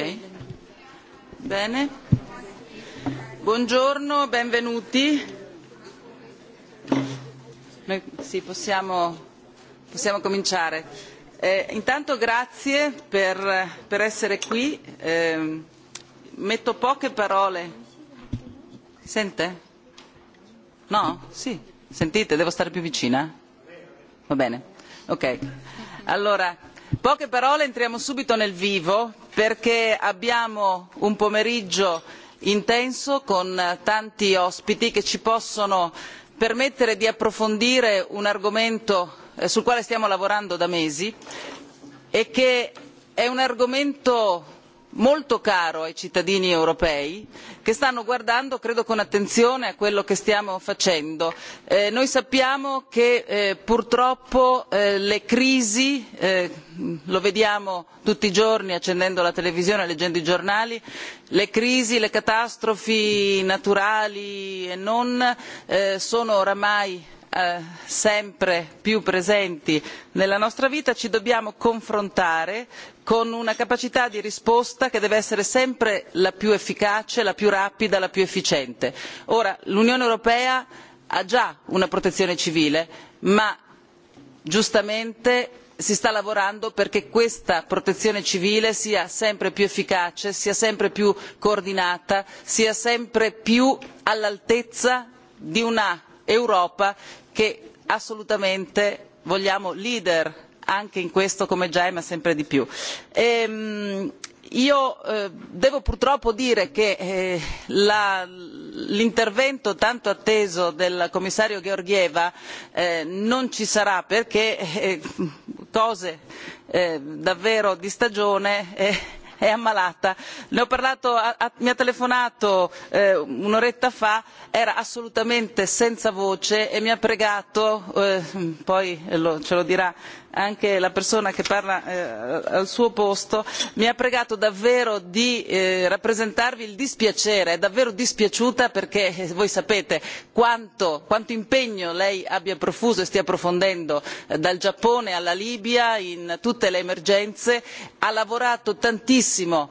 Ok. Bene. Buongiorno, benvenuti. Noi, possiamo, cominciare. intanto grazie per, essere qui. metto poche parole. Sente? No? Sì. Sentite, devo stare più vicina? Va bene. Ok. Allora, poche parole, entriamo subito nel vivo perché abbiamo un pomeriggio intenso con tanti ospiti che ci possono permettere di approfondire un argomento sul quale stiamo lavorando da mesi e che è un argomento molto caro ai cittadini europei che stanno guardando credo con attenzione a quello che stiamo facendo. noi sappiamo che purtroppo le crisi lo vediamo tutti i giorni accendendo la televisione leggendo i giornali le crisi le catastrofi naturali e non sono oramai sempre più presenti nella nostra vita ci dobbiamo confrontare con una capacità di risposta che deve essere sempre la più efficace la più rapida la più efficiente. ora l'unione europea ha già una protezione civile ma giustamente si sta lavorando perché questa protezione civile sia sempre più efficace sia sempre più coordinata sia sempre più all'altezza di un'europa che assolutamente vogliamo leader anche in questo come già è ma sempre di più. io devo purtroppo dire che l'intervento tanto atteso del commissario georgieva non ci sarà perché cose davvero di stagione è ammalata mi ha telefonato un'oretta fa era assolutamente senza voce e mi ha pregato poi ce lo dirà anche la persona che parla al suo posto mi ha pregato davvero di rappresentarvi il dispiacere è davvero dispiaciuta perché voi sapete quanto impegno lei abbia profuso e stia profondendo dal giappone alla libia in tutte le emergenze ha lavorato tantissimo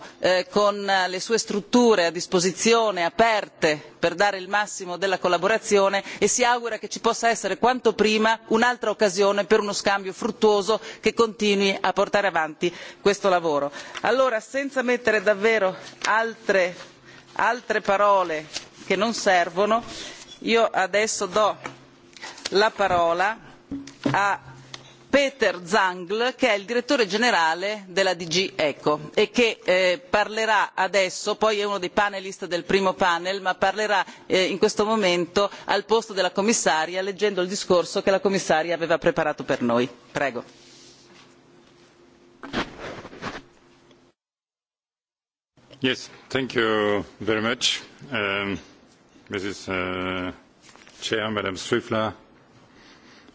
con le sue strutture a disposizione aperte per dare il massimo della collaborazione e si augura che ci possa essere quanto prima un'altra occasione per uno scambio fruttuoso che continui a portare avanti questo lavoro. allora senza mettere davvero altre parole che non servono io adesso do la parola Peter Zangl, che è il direttore generale della DG ECO e che parlerà adesso, poi è uno dei panelist del primo panel, ma parlerà in questo momento al posto della commissaria leggendo il discorso che la commissaria aveva preparato per noi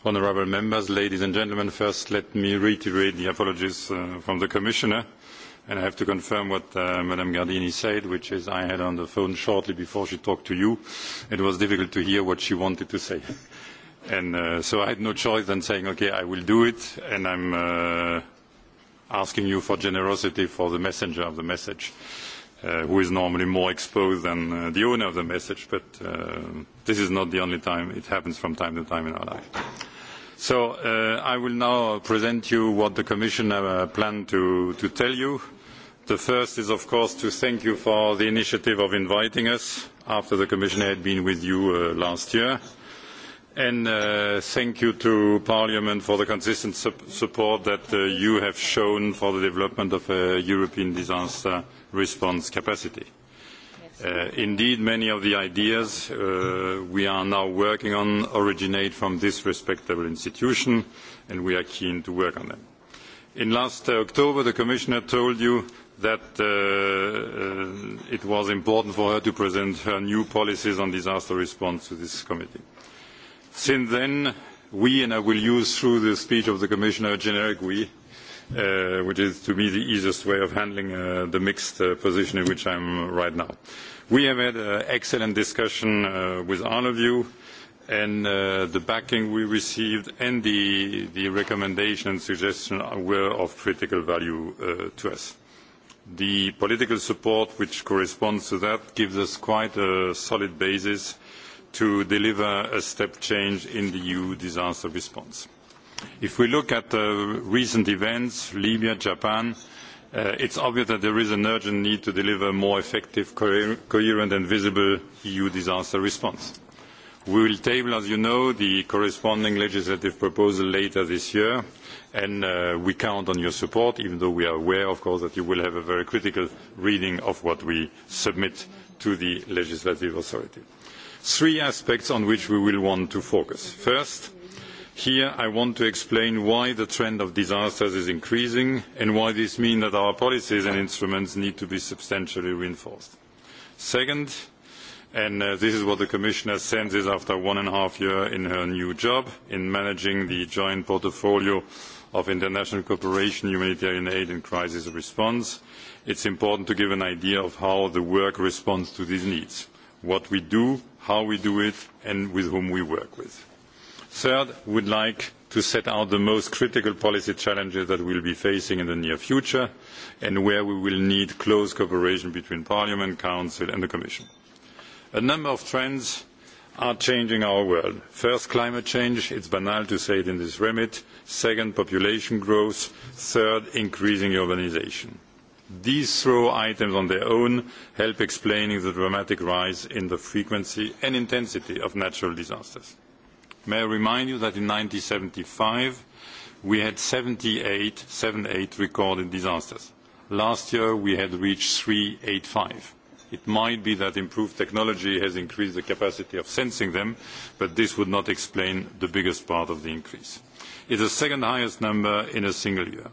honourable members, ladies and gentlemen, first let me reiterate the apologies from the Commissioner, and I have to confirm what Madame Gardini said, which is I had on the phone shortly before she talked to you. It was difficult to hear what she wanted to say. And so I had no choice than saying, okay, I will do it, and I'm asking you for generosity for the messenger of the message, who is normally more exposed than the owner of the message, but this is not the only time. It happens from time to time in our life. So I will now present you what the Commission planned to tell you. The first is, of course, to thank you for the initiative of inviting us after the Commissioner had been with you last year. And thank you to Parliament for the consistent support that you have shown for the development of a European disaster response capacity. Indeed, many of the ideas we are now working on originate from this respectable institution, and we are keen to work on them. In last October, the Commissioner told you that it was important for her to present her new policies on disaster response to this committee. Since then, we, and I will use through the speech of the Commissioner a generic we, which is to me the easiest way of handling the mixed position in which I am right now. We have had an excellent discussion with all of you, and the backing we received and the recommendations and suggestions were of critical value to us. The political support which corresponds to that gives us quite a solid basis to deliver a step change in the EU disaster response. If we look at recent events, Libya, Japan, It's obvious that there is an urgent need to deliver a more effective, coherent and visible EU disaster response. We will table, as you know, the corresponding legislative proposal later this year, and we count on your support, even though we are aware, of course, that you will have a very critical reading of what we submit to the legislative authority. Three aspects on which we will want to focus. First Here I want to explain why the trend of disasters is increasing and why this means that our policies and instruments need to be substantially reinforced. Second, and this is what the Commissioner senses after one and a half year in her new job in managing the joint portfolio of international cooperation, humanitarian aid and crisis response, it is important to give an idea of how the work responds to these needs, what we do, how we do it and with whom we work with. Third, we would like to set out the most critical policy challenges that we will be facing in the near future and where we will need close cooperation between Parliament, Council and the Commission. A number of trends are changing our world. First, climate change. is banal to say it in this remit. Second, population growth. Third, increasing urbanisation. These three items on their own help explain the dramatic rise in the frequency and intensity of natural disasters. May I remind you that in 1975 we had 78 recorded disasters. Last year we had reached 385. It might be that improved technology has increased the capacity of sensing them, but this would not explain the biggest part of the increase. It is the second highest number in a single year.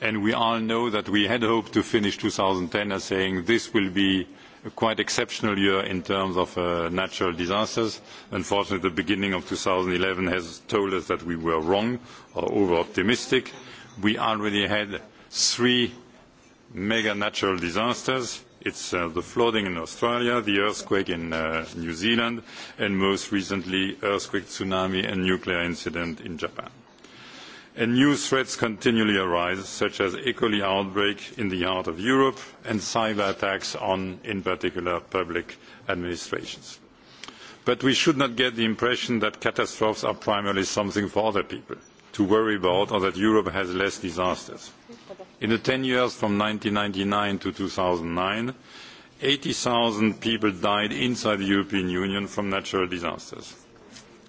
And we all know that we had hoped to finish 2010 as saying this will be quite exceptional year in terms of natural disasters. Unfortunately, the beginning of 2011 has told us that we were wrong or over-optimistic. We already had three mega natural disasters. It's the flooding in Australia, the earthquake in New Zealand, and most recently, earthquake, tsunami, and nuclear incident in Japan and new threats continually arise, such as E. coli outbreak in the heart of Europe and cyber attacks on, in particular, public administrations. But we should not get the impression that catastrophes are primarily something for other people to worry about or that Europe has less disasters. In the ten years from ninety one thousand nine hundred and nine to two thousand and nine eighty zero people died inside the European Union from natural disasters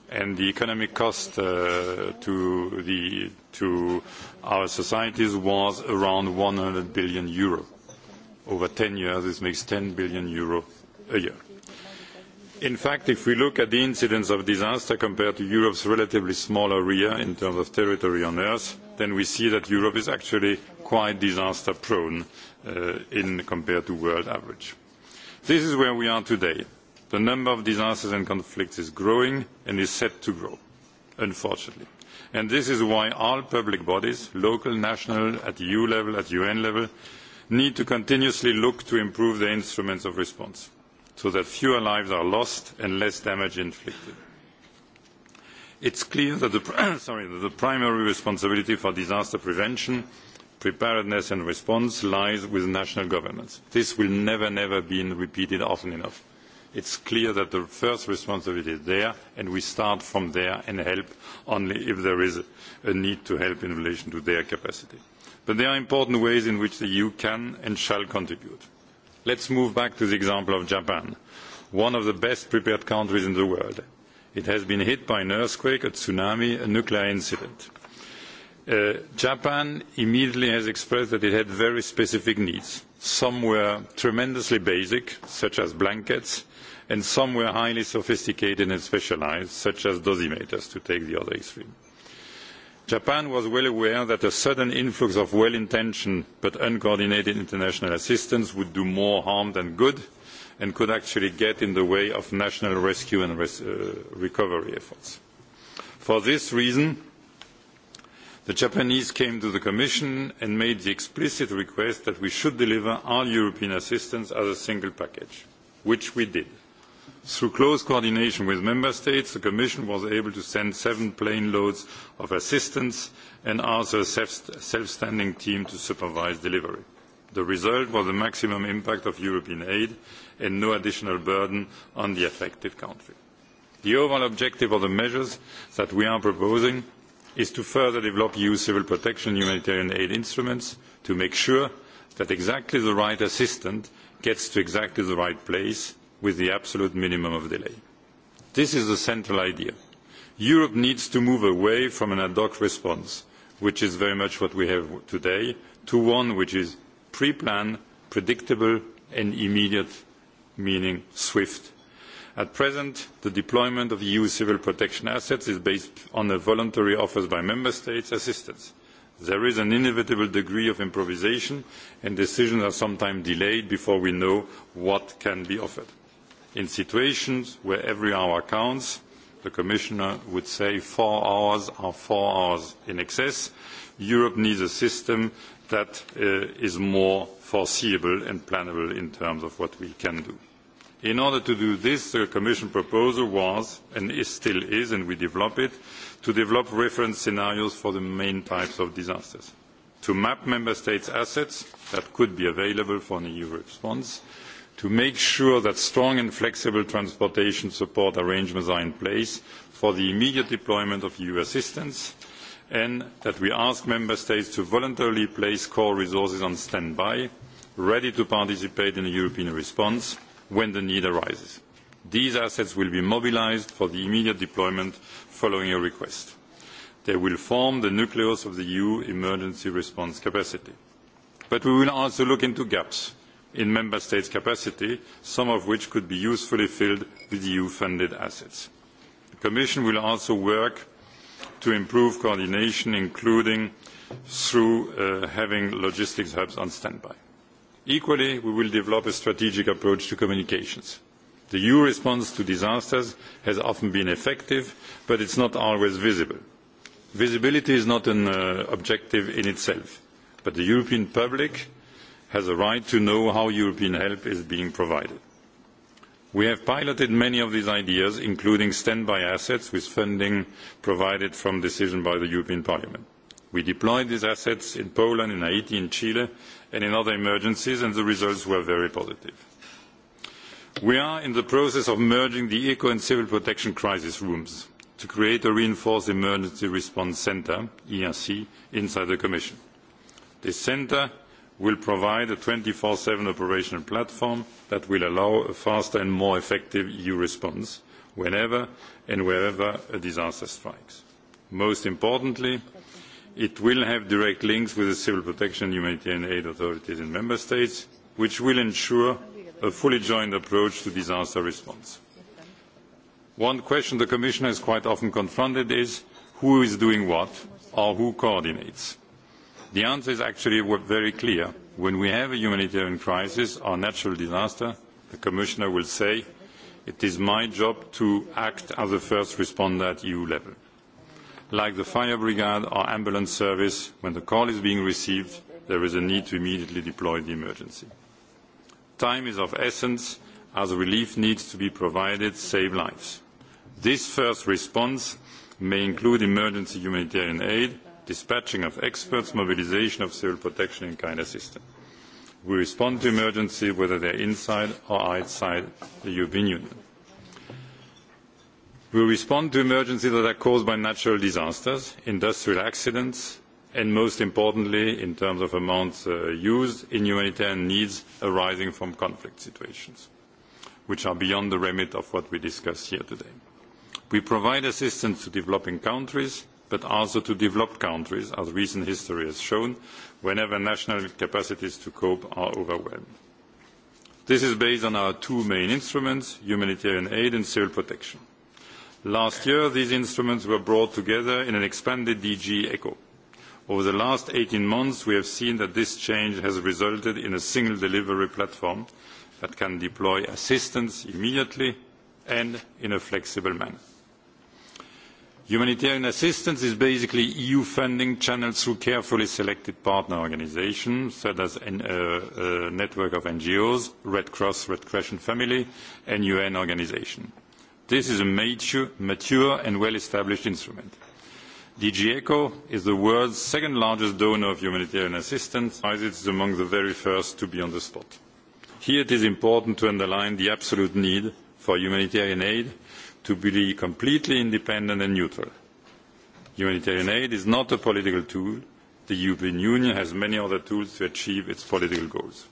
and the economic cost to our societies was around 100 billion euro. Over 10 years, this makes 10 billion euro a year. In fact, if we look at the incidence of disaster compared to Europe's relatively small area in terms of territory on Earth, then we see that Europe is actually quite disaster-prone compared to world average. This is where we are today the number of disasters and conflicts is growing and is set to grow unfortunately and this is why all public bodies local national at eu level at un level need to continuously look to improve their instruments of response so that fewer lives are lost and less damage inflicted. it is clear that the primary responsibility for disaster prevention preparedness and response lies with national governments. this will never never be repeated often enough it's clear that the first responsibility is there, and we start from there and help only if there is a need to help in relation to their capacity. But there are important ways in which the EU can and shall contribute. Let's move back to the example of Japan, one of the best prepared countries in the world. It has been hit by an earthquake, a tsunami, a nuclear incident. Japan immediately has expressed that it had very specific needs. Some were tremendously basic, such as blankets, and some were highly sophisticated and specialised, such as dosimeters, to take the other extreme. Japan was well aware that a sudden influx of well-intentioned but uncoordinated international assistance would do more harm than good and could actually get in the way of national rescue and recovery efforts. For this reason, the Japanese came to the Commission and made the explicit request that we should deliver all European assistance as a single package, which we did. Through close coordination with Member States, the Commission was able to send seven plane loads of assistance and also a self standing team to supervise delivery. The result was the maximum impact of European aid and no additional burden on the affected country. The overall objective of the measures that we are proposing is to further develop EU civil protection humanitarian aid instruments to make sure that exactly the right assistant gets to exactly the right place with the absolute minimum of delay. This is the central idea. Europe needs to move away from an ad hoc response, which is very much what we have today, to one which is pre-planned, predictable and immediate, meaning swift. At present, the deployment of EU civil protection assets is based on a voluntary offers by Member States' assistance. There is an inevitable degree of improvisation, and decisions are sometimes delayed before we know what can be offered. In situations where every hour counts, the Commissioner would say four hours are four hours in excess. Europe needs a system that is more foreseeable and planable in terms of what we can do. In order to do this, the Commission proposal was, and still is, and we develop it, to develop reference scenarios for the main types of disasters, to map Member States' assets that could be available for an EU response, to make sure that strong and flexible transportation support arrangements are in place for the immediate deployment of eu assistance and that we ask member states to voluntarily place core resources on standby ready to participate in a european response when the need arises. these assets will be mobilised for the immediate deployment following a request. they will form the nucleus of the eu emergency response capacity. but we will also look into gaps in member states' capacity, some of which could be usefully filled with EU-funded assets. The Commission will also work to improve coordination, including through having logistics hubs on standby. Equally, we will develop a strategic approach to communications. The EU response to disasters has often been effective, but it is not always visible. Visibility is not an objective in itself, but the European public has a right to know how European help is being provided. We have piloted many of these ideas, including standby assets with funding provided from decision by the European Parliament. We deployed these assets in Poland, in Haiti, in Chile and in other emergencies, and the results were very positive. We are in the process of merging the eco and civil protection crisis rooms to create a reinforced emergency response centre, ERC, inside the Commission. This centre will provide a twenty four seven operational platform that will allow a faster and more effective EU response whenever and wherever a disaster strikes. Most importantly, it will have direct links with the civil protection and humanitarian aid authorities in Member States, which will ensure a fully joined approach to disaster response. One question the Commission has quite often confronted is who is doing what or who coordinates. The answer is actually very clear. When we have a humanitarian crisis or natural disaster, the Commissioner will say, it is my job to act as a first responder at EU level. Like the fire brigade or ambulance service, when the call is being received, there is a need to immediately deploy the emergency. Time is of essence as relief needs to be provided, to save lives. This first response may include emergency humanitarian aid, dispatching of experts, mobilisation of civil protection and kind assistance. We respond to emergency whether they are inside or outside the European Union. We respond to emergencies that are caused by natural disasters, industrial accidents and, most importantly, in terms of amounts used, in humanitarian needs arising from conflict situations, which are beyond the remit of what we discuss here today. We provide assistance to developing countries but also to developed countries, as recent history has shown, whenever national capacities to cope are overwhelmed. This is based on our two main instruments, humanitarian aid and civil protection. Last year, these instruments were brought together in an expanded DG ECHO. Over the last 18 months, we have seen that this change has resulted in a single delivery platform that can deploy assistance immediately and in a flexible manner. Humanitarian assistance is basically EU funding channeled through carefully selected partner organisations, such as a network of NGOs, Red Cross, Red Crescent Family, and UN organisations. This is a mature and well-established instrument. DG ECHO is the world's second largest donor of humanitarian assistance, as it is among the very first to be on the spot. Here it is important to underline the absolute need for humanitarian aid to be completely independent and neutral. Humanitarian aid is not a political tool. The European Union has many other tools to achieve its political goals.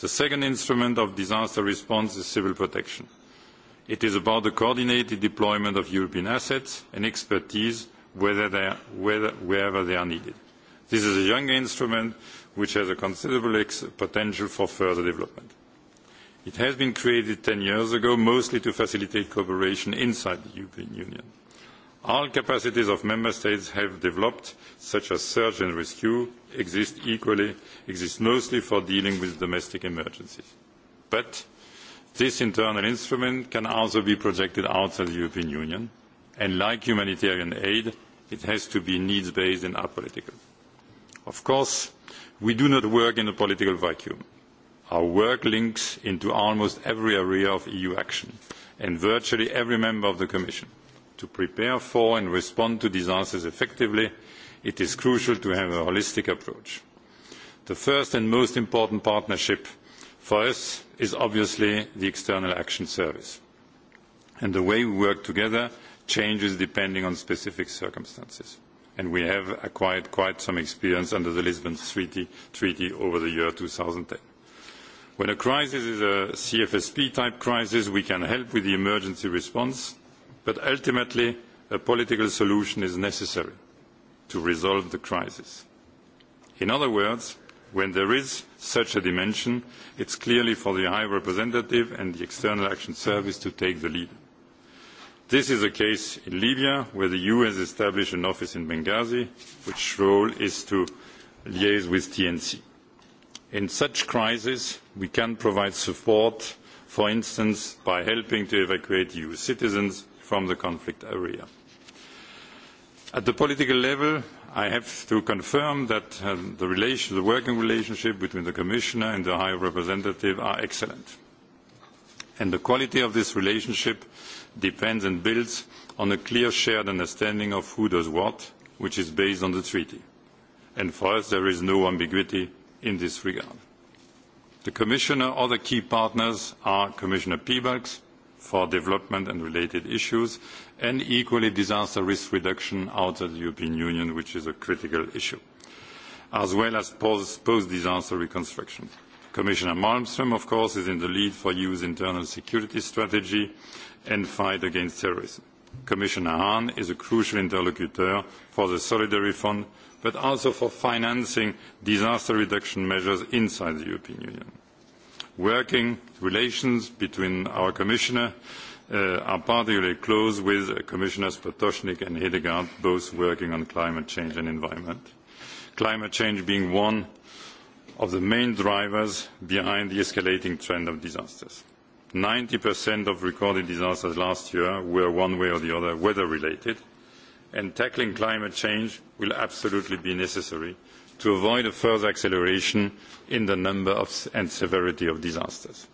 The second instrument of disaster response is civil protection. It is about the coordinated deployment of European assets and expertise wherever they are needed. This is a young instrument which has a considerable potential for further development. It has been created ten years ago mostly to facilitate cooperation inside the European Union. All capacities of member states have developed, such as search and rescue, exist equally, exist mostly for dealing with domestic emergencies. But this internal instrument can also be projected outside the European Union, and like humanitarian aid, it has to be needs-based and apolitical. Of course, we do not work in a political vacuum. Our work links into almost every area of EU action and virtually every member of the Commission. To prepare for and respond to disasters effectively, it is crucial to have a holistic approach. The first and most important partnership for us is obviously the External Action Service, and the way we work together changes depending on specific circumstances, and we have acquired quite some experience under the Lisbon Treaty over the year 2010. When a crisis is a CFSP-type crisis, we can help with the emergency response, but ultimately a political solution is necessary to resolve the crisis. In other words, when there is such a dimension, it's clearly for the High Representative and the External Action Service to take the lead. This is the case in Libya, where the EU has established an office in Benghazi, which role is to liaise with TNC in such crises we can provide support for instance by helping to evacuate eu citizens from the conflict area. at the political level i have to confirm that the working relationship between the commissioner and the high representative are excellent and the quality of this relationship depends and builds on a clear shared understanding of who does what which is based on the treaty and for us there is no ambiguity in this regard. The Commissioner other key partners are Commissioner Piebalgs for development and related issues and equally disaster risk reduction outside the European Union, which is a critical issue, as well as post-disaster reconstruction. Commissioner Malmström, of course, is in the lead for EU's internal security strategy and fight against terrorism. Commissioner Hahn is a crucial interlocutor for the Solidarity Fund, but also for financing disaster reduction measures inside the European Union. Working relations between our Commissioner are particularly close with Commissioners Potocnik and Hedegaard, both working on climate change and environment, climate change being one of the main drivers behind the escalating trend of disasters. 90% of recorded disasters last year were one way or the other weather related and tackling climate change will absolutely be necessary to avoid a further acceleration in the number and severity of disasters.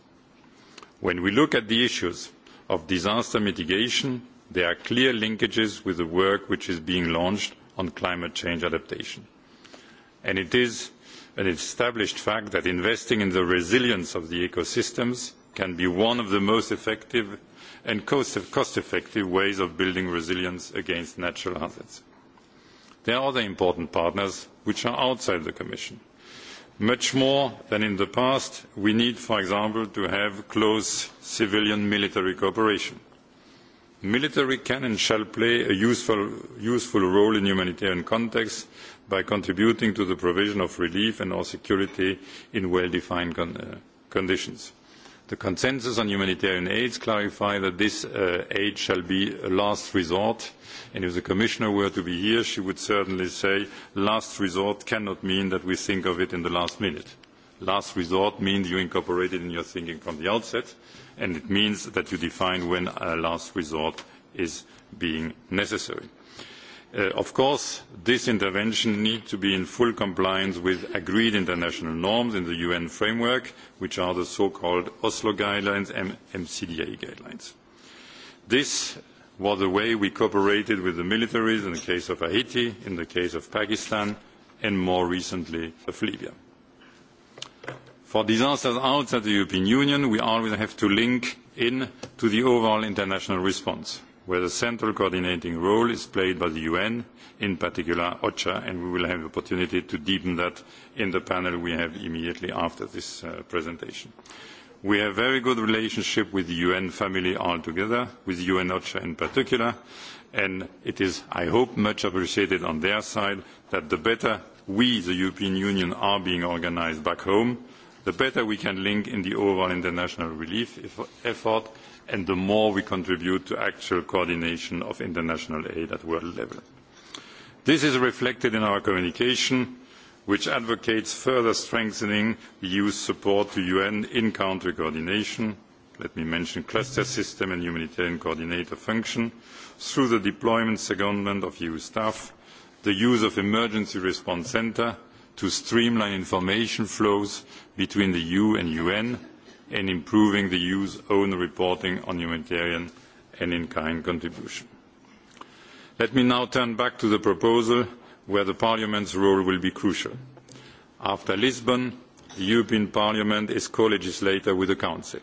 When we look at the issues of disaster mitigation, there are clear linkages with the work which is being launched on climate change adaptation. And it is an established fact that investing in the resilience of the ecosystems can be one of the most effective and cost effective ways of building resilience against natural hazards. There are other important partners which are outside the Commission. Much more than in the past, we need, for example, to have close civilian military cooperation. Military can and shall play a useful role in humanitarian contexts by contributing to the provision of relief and security in well defined conditions. The consensus on humanitarian aid clarifies that this aid shall be a last resort, and if the Commissioner were to be here, she would certainly say last resort cannot mean that we think of it in the last minute. Last resort means you incorporate it in your thinking from the outset, and it means that you define when a last resort is being necessary. Of course, this intervention needs to be in full compliance with agreed international norms in the UN framework, which are the so-called Oslo guidelines and MCDA guidelines. This was the way we cooperated with the militaries in the case of Haiti, in the case of Pakistan, and more recently of Libya. For disasters outside the European Union, we always have to link in to the overall international response where the central coordinating role is played by the UN, in particular OCHA, and we will have the opportunity to deepen that in the panel we have immediately after this presentation. We have a very good relationship with the UN family altogether, with UN OCHA in particular, and it is, I hope, much appreciated on their side that the better we, the European Union, are being organised back home, the better we can link in the overall international relief effort and the more we contribute to actual coordination of international aid at world level. This is reflected in our communication, which advocates further strengthening the EU's support to UN in-country coordination, let me mention cluster system and humanitarian coordinator function, through the deployment secondment of EU staff, the use of emergency response centre to streamline information flows between the EU and UN, and improving the EU's own reporting on humanitarian and in-kind contribution. Let me now turn back to the proposal where the Parliament's role will be crucial. After Lisbon, the European Parliament is co-legislator with the Council.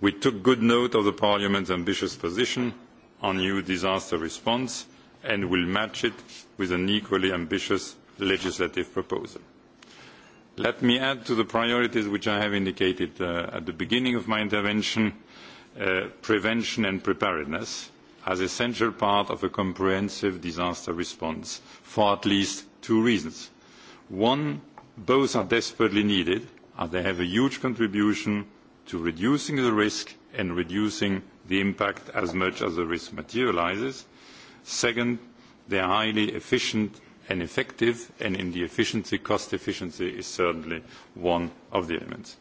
We took good note of the Parliament's ambitious position on EU disaster response and will match it with an equally ambitious legislative proposal. Let me add to the priorities which I have indicated at the beginning of my intervention prevention and preparedness as an essential part of a comprehensive disaster response for at least two reasons. One, both are desperately needed and they have a huge contribution to reducing the risk and reducing the impact as much as the risk materialises. Second, they are highly efficient and effective, and in the efficiency, cost efficiency is certainly one of the elements.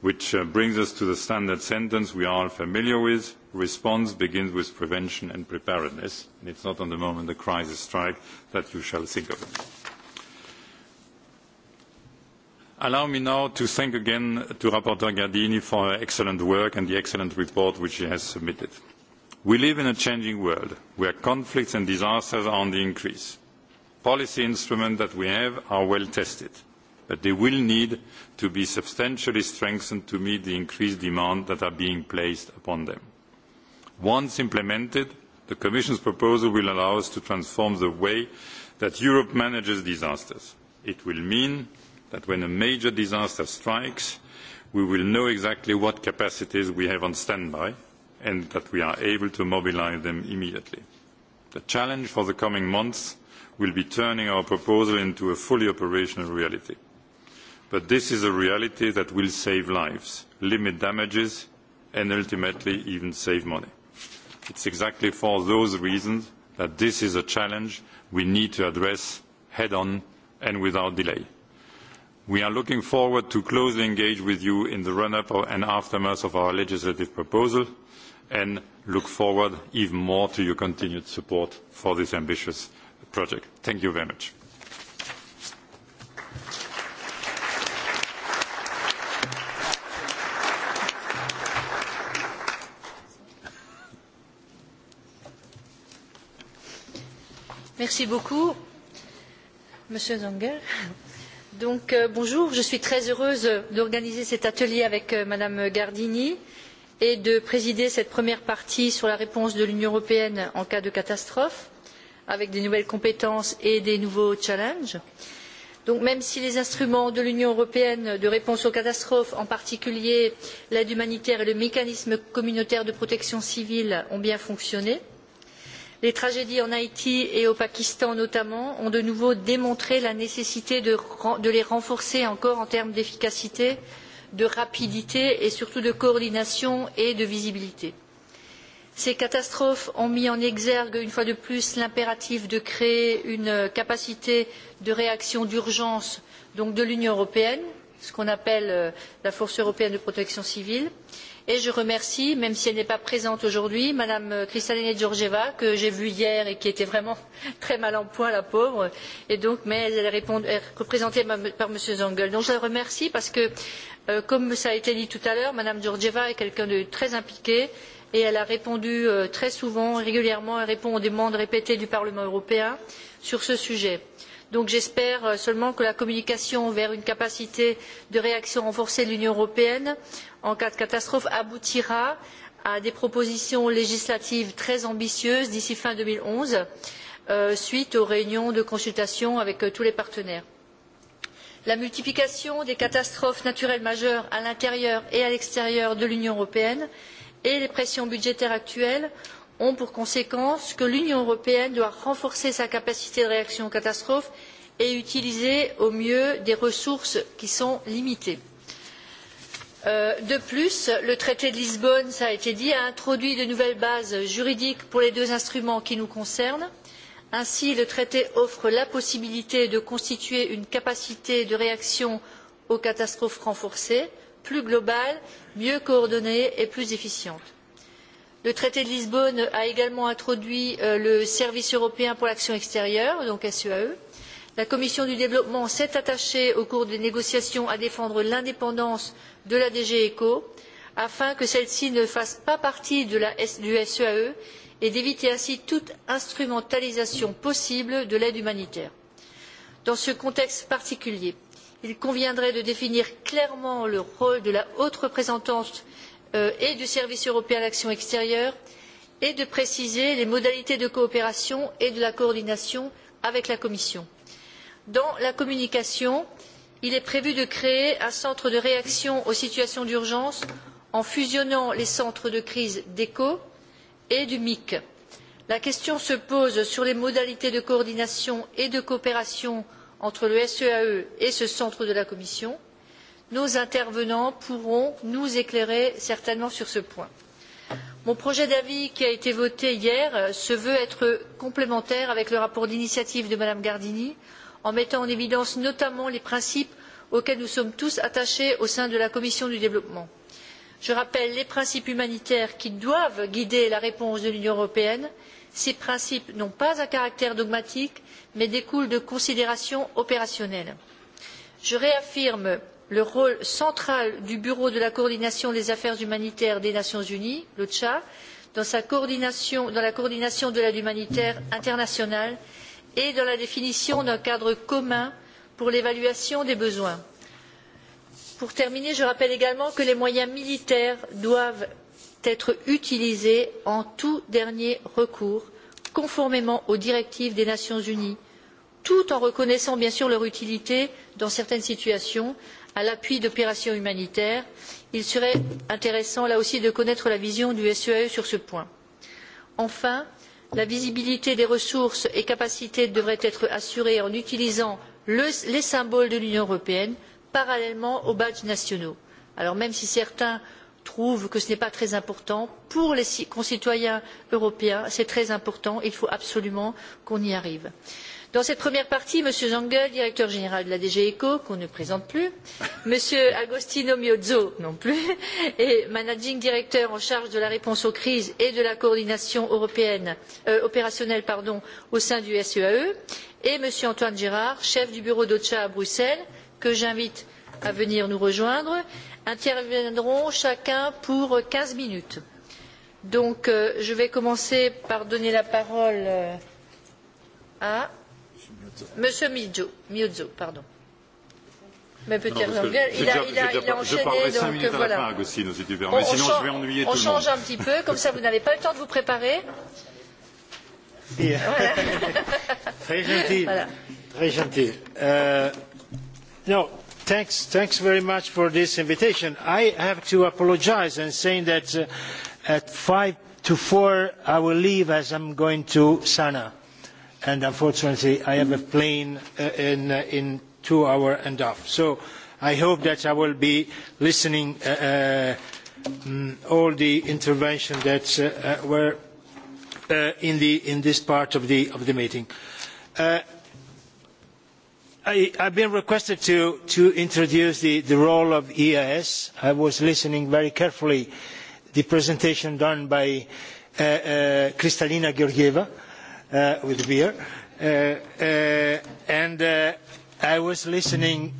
Which brings us to the standard sentence we are all familiar with. Response begins with prevention and preparedness. And it's not on the moment the crisis strikes that you shall think of it. Allow me now to thank again to Rapporteur Gardini for her excellent work and the excellent report which she has submitted. We live in a changing world where conflicts and disasters are on the increase policy instruments that we have are well tested, but they will need to be substantially strengthened to meet the increased demands that are being placed upon them. Once implemented, the Commission's proposal will allow us to transform the way that Europe manages disasters. It will mean that when a major disaster strikes, we will know exactly what capacities we have on standby and that we are able to mobilise them immediately. The challenge for the coming months will be turning our proposal into a fully operational reality. But this is a reality that will save lives, limit damages and ultimately even save money. It's exactly for those reasons that this is a challenge we need to address head on and without delay. We are looking forward to closely engage with you in the run up and aftermath of our legislative proposal and look forward even more to your continued support for this ambitious project. Thank you very much. Merci beaucoup, Monsieur Zanger. Donc, bonjour, je suis très heureuse d'organiser cet atelier avec Madame Gardini et de présider cette première partie sur la réponse de l'Union européenne en cas de catastrophe avec de nouvelles compétences et des nouveaux challenges. Donc même si les instruments de l'Union européenne de réponse aux catastrophes, en particulier l'aide humanitaire et le mécanisme communautaire de protection civile, ont bien fonctionné, les tragédies en Haïti et au Pakistan notamment ont de nouveau démontré la nécessité de les renforcer encore en termes d'efficacité, de rapidité et surtout de coordination et de visibilité. Ces catastrophes ont mis en exergue, une fois de plus, l'impératif de créer une capacité de réaction d'urgence de l'Union européenne, ce qu'on appelle la Force européenne de protection civile. Et je remercie, même si elle n'est pas présente aujourd'hui, Mme Kristalina Georgieva, que j'ai vue hier et qui était vraiment très mal en point, la pauvre, mais elle est représentée par M. Zangel. je la remercie parce que, comme cela a été dit tout à l'heure, Mme Georgieva est quelqu'un de très impliqué et elle a répondu très souvent et régulièrement elle répond aux demandes répétées du parlement européen sur ce sujet. donc j'espère seulement que la communication vers une capacité de réaction renforcée de l'union européenne en cas de catastrophe aboutira à des propositions législatives très ambitieuses d'ici fin 2011, mille suite aux réunions de consultation avec tous les partenaires. la multiplication des catastrophes naturelles majeures à l'intérieur et à l'extérieur de l'union européenne et les pressions budgétaires actuelles ont pour conséquence que l'union européenne doit renforcer sa capacité de réaction aux catastrophes et utiliser au mieux des ressources qui sont limitées. de plus le traité de lisbonne cela a été dit a introduit de nouvelles bases juridiques pour les deux instruments qui nous concernent. ainsi le traité offre la possibilité de constituer une capacité de réaction aux catastrophes renforcée plus globale, mieux coordonnée et plus efficiente. Le traité de Lisbonne a également introduit le Service européen pour l'action extérieure, donc SEAE. La Commission du développement s'est attachée au cours des négociations à défendre l'indépendance de la DG ECO afin que celle-ci ne fasse pas partie du SEAE et d'éviter ainsi toute instrumentalisation possible de l'aide humanitaire. Dans ce contexte particulier, il conviendrait de définir clairement le rôle de la haute représentante et du service européen pour l'action extérieure et de préciser les modalités de coopération et de la coordination avec la commission. dans la communication il est prévu de créer un centre de réaction aux situations d'urgence en fusionnant les centres de crise d'echo et du mic. la question se pose sur les modalités de coordination et de coopération entre le SEAE et ce centre de la Commission, nos intervenants pourront nous éclairer certainement sur ce point. Mon projet d'avis qui a été voté hier se veut être complémentaire avec le rapport d'initiative de Mme Gardini, en mettant en évidence notamment les principes auxquels nous sommes tous attachés au sein de la Commission du développement. Je rappelle les principes humanitaires qui doivent guider la réponse de l'Union européenne ces principes n'ont pas un caractère dogmatique mais découlent de considérations opérationnelles. je réaffirme le rôle central du bureau de la coordination des affaires humanitaires des nations unies le dans la coordination de l'aide humanitaire internationale et dans la définition d'un cadre commun pour l'évaluation des besoins. pour terminer je rappelle également que les moyens militaires doivent être utilisée en tout dernier recours, conformément aux directives des Nations unies, tout en reconnaissant bien sûr leur utilité dans certaines situations à l'appui d'opérations humanitaires. Il serait intéressant là aussi de connaître la vision du SEAE sur ce point. Enfin, la visibilité des ressources et capacités devrait être assurée en utilisant les symboles de l'Union européenne parallèlement aux badges nationaux. Alors même si certains trouve que ce n'est pas très important. Pour les concitoyens européens, c'est très important. Il faut absolument qu'on y arrive. Dans cette première partie, M. Zangel, directeur général de la DG ECO, qu'on ne présente plus, M. Agostino Miozzo non plus, et managing director en charge de la réponse aux crises et de la coordination européenne opérationnelle au sein du SEAE, et M. Antoine Gérard, chef du bureau d'OCHA à Bruxelles, que j'invite à venir nous rejoindre interviendront chacun pour 15 minutes. Donc, je vais commencer par donner la parole à Monsieur Miozzo. Pardon. Mais peut-être il a enchaîné, donc voilà. On change un petit peu, comme ça vous n'avez pas le temps de vous préparer. Très gentil. Très gentil. Non, Thanks, thanks very much for this invitation. I have to apologise and saying that at five to four I will leave as I'm going to Sana, and unfortunately I have a plane in two hours and a half. So I hope that I will be listening all the interventions that were in this part of the meeting. I have been requested to introduce the role of EAS. I was listening very carefully the presentation done by Kristalina Georgieva with beer, and I was listening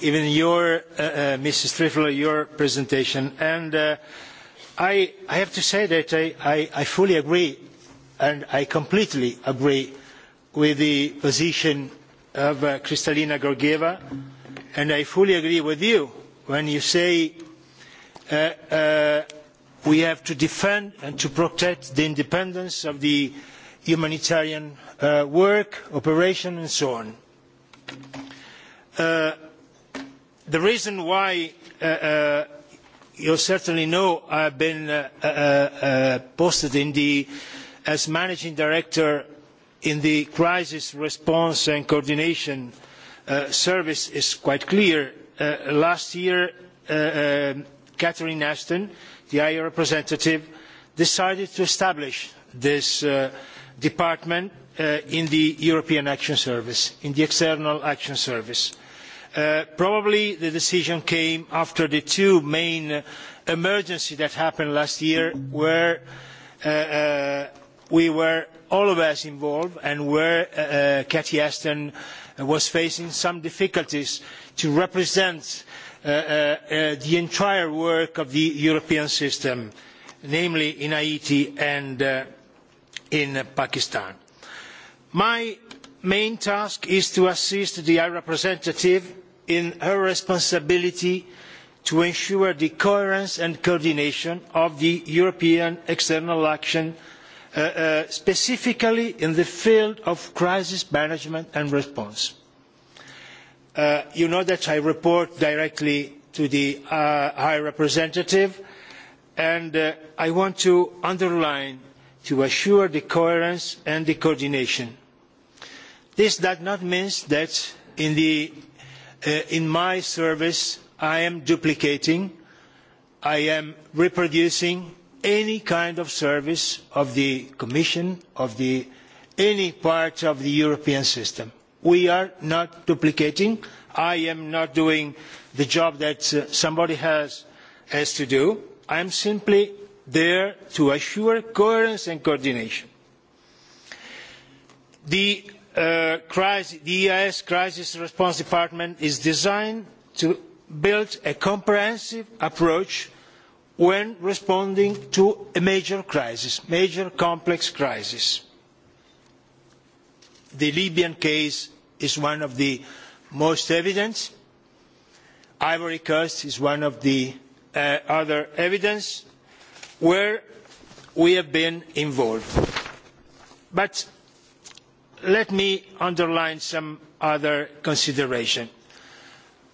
even your Mrs. Trifler, your presentation, and I have to say that I fully agree and I completely agree with the position of Kristalina Georgieva, and I fully agree with you when you say we have to defend and to protect the independence of the humanitarian work, operation and so on. The reason why you certainly know I have been posted as managing director in the crisis response and coordination service is quite clear. Last year, Catherine Ashton, the High Representative, decided to establish this department in the European Action Service, in the External Action Service. Probably the decision came after the two main emergencies that happened last year, were we were all of us involved and where cathy ashton was facing some difficulties to represent the entire work of the european system namely in haiti and in pakistan. my main task is to assist the high representative in her responsibility to ensure the coherence and coordination of the european external action specifically in the field of crisis management and response. You know that I report directly to the High Representative and I want to underline to assure the coherence and the coordination. This does not mean that in my service I am duplicating, I am reproducing any kind of service of the Commission, of any part of the European system. We are not duplicating. I am not doing the job that somebody has to do. I am simply there to assure coherence and coordination. The EIS Crisis Response Department is designed to build a comprehensive approach when responding to a major crisis, major complex crisis. The Libyan case is one of the most evident. Ivory Coast is one of the other evidence where we have been involved. But let me underline some other consideration.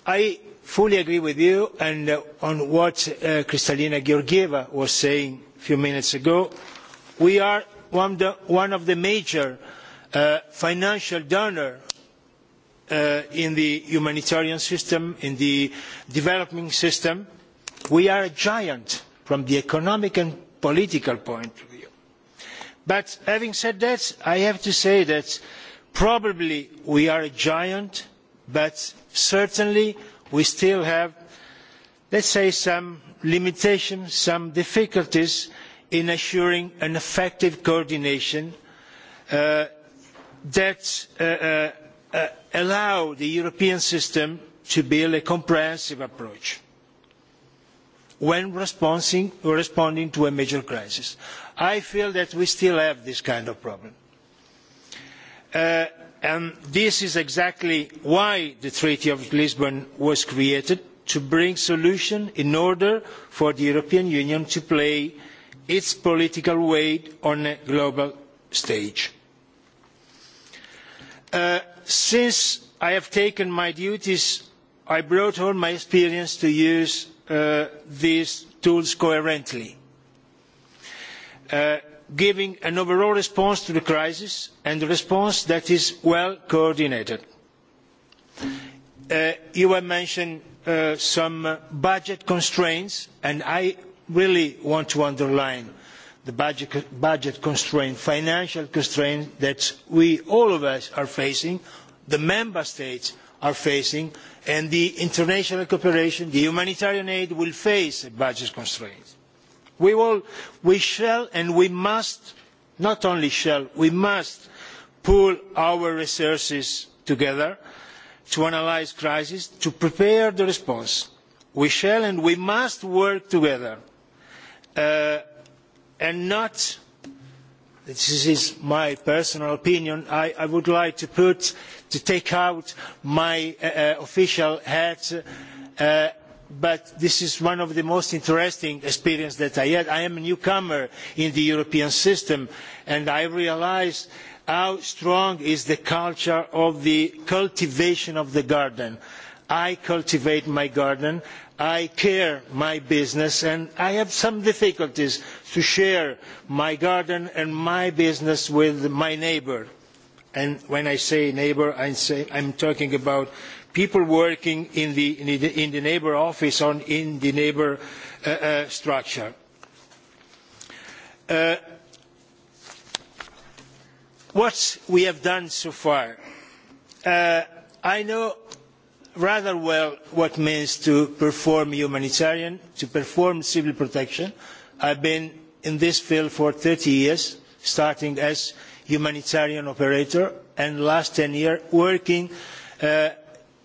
I fully agree with you and on what Kristalina Georgieva was saying a few minutes ago. We are one of the major financial donors in the humanitarian system, in the development system. We are a giant from the economic and political point of view. But having said that, I have to say that probably we are a giant, but certainly we still have let's say some limitations some difficulties in assuring an effective coordination that allow the european system to build a comprehensive approach when responding to a major crisis. i feel that we still have this kind of problem and this is exactly why the treaty of lisbon was created to bring solutions in order for the european union to play its political weight on a global stage. since i have taken my duties i brought all my experience to use these tools coherently giving an overall response to the crisis and a response that is well coordinated. you have mentioned some budget constraints and i really want to underline the budget constraint financial constraint that we all of us are facing the member states are facing and the international cooperation the humanitarian aid will face budget constraints we shall and we must not only shall we must pool our resources together to analyse crises to prepare the response. we shall and we must work together and not this is my personal opinion i would like to put to take out my official hat but this is one of the most interesting experiences that I had. I am a newcomer in the European system and I realised how strong is the culture of the cultivation of the garden. I cultivate my garden, I care my business and I have some difficulties to share my garden and my business with my neighbour. And when I say neighbour, I am talking about people working in the in the neighbour office or in the neighbour structure. What we have done so far. I know rather well what it means to perform humanitarian, to perform civil protection. I have been in this field for 30 years, starting as humanitarian operator and last 10 years working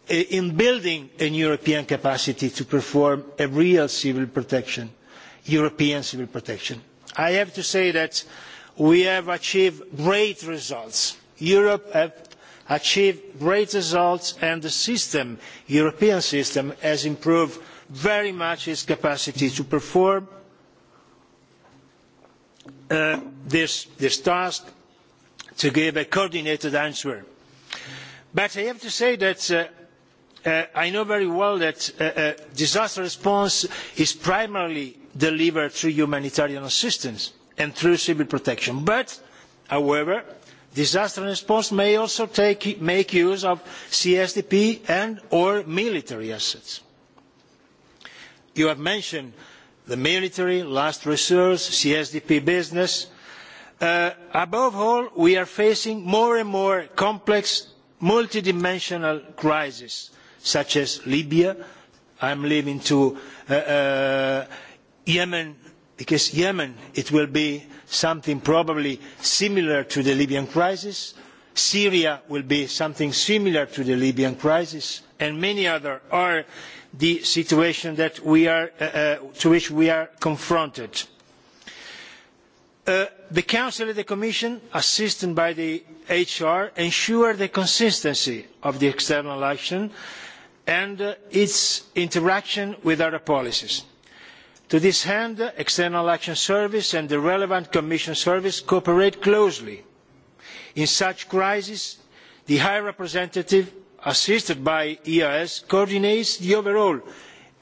in building a European capacity to perform a real civil protection, European civil protection. I have to say that we have achieved great results. Europe has achieved great results and the system, European system, has improved very much its capacity to perform this task, to give a coordinated answer. But I have to say that I know very well that disaster response is primarily delivered through humanitarian assistance and through civil protection. But, however, disaster response may also make use of CSDP and or military assets. You have mentioned the military, last resource, CSDP business. Above all, we are facing more and more complex, multidimensional crises such as Libya. I'm leaving to Yemen, because Yemen, it will be something probably similar to the Libyan crisis. Syria will be something similar to the Libyan crisis, and many other are the situation to which we are confronted. The Council and the Commission, assisted by the HR, ensure the consistency of the external action and its interaction with other policies. To this end, the External Action Service and the relevant Commission Service cooperate closely. In such crises, the High Representative, assisted by EAS, coordinates the overall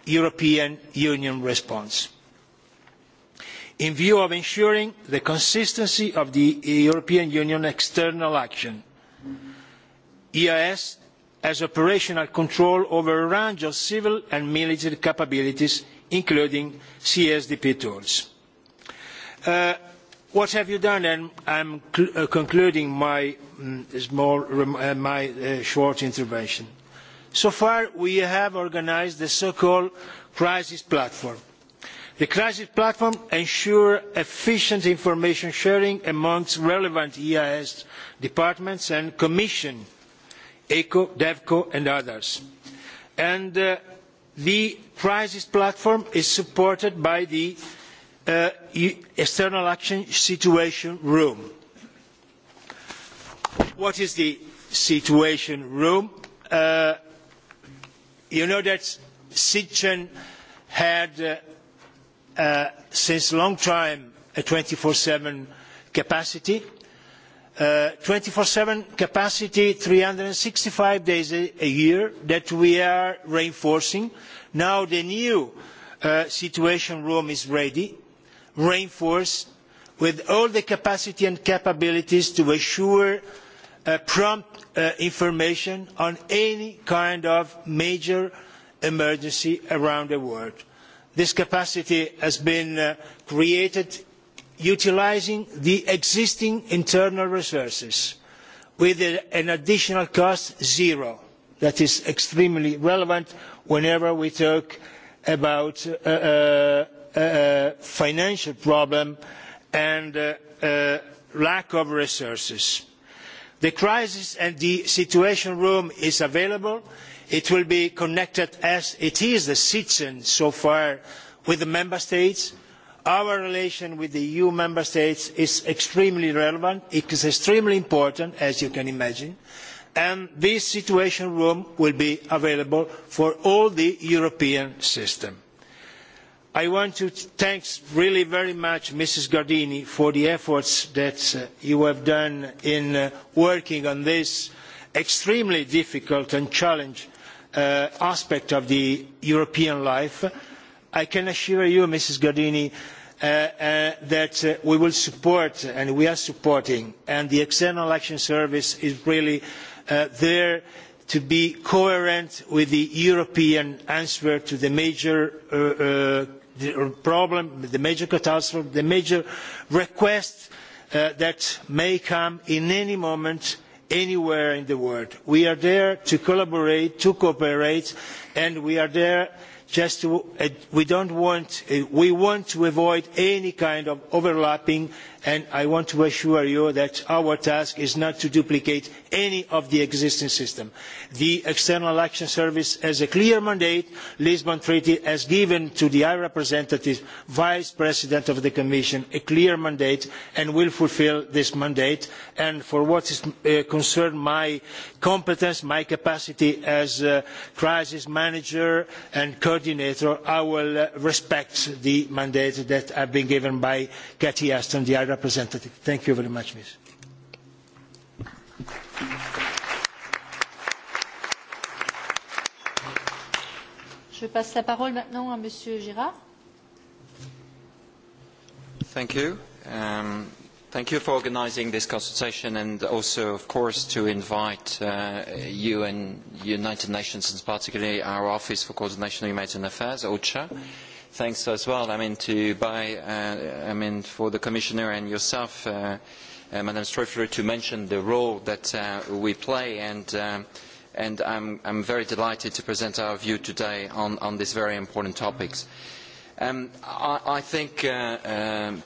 European Union response. In view of ensuring the consistency of the European Union external action, EAS as operational control over a range of civil and military capabilities, including CSDP tools. What have you done? And I'm concluding my short intervention. So far, we have organised the so-called crisis platform. The crisis platform ensures efficient information sharing amongst relevant EIS departments and Commission eco devco and others and the crisis platform is supported by the external action situation room what is the situation room you know that Sitchin had since a long time a 24/7 capacity twenty four seven capacity three hundred and sixty five days a year that we are reinforcing. now the new situation room is ready reinforced with all the capacity and capabilities to assure prompt information on any kind of major emergency around the world. this capacity has been created utilising the existing internal resources with an additional cost zero. That is extremely relevant whenever we talk about a financial problem and lack of resources. The crisis and the situation room is available. It will be connected as it is the citizen so far with the member states our relation with the eu member states is extremely relevant it is extremely important as you can imagine and this situation room will be available for all the european system. i want to thank really very much mrs gardini for the efforts that you have done in working on this extremely difficult and challenging aspect of european life I can assure you, Mrs. Gardini, that we will support and we are supporting, and the External Action Service is really there to be coherent with the European answer to the major problem, the major catastrophe, the major request that may come in any moment anywhere in the world. We are there to collaborate, to cooperate, and we are there just we don't want we want to avoid any kind of overlapping and I want to assure you that our task is not to duplicate any of the existing system. The External Action Service has a clear mandate. The Lisbon Treaty has given to the High Representative, Vice President of the Commission, a clear mandate and will fulfil this mandate. And for what is concerned my competence, my capacity as crisis manager and coordinator, I will respect the mandate that has been given by Cathy Ashton, representative. Thank you very much, Ms. Je passe la parole maintenant à Monsieur Girard. Thank you. Um, Thank you for organizing this consultation and also, of course, to invite you and United Nations, and particularly our Office for Coordination of Humanitarian Affairs, OCHA thanks as well, I mean, to by, I mean, for the Commissioner and yourself, Madam Streufler, to mention the role that we play, and and I'm very delighted to present our view today on these very important topics. I think,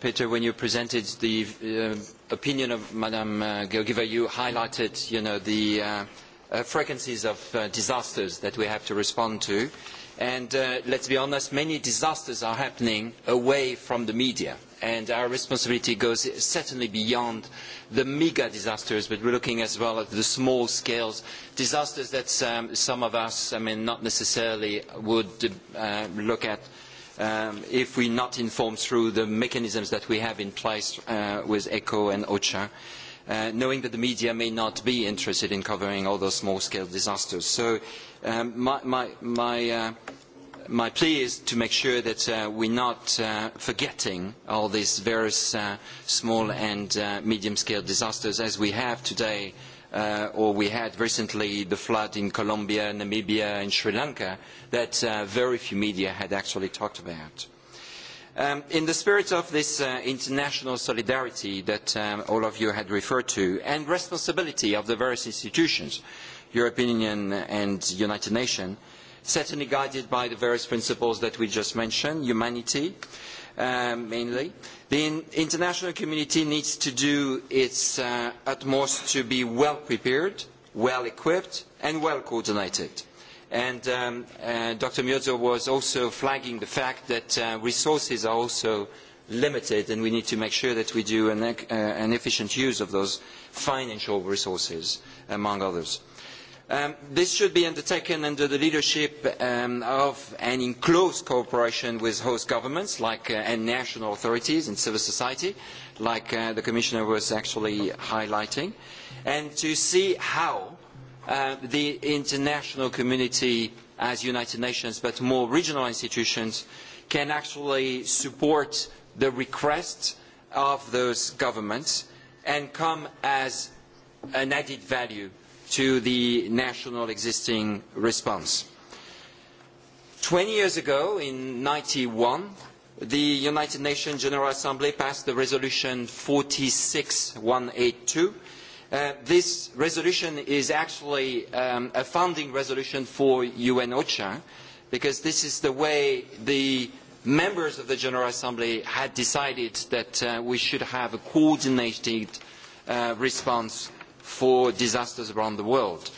Peter, when you presented the opinion of Madam Georgieva, you highlighted, you know, the frequencies of disasters that we have to respond to and let's be honest many disasters are happening away from the media and our responsibility goes certainly beyond the mega disasters but we're looking as well at the small scale disasters that some of us i mean not necessarily would look at if we're not informed through the mechanisms that we have in place with echo and ocha knowing that the media may not be interested in covering all those small scale disasters so My plea is to make sure that are not forgetting all these various small and medium-scale disasters as we have today, or we had recently the flood in Colombia, Namibia and Sri Lanka that very few media had actually talked about. In the spirit of this international solidarity that all of you had referred to and responsibility of the various institutions, European Union and United Nations, certainly guided by the various principles that we just mentioned, humanity mainly. The international community needs to do its utmost to be well prepared, well equipped and well coordinated. And Dr. Miozo was also flagging the fact that resources are also limited and we need to make sure that we do an efficient use of those financial resources, among others. This should be undertaken under the leadership of and in close cooperation with host governments and national authorities and civil society, like the Commissioner was actually highlighting, and to see how the international community as United Nations, but more regional institutions, can actually support the request of those governments and come as an added value to the national existing response. Twenty years ago, in one, the United Nations General Assembly passed the Resolution 46182. This resolution is actually a founding resolution for UNOCHA, because this is the way the members of the General Assembly had decided that we should have a coordinated response for disasters around the world.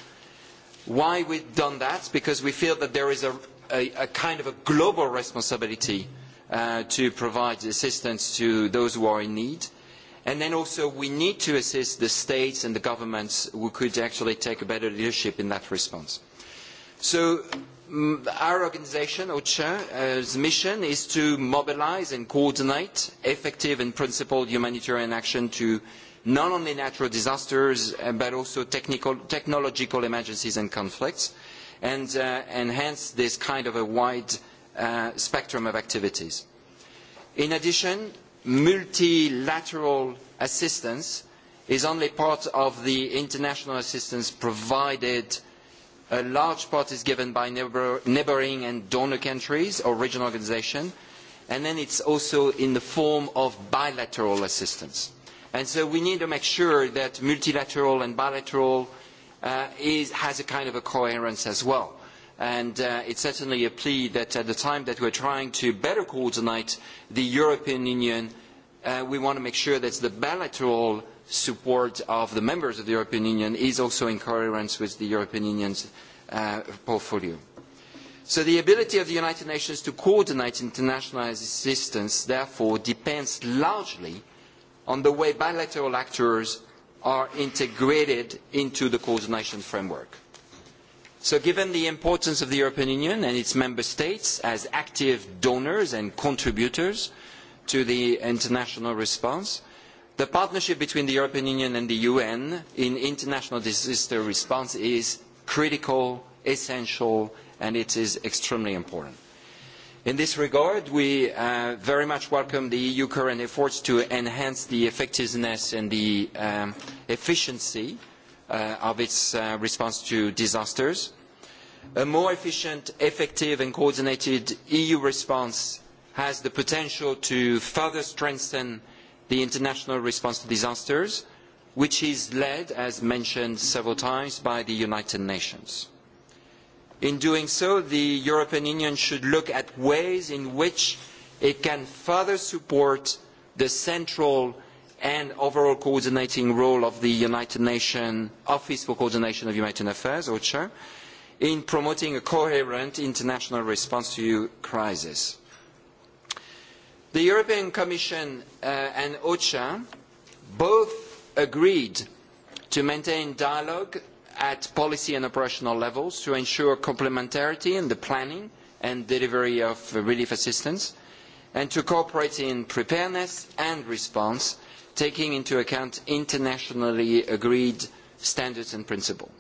Why we've done that? Because we feel that there is a kind of a global responsibility to provide assistance to those who are in need. And then also we need to assist the states and the governments who could actually take a better leadership in that response. So our organisation, OCHA's mission is to mobilise and coordinate effective and principled humanitarian action to not only natural disasters but also technological emergencies and conflicts and hence this kind of a wide spectrum of activities. In addition, multilateral assistance is only part of the international assistance provided a large part is given by neighbouring and donor countries or regional organisations and then it is also in the form of bilateral assistance. And so we need to make sure that multilateral and bilateral has a kind of a coherence as well. And it's certainly a plea that at the time that are trying to better coordinate the European Union, we want to make sure that the bilateral support of the members of the European Union is also in coherence with the European Union's portfolio. So the ability of the United Nations to coordinate international assistance, therefore, depends largely on the way bilateral actors are integrated into the coordination framework. So given the importance of the European Union and its member states as active donors and contributors to the international response, the partnership between the European Union and the UN in international disaster response is critical, essential, and it is extremely important. In this regard, we very much welcome the EU current efforts to enhance the effectiveness and the efficiency of its response to disasters. A more efficient, effective and coordinated EU response has the potential to further strengthen the international response to disasters, which is led, as mentioned several times, by the United Nations. In doing so, the European Union should look at ways in which it can further support the central and overall coordinating role of the United Nations Office for Coordination of Humanitarian Affairs, OCHA, in promoting a coherent international response to crisis. The European Commission and OCHA both agreed to maintain dialogue at policy and operational levels to ensure complementarity in the planning and delivery of relief assistance and to cooperate in preparedness and response taking into account internationally agreed standards and principles.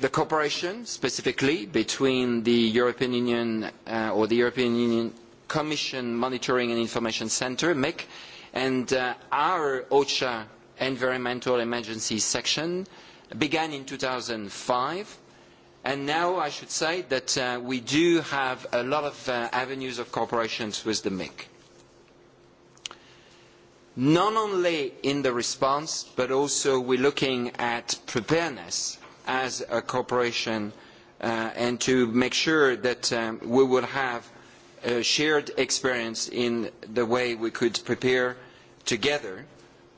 The cooperation specifically between the European Union or the European Union Commission Monitoring and Information Centre (MEC) and our OCHA Environmental Emergency Section began in 2005 and now I should say that we do have a lot of avenues of cooperation with the MIC. Not only in the response, but also we're looking at preparedness as a cooperation and to make sure that we will have a shared experience in the way we could prepare together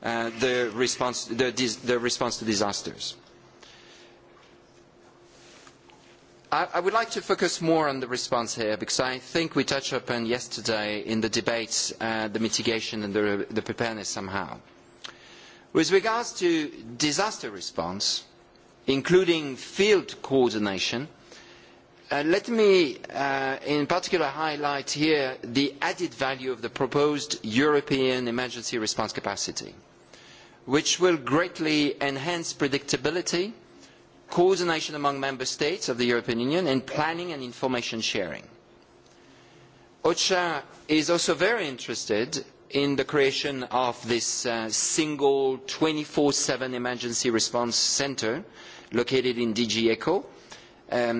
the response to disasters. I would like to focus more on the response here, because I think we touched upon yesterday in the debate the mitigation and the preparedness somehow. With regards to disaster response, including field coordination, let me in particular highlight here the added value of the proposed European emergency response capacity, which will greatly enhance predictability coordination among member states of the European Union, and planning and information sharing. OCHA is also very interested in the creation of this single 24/7 emergency response centre located in DG ECHO,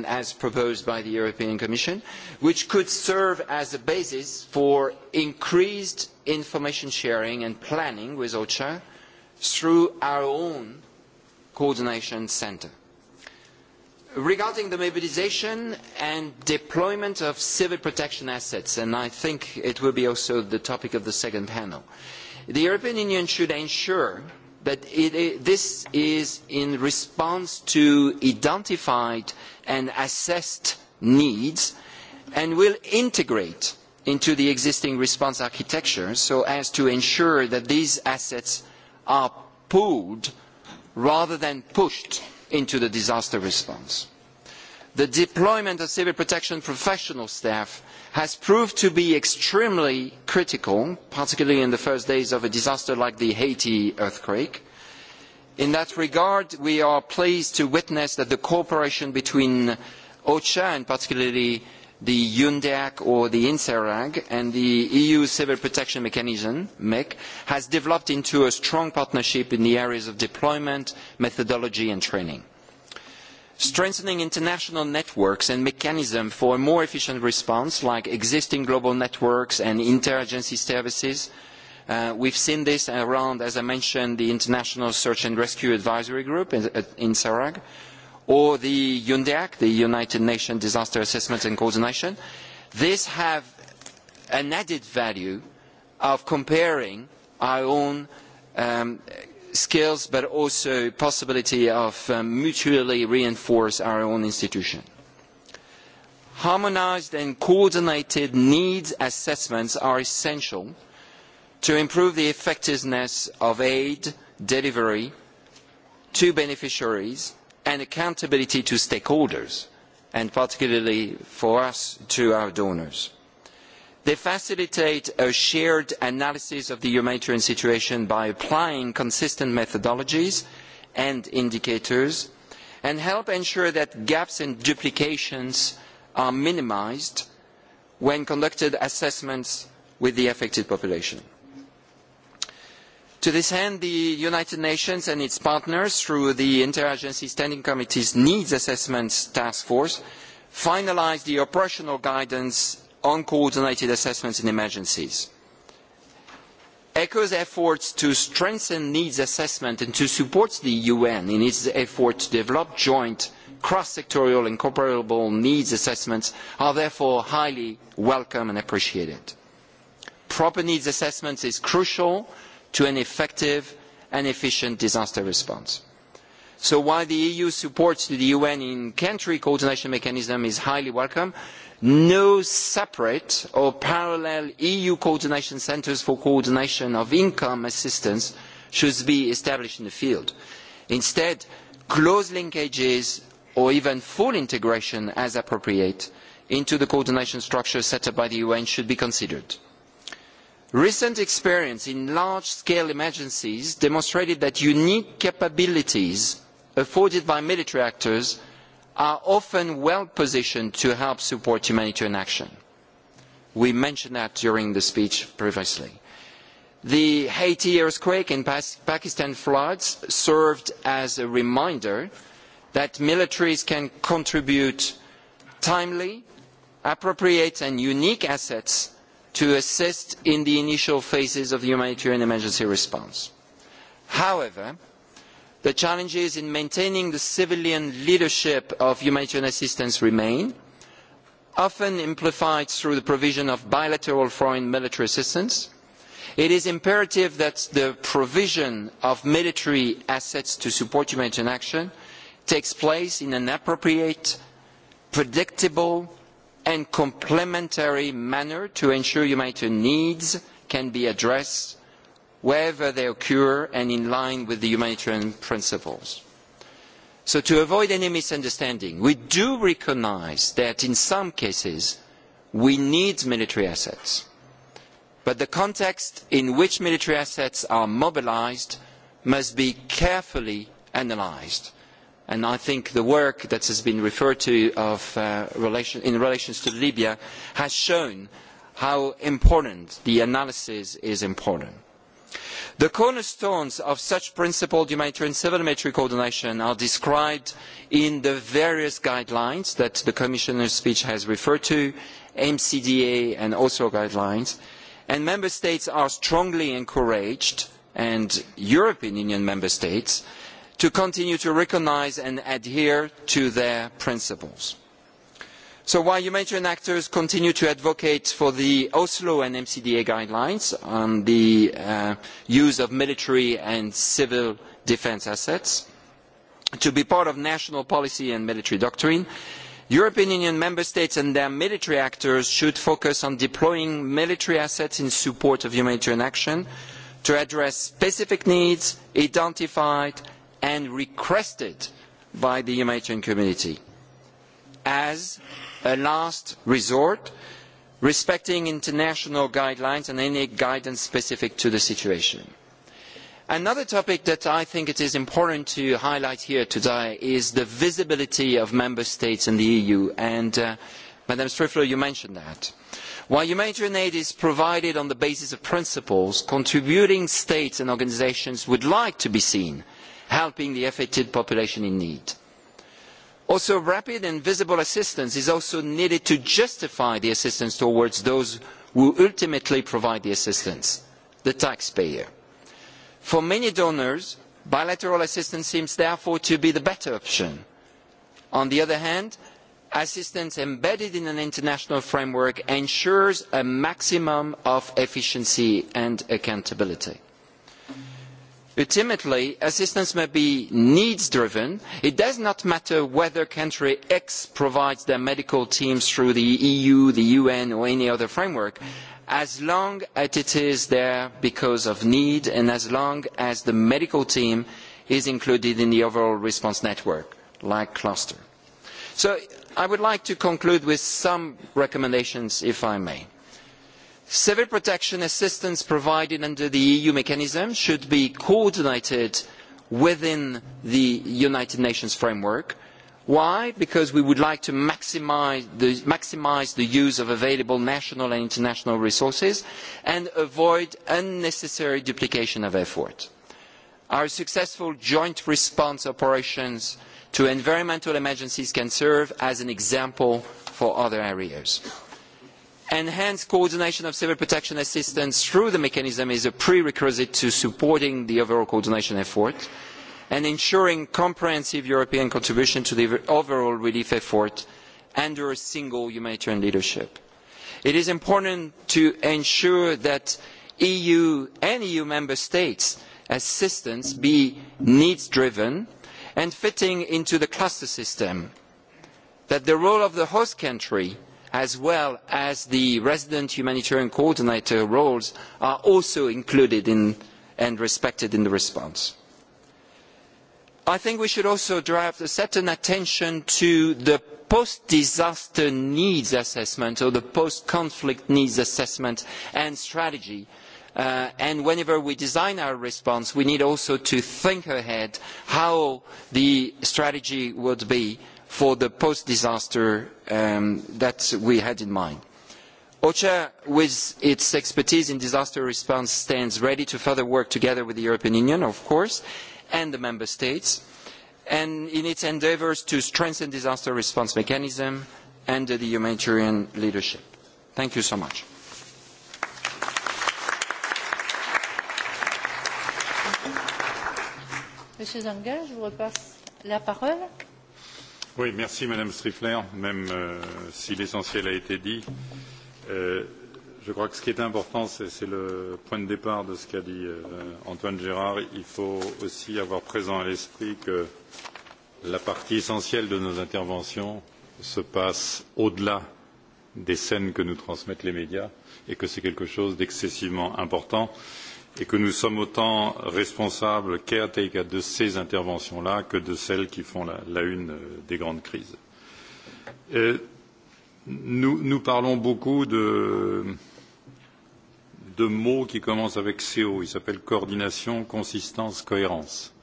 as proposed by the European Commission, which could serve as a basis for increased information sharing and planning with OCHA through our own coordination centre. Regarding the mobilisation and deployment of civil protection assets, and I think it will be also the topic of the second panel, the European Union should ensure that this is in response to identified and assessed needs and will integrate into the existing response architecture so as to ensure that these assets are pooled rather than pushed into the disaster response. The deployment of civil protection professional staff has proved to be extremely critical, particularly in the first days of a disaster like the Haiti earthquake. In that regard, we are pleased to witness that the cooperation between OCHA and particularly the UNDEAC or the INSERAG and the EU Civil Protection Mechanism, MEC, has developed into a strong partnership in the areas of deployment, methodology and training. Strengthening international networks and mechanisms for a more efficient response, like existing global networks and interagency services, we've seen this around, as I mentioned, the International Search and Rescue Advisory Group in SARAG, or the UNDEAC, the United Nations Disaster Assessment and Coordination, these have an added value of comparing our own skills but also the possibility of mutually reinforce our own institutions. Harmonised and coordinated needs assessments are essential to improve the effectiveness of aid delivery to beneficiaries and accountability to stakeholders and particularly for us to our donors. They facilitate a shared analysis of the humanitarian situation by applying consistent methodologies and indicators and help ensure that gaps and duplications are minimised when conducted assessments with the affected population. To this end, the United Nations and its partners, through the Interagency Standing Committee's Needs Assessment Task Force, finalised the operational guidance on coordinated assessments in emergencies. ECHO's efforts to strengthen needs assessment and to support the UN in its effort to develop joint, cross-sectorial and comparable needs assessments are therefore highly welcome and appreciated. Proper needs assessment is crucial to an effective and efficient disaster response. So while the EU support to the UN in country coordination mechanism is highly welcome, no separate or parallel EU coordination centres for coordination of income assistance should be established in the field. Instead, close linkages or even full integration as appropriate into the coordination structure set up by the UN should be considered. Recent experience in large-scale emergencies demonstrated that unique capabilities afforded by military actors are often well positioned to help support humanitarian action. We mentioned that during the speech previously. The Haiti earthquake and Pakistan floods served as a reminder that militaries can contribute timely, appropriate and unique assets to assist in the initial phases of the humanitarian emergency response. However, the challenges in maintaining the civilian leadership of humanitarian assistance remain, often amplified through the provision of bilateral foreign military assistance. It is imperative that the provision of military assets to support humanitarian action takes place in an appropriate, predictable and complementary manner to ensure humanitarian needs can be addressed wherever they occur and in line with the humanitarian principles. So to avoid any misunderstanding, we do recognise that in some cases we need military assets, but the context in which military assets are mobilised must be carefully analysed and I think the work that has been referred to in relation to Libya has shown how important the analysis is important. The cornerstones of such principled humanitarian civil military coordination are described in the various guidelines that the Commissioner's speech has referred to, MCDA and also guidelines, and Member States are strongly encouraged, and European Union Member States, to continue to recognise and adhere to their principles. So while humanitarian actors continue to advocate for the Oslo and MCDA guidelines on the use of military and civil defence assets to be part of national policy and military doctrine, European Union member states and their military actors should focus on deploying military assets in support of humanitarian action to address specific needs identified and requested by the humanitarian community as a last resort, respecting international guidelines and any guidance specific to the situation. Another topic that I think it is important to highlight here today is the visibility of member states in the EU, and Madam Striffler, you mentioned that. While humanitarian aid is provided on the basis of principles, contributing states and organisations would like to be seen helping the affected population in need. Also, rapid and visible assistance is also needed to justify the assistance towards those who ultimately provide the assistance, the taxpayer. For many donors, bilateral assistance seems therefore to be the better option. On the other hand, assistance embedded in an international framework ensures a maximum of efficiency and accountability. Ultimately, assistance may be needs-driven. It does not matter whether country X provides their medical teams through the EU, the UN, or any other framework, as long as it is there because of need and as long as the medical team is included in the overall response network, like cluster. So I would like to conclude with some recommendations, if I may. Civil protection assistance provided under the EU mechanism should be coordinated within the United Nations framework. Why? Because we would like to maximise the use of available national and international resources and avoid unnecessary duplication of effort. Our successful joint response operations to environmental emergencies can serve as an example for other areas enhanced coordination of civil protection assistance through the mechanism is a prerequisite to supporting the overall coordination effort and ensuring comprehensive european contribution to the overall relief effort under a single humanitarian leadership. it is important to ensure that eu and eu member states' assistance be needs driven and fitting into the cluster system that the role of the host country as well as the resident humanitarian coordinator roles are also included and respected in the response. I think we should also draw a certain attention to the post-disaster needs assessment or the post-conflict needs assessment and strategy. And whenever we design our response, we need also to think ahead how the strategy would be for the post-disaster that we had in mind. OCHA, with its expertise in disaster response, stands ready to further work together with the European Union, of course, and the Member States, and in its endeavours to strengthen disaster response mechanism and the humanitarian leadership. Thank you so much. Oui, merci Madame Strifler, même si l'essentiel a été dit. Je crois que ce qui est important, c'est le point de départ de ce qu'a dit Antoine Gérard. Il faut aussi avoir présent à l'esprit que la partie essentielle de nos interventions se passe au-delà des scènes que nous transmettent les médias et que c'est quelque chose d'excessivement important et que nous sommes autant responsables caretaker de ces interventions là que de celles qui font la une des grandes crises. Nous parlons beaucoup de mots qui commencent avec CO. Ils s'appellent coordination, consistance, cohérence.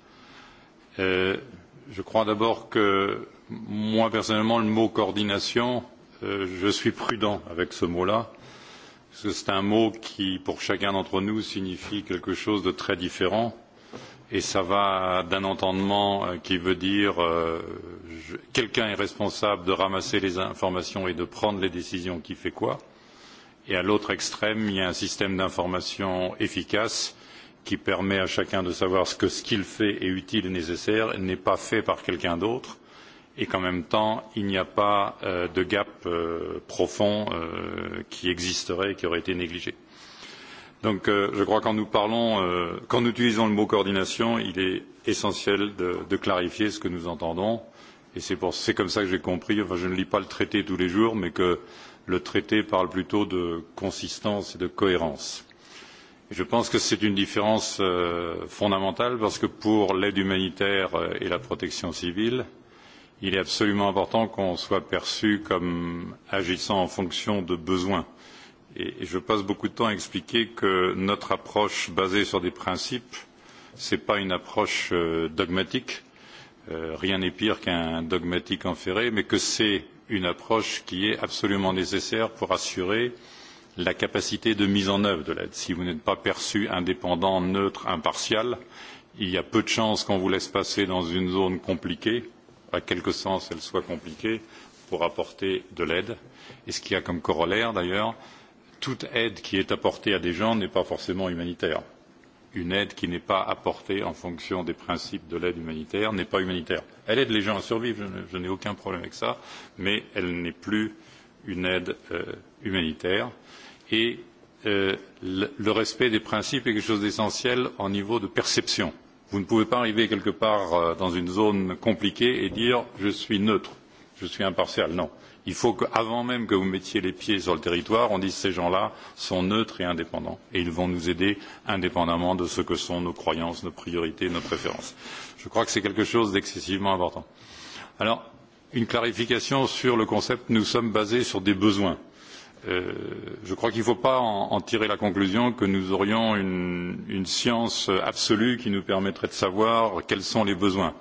Je crois d'abord que moi personnellement le mot coordination, je suis prudent avec ce mot là C'est un mot qui, pour chacun d'entre nous, signifie quelque chose de très différent et cela va d'un entendement qui veut dire quelqu'un est responsable de ramasser les informations et de prendre les décisions qui fait quoi et à l'autre extrême il y a un système d'information efficace qui permet à chacun de savoir ce que ce qu'il fait est utile et nécessaire et n'est pas fait par quelqu'un d'autre et qu'en même temps, il n'y a pas de gap profond qui existerait et qui aurait été négligé. Donc je crois que quand nous parlons, quand nous utilisons le mot coordination, il est essentiel de clarifier ce que nous entendons. Et c'est comme ça que j'ai compris, enfin je ne lis pas le traité tous les jours, mais que le traité parle plutôt de consistance et de cohérence. Je pense que c'est une différence fondamentale parce que pour l'aide humanitaire et la protection civile, il est absolument important qu'on soit perçu comme agissant en fonction de besoins. Et je passe beaucoup de temps à expliquer que notre approche basée sur des principes, ce n'est pas une approche dogmatique, rien n'est pire qu'un dogmatique enferré, mais que c'est une approche qui est absolument nécessaire pour assurer la capacité de mise en œuvre de l'aide. Si vous n'êtes pas perçu indépendant, neutre, impartial, il y a peu de chances qu'on vous laisse passer dans une zone compliquée à quelque sens elle soit compliquée, pour apporter de l'aide. Et ce qui a comme corollaire, d'ailleurs, toute aide qui est apportée à des gens n'est pas forcément humanitaire. Une aide qui n'est pas apportée en fonction des principes de l'aide humanitaire n'est pas humanitaire. Elle aide les gens à survivre, je n'ai aucun problème avec ça, mais elle n'est plus une aide humanitaire. Et le respect des principes est quelque chose d'essentiel au niveau de perception Vous ne pouvez pas arriver quelque part dans une zone compliquée et dire je suis neutre, je suis impartial. Non. Il faut qu'avant même que vous mettiez les pieds sur le territoire, on dise ces gens-là sont neutres et indépendants. Et ils vont nous aider indépendamment de ce que sont nos croyances, nos priorités, nos préférences. Je crois que c'est quelque chose d'excessivement important. Alors, une clarification sur le concept nous sommes basés sur des besoins je crois qu'il ne faut pas en tirer la conclusion que nous aurions une science absolue qui nous permettrait de savoir quels sont les besoins.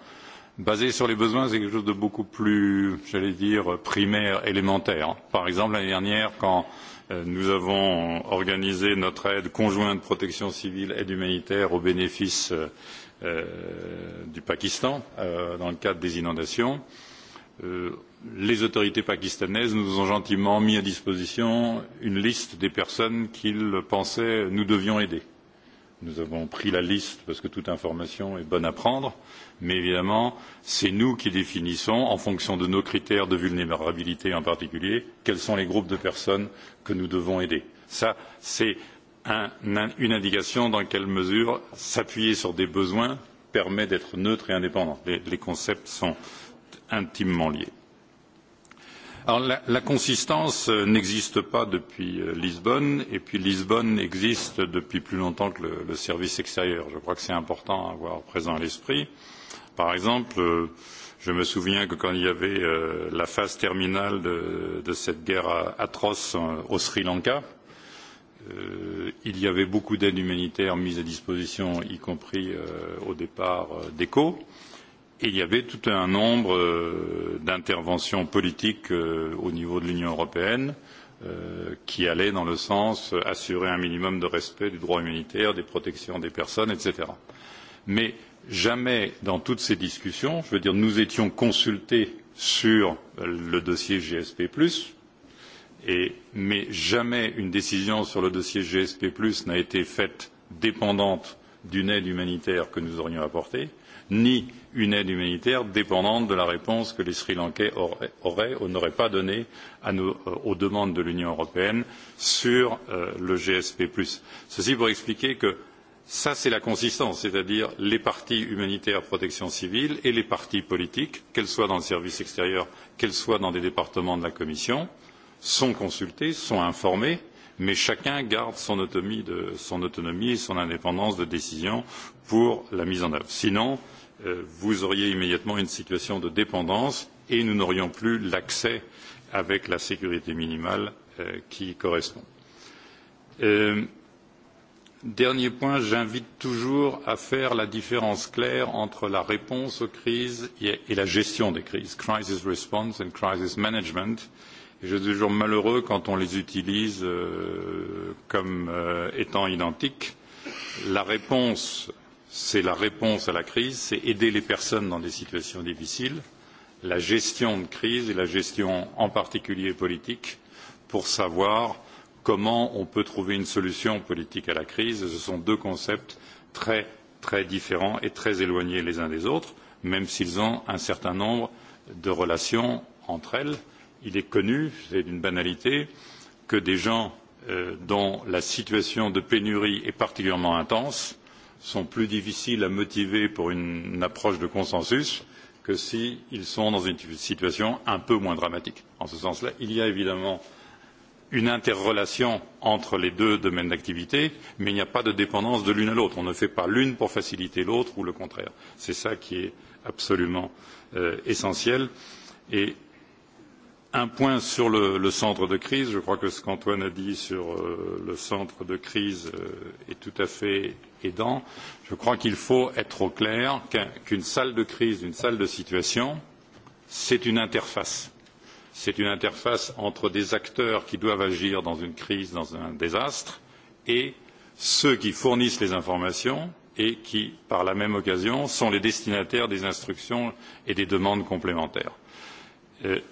Basé sur les besoins, c'est quelque chose de beaucoup plus, j'allais dire, primaire, élémentaire. Par exemple, l'année dernière, quand nous avons organisé notre aide conjointe protection civile aide humanitaire au bénéfice du Pakistan dans le cadre des inondations, les autorités pakistanaises nous ont gentiment mis à disposition une liste des personnes qu'ils pensaient nous devions aider. Nous avons pris la liste parce que toute information est bonne à prendre, mais évidemment, c'est nous qui définissons, en fonction de nos critères de vulnérabilité en particulier, quels sont les groupes de personnes que nous devons aider. c'est une indication dans quelle mesure s'appuyer sur des besoins permet d'être neutre et indépendant. Les concepts sont intimement liés. La consistance n'existe pas depuis Lisbonne, et puis Lisbonne existe depuis plus longtemps que le service extérieur. Je crois que c'est important à avoir présent à l'esprit. Par exemple, je me souviens que quand il y avait la phase terminale de cette guerre atroce au Sri Lanka, il y avait beaucoup d'aide humanitaire mise à disposition, y compris au départ d'ECO il y avait tout un nombre d'interventions politiques au niveau de l'Union européenne qui allaient dans le sens assurer un minimum de respect du droit humanitaire, des protections des personnes, etc. Mais jamais dans toutes ces discussions, je veux dire, nous étions consultés sur le dossier GSP, mais jamais une décision sur le dossier GSP, n'a été faite dépendante d'une aide humanitaire que nous aurions apportée ni une aide humanitaire dépendante de la réponse que les Sri Lankais auraient ou n'auraient pas donnée aux demandes de l'Union européenne sur le GSP. Ceci pour expliquer que ça, c'est la consistance, c'est-à-dire les partis humanitaires protection civile et les partis politiques, qu'elles soient dans le service extérieur, qu'elles soient dans des départements de la Commission, sont consultés, sont informés, mais chacun garde son autonomie et son indépendance de décision pour la mise en œuvre. Sinon, vous auriez immédiatement une situation de dépendance et nous n'aurions plus l'accès avec la sécurité minimale qui correspond. Dernier point, j'invite toujours à faire la différence claire entre la réponse aux crises et la gestion des crises, crisis response and crisis management. Je suis toujours malheureux quand on les utilise comme étant identiques. La réponse c'est la réponse à la crise, c'est aider les personnes dans des situations difficiles, la gestion de crise et la gestion en particulier politique, pour savoir comment on peut trouver une solution politique à la crise. Ce sont deux concepts très, très différents et très éloignés les uns des autres, même s'ils ont un certain nombre de relations entre elles. Il est connu, c'est une banalité, que des gens dont la situation de pénurie est particulièrement intense, sont plus difficiles à motiver pour une approche de consensus que s'ils sont dans une situation un peu moins dramatique. En ce sens-là, il y a évidemment une interrelation entre les deux domaines d'activité, mais il n'y a pas de dépendance de l'une à l'autre. On ne fait pas l'une pour faciliter l'autre ou le contraire. C'est ça qui est absolument essentiel. Et un point sur le centre de crise. Je crois que ce qu'Antoine a dit sur le centre de crise est tout à fait aidant, je crois qu'il faut être au clair qu'une salle de crise, une salle de situation, c'est une interface. C'est une interface entre des acteurs qui doivent agir dans une crise, dans un désastre, et ceux qui fournissent les informations et qui, par la même occasion, sont les destinataires des instructions et des demandes complémentaires.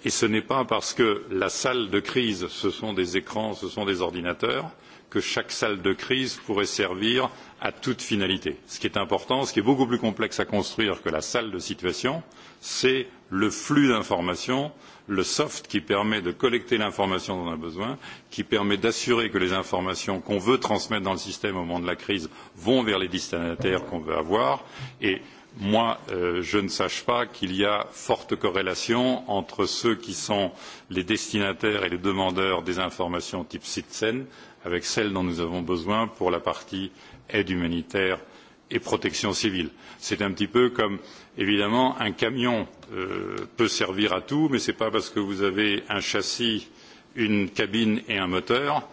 Et ce n'est pas parce que la salle de crise, ce sont des écrans, ce sont des ordinateurs, que chaque salle de crise pourrait servir à toute finalité. Ce qui est important, ce qui est beaucoup plus complexe à construire que la salle de situation, c'est le flux d'informations, le soft qui permet de collecter l'information dont on a besoin, qui permet d'assurer que les informations qu'on veut transmettre dans le système au moment de la crise vont vers les destinataires qu'on veut avoir. Et moi, je ne sache pas qu'il y a forte corrélation entre ceux qui sont les destinataires et les demandeurs des informations type CITSEN avec celle dont nous avons besoin pour la partie aide humanitaire et protection civile. C'est un petit peu comme, évidemment, un camion peut servir à tout, mais ce n'est pas parce que vous avez un châssis, une cabine et un moteur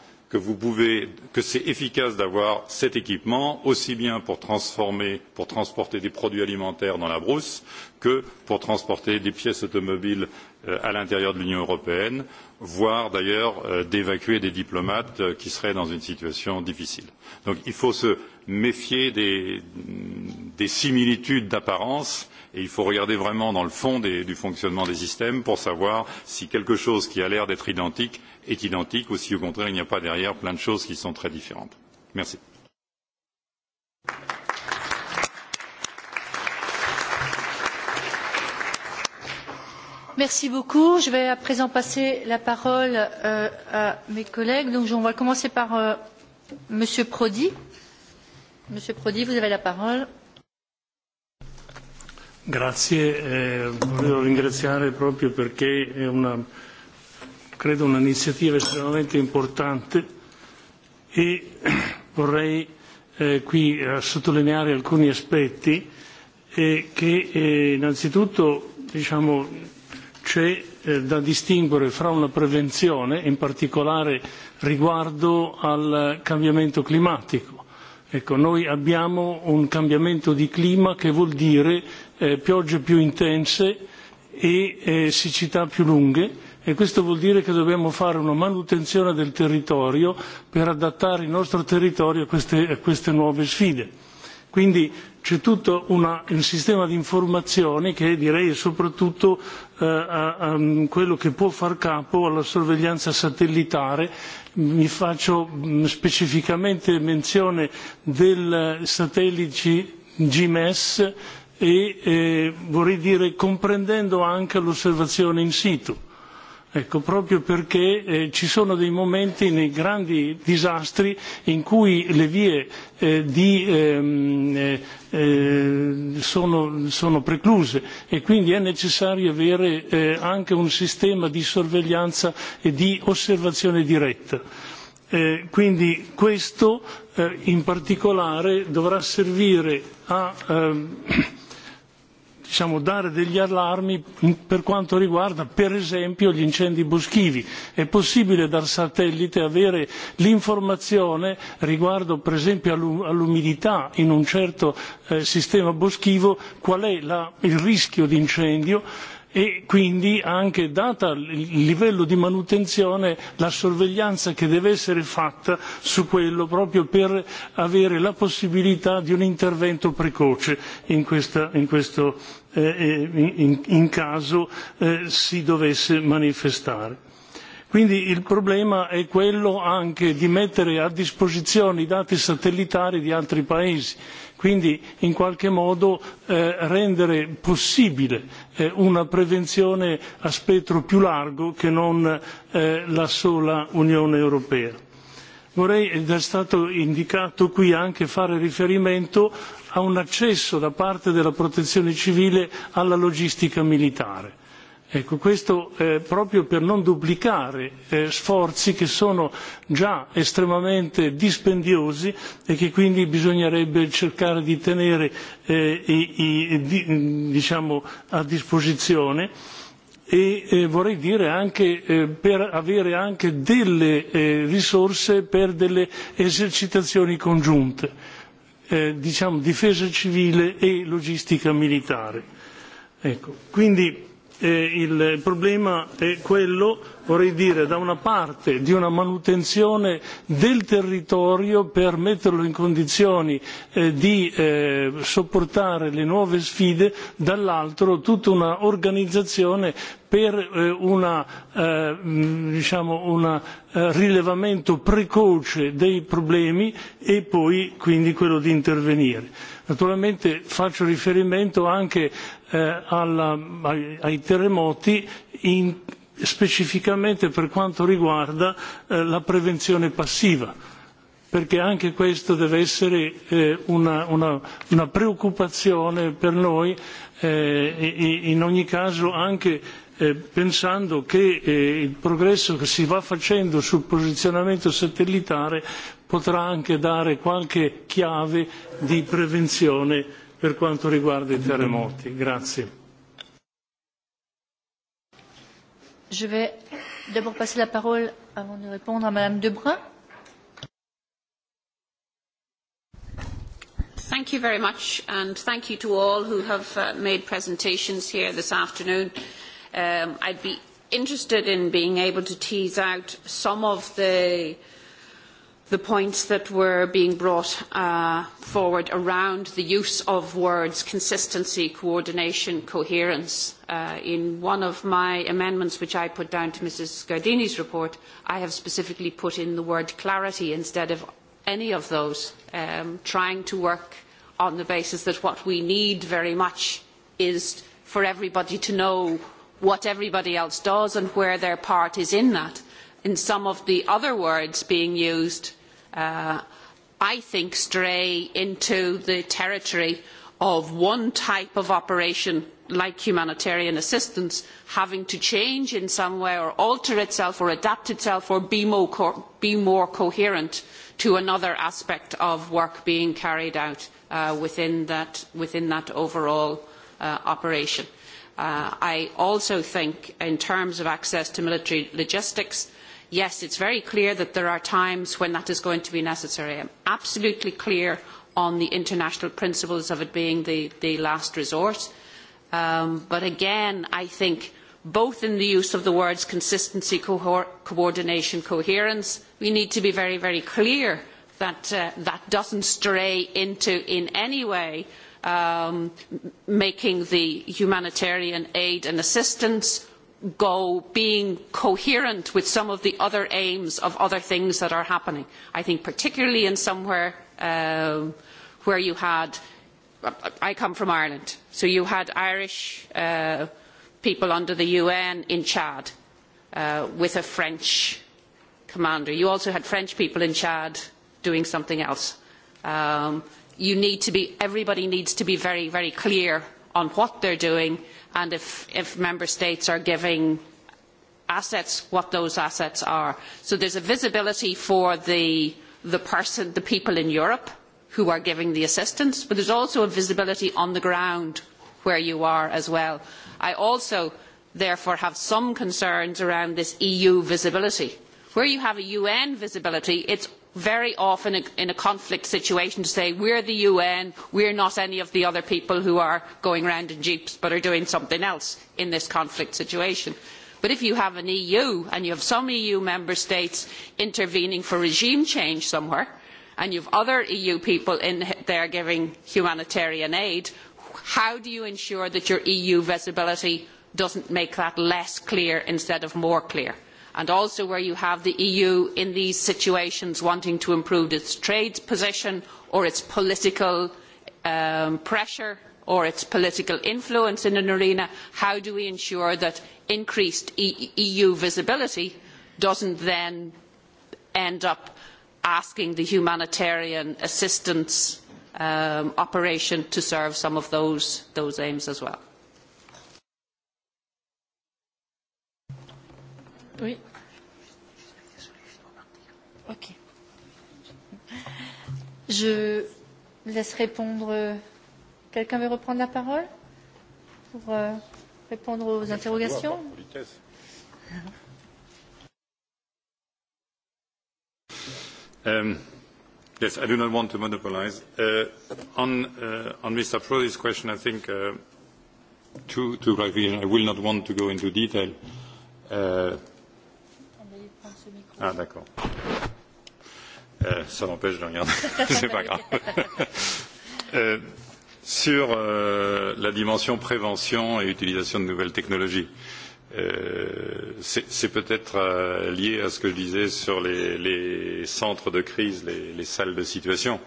que c'est efficace d'avoir cet équipement aussi bien pour transporter des produits alimentaires dans la brousse que pour transporter des pièces automobiles à l'intérieur de l'union européenne voire d'ailleurs d'évacuer des diplomates qui seraient dans une situation difficile. donc il faut se méfier des similitudes d'apparence et il faut regarder vraiment dans le fond du fonctionnement des systèmes pour savoir si quelque chose qui a l'air d'être identique est identique ou si au contraire il n'y a pas derrière plein de choses qui sont très différentes. Merci. Merci beaucoup. Je vais à présent passer la parole à mes collègues. Donc, on va commencer par Monsieur Prodi. Monsieur Prodi, vous avez la parole. Grazie, volevo ringraziare proprio perché è una, credo, un'iniziativa estremamente importante e vorrei qui sottolineare alcuni aspetti che innanzitutto diciamo c'è da distinguere fra una prevenzione in particolare riguardo al cambiamento climatico. Ecco, noi abbiamo un cambiamento di clima che vuol dire piogge più intense e siccità più lunghe e questo vuol dire che dobbiamo fare una manutenzione del territorio per adattare il nostro territorio a queste nuove sfide. Quindi c'è tutto un sistema di informazioni che direi soprattutto quello che può far capo alla sorveglianza satellitare mi faccio specificamente menzione del satelliti GMS e vorrei dire comprendendo anche l'osservazione in situ ecco proprio perché ci sono dei momenti nei grandi disastri in cui le vie sono precluse e quindi è necessario avere anche un sistema di sorveglianza e di osservazione diretta quindi questo in particolare dovrà servire a diciamo, dare degli allarmi per quanto riguarda per esempio gli incendi boschivi. È possibile dal satellite avere l'informazione riguardo per esempio all'umidità in un certo sistema boschivo qual è il rischio di incendio e quindi anche data il livello di manutenzione la sorveglianza che deve essere fatta su quello proprio per avere la possibilità di un intervento precoce in questo in caso si dovesse manifestare. Quindi il problema è quello anche di mettere a disposizione i dati satellitari di altri paesi, quindi in qualche modo rendere possibile una prevenzione a spettro più largo che non la sola Unione europea. Vorrei ed è stato indicato qui anche fare riferimento a un accesso da parte della protezione civile alla logistica militare Ecco, questo proprio per non duplicare sforzi che sono già estremamente dispendiosi e che quindi bisognerebbe cercare di tenere a disposizione e vorrei dire anche per avere anche delle risorse per delle esercitazioni congiunte diciamo difesa civile e logistica militare il problema è quello vorrei dire da una parte di una manutenzione del territorio per metterlo in condizioni di sopportare le nuove sfide dall'altro tutta un'organizzazione per un rilevamento precoce dei problemi e poi quindi quello di intervenire. naturalmente faccio riferimento anche ai terremoti specificamente per quanto riguarda la prevenzione passiva perché anche questo deve essere una preoccupazione per noi in ogni caso anche pensando che il progresso che si va facendo sul posizionamento satellitare potrà anche dare qualche chiave di prevenzione per quanto riguarda i terremoti. Grazie. Je vais d'abord passer la parole, avant de répondre, à Madame Debrun. Thank you very much, and thank you to all who have made presentations here this afternoon. I'd be interested in being able to tease out some of the the points that were being brought forward around the use of words consistency, coordination, coherence. In one of my amendments, which I put down to Mrs. Gardini's report, I have specifically put in the word clarity instead of any of those, trying to work on the basis that what we need very much is for everybody to know what everybody else does and where their part is in that. In some of the other words being used, I think, stray into the territory of one type of operation like humanitarian assistance having to change in some way or alter itself or adapt itself or be more coherent to another aspect of work being carried out within that overall operation. I also think in terms of access to military logistics yes, it's very clear that there are times when that is going to be necessary. I'm absolutely clear on the international principles of it being the last resort. But again, I think both in the use of the words consistency, coordination, coherence, we need to be very, very clear that that doesn't stray into in any way making the humanitarian aid and assistance go being coherent with some of the other aims of other things that are happening. I think particularly in somewhere where you had, I come from Ireland, so you had Irish people under the UN in Chad with a French commander. You also had French people in Chad doing something else. You need to be, everybody needs to be very, very clear on what they're doing and if member states are giving assets what those assets are. So there's a visibility for the the people in Europe who are giving the assistance, but there's also a visibility on the ground where you are as well. I also therefore have some concerns around this EU visibility. Where you have a UN visibility, it's very often in a conflict situation to say we are the un we are not any of the other people who are going around in jeeps but are doing something else in this conflict situation but if you have an eu and you have some eu member states intervening for regime change somewhere and you have other eu people in there giving humanitarian aid how do you ensure that your eu visibility does not make that less clear instead of more clear? and also where you have the eu in these situations wanting to improve its trade position or its political pressure or its political influence in an arena how do we ensure that increased eu visibility doesn't then end up asking the humanitarian assistance operation to serve some of those aims as well? Oui. Ok. Je laisse répondre. Quelqu'un veut reprendre la parole pour répondre aux interrogations Yes, I do not want to monopolize. On Mr. Prodi's question, I think to Ravish, I will not want to go into detail Ah, d'accord. Ça m'empêche de regarder. C'est pas grave. Sur la dimension prévention et utilisation de nouvelles technologies, c'est peut-être lié à ce que je disais sur les centres de crise, les salles de situation.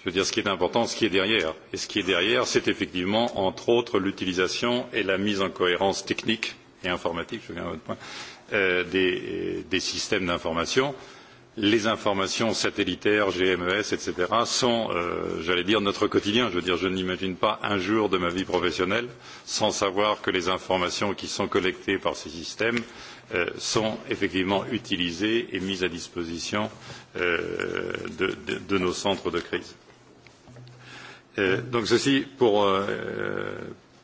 Je veux dire, ce qui est important, ce qui est derrière. Et ce qui est derrière, c'est effectivement, entre autres, l'utilisation et la mise en cohérence technique et informatique, je viens à votre point, des systèmes d'information. Les informations satellitaires, GMES, etc. sont, j'allais dire, notre quotidien. Je veux dire, je n'imagine pas un jour de ma vie professionnelle sans savoir que les informations qui sont collectées par ces systèmes sont effectivement utilisées et mises à disposition de nos centres de crise. Donc ceci, pour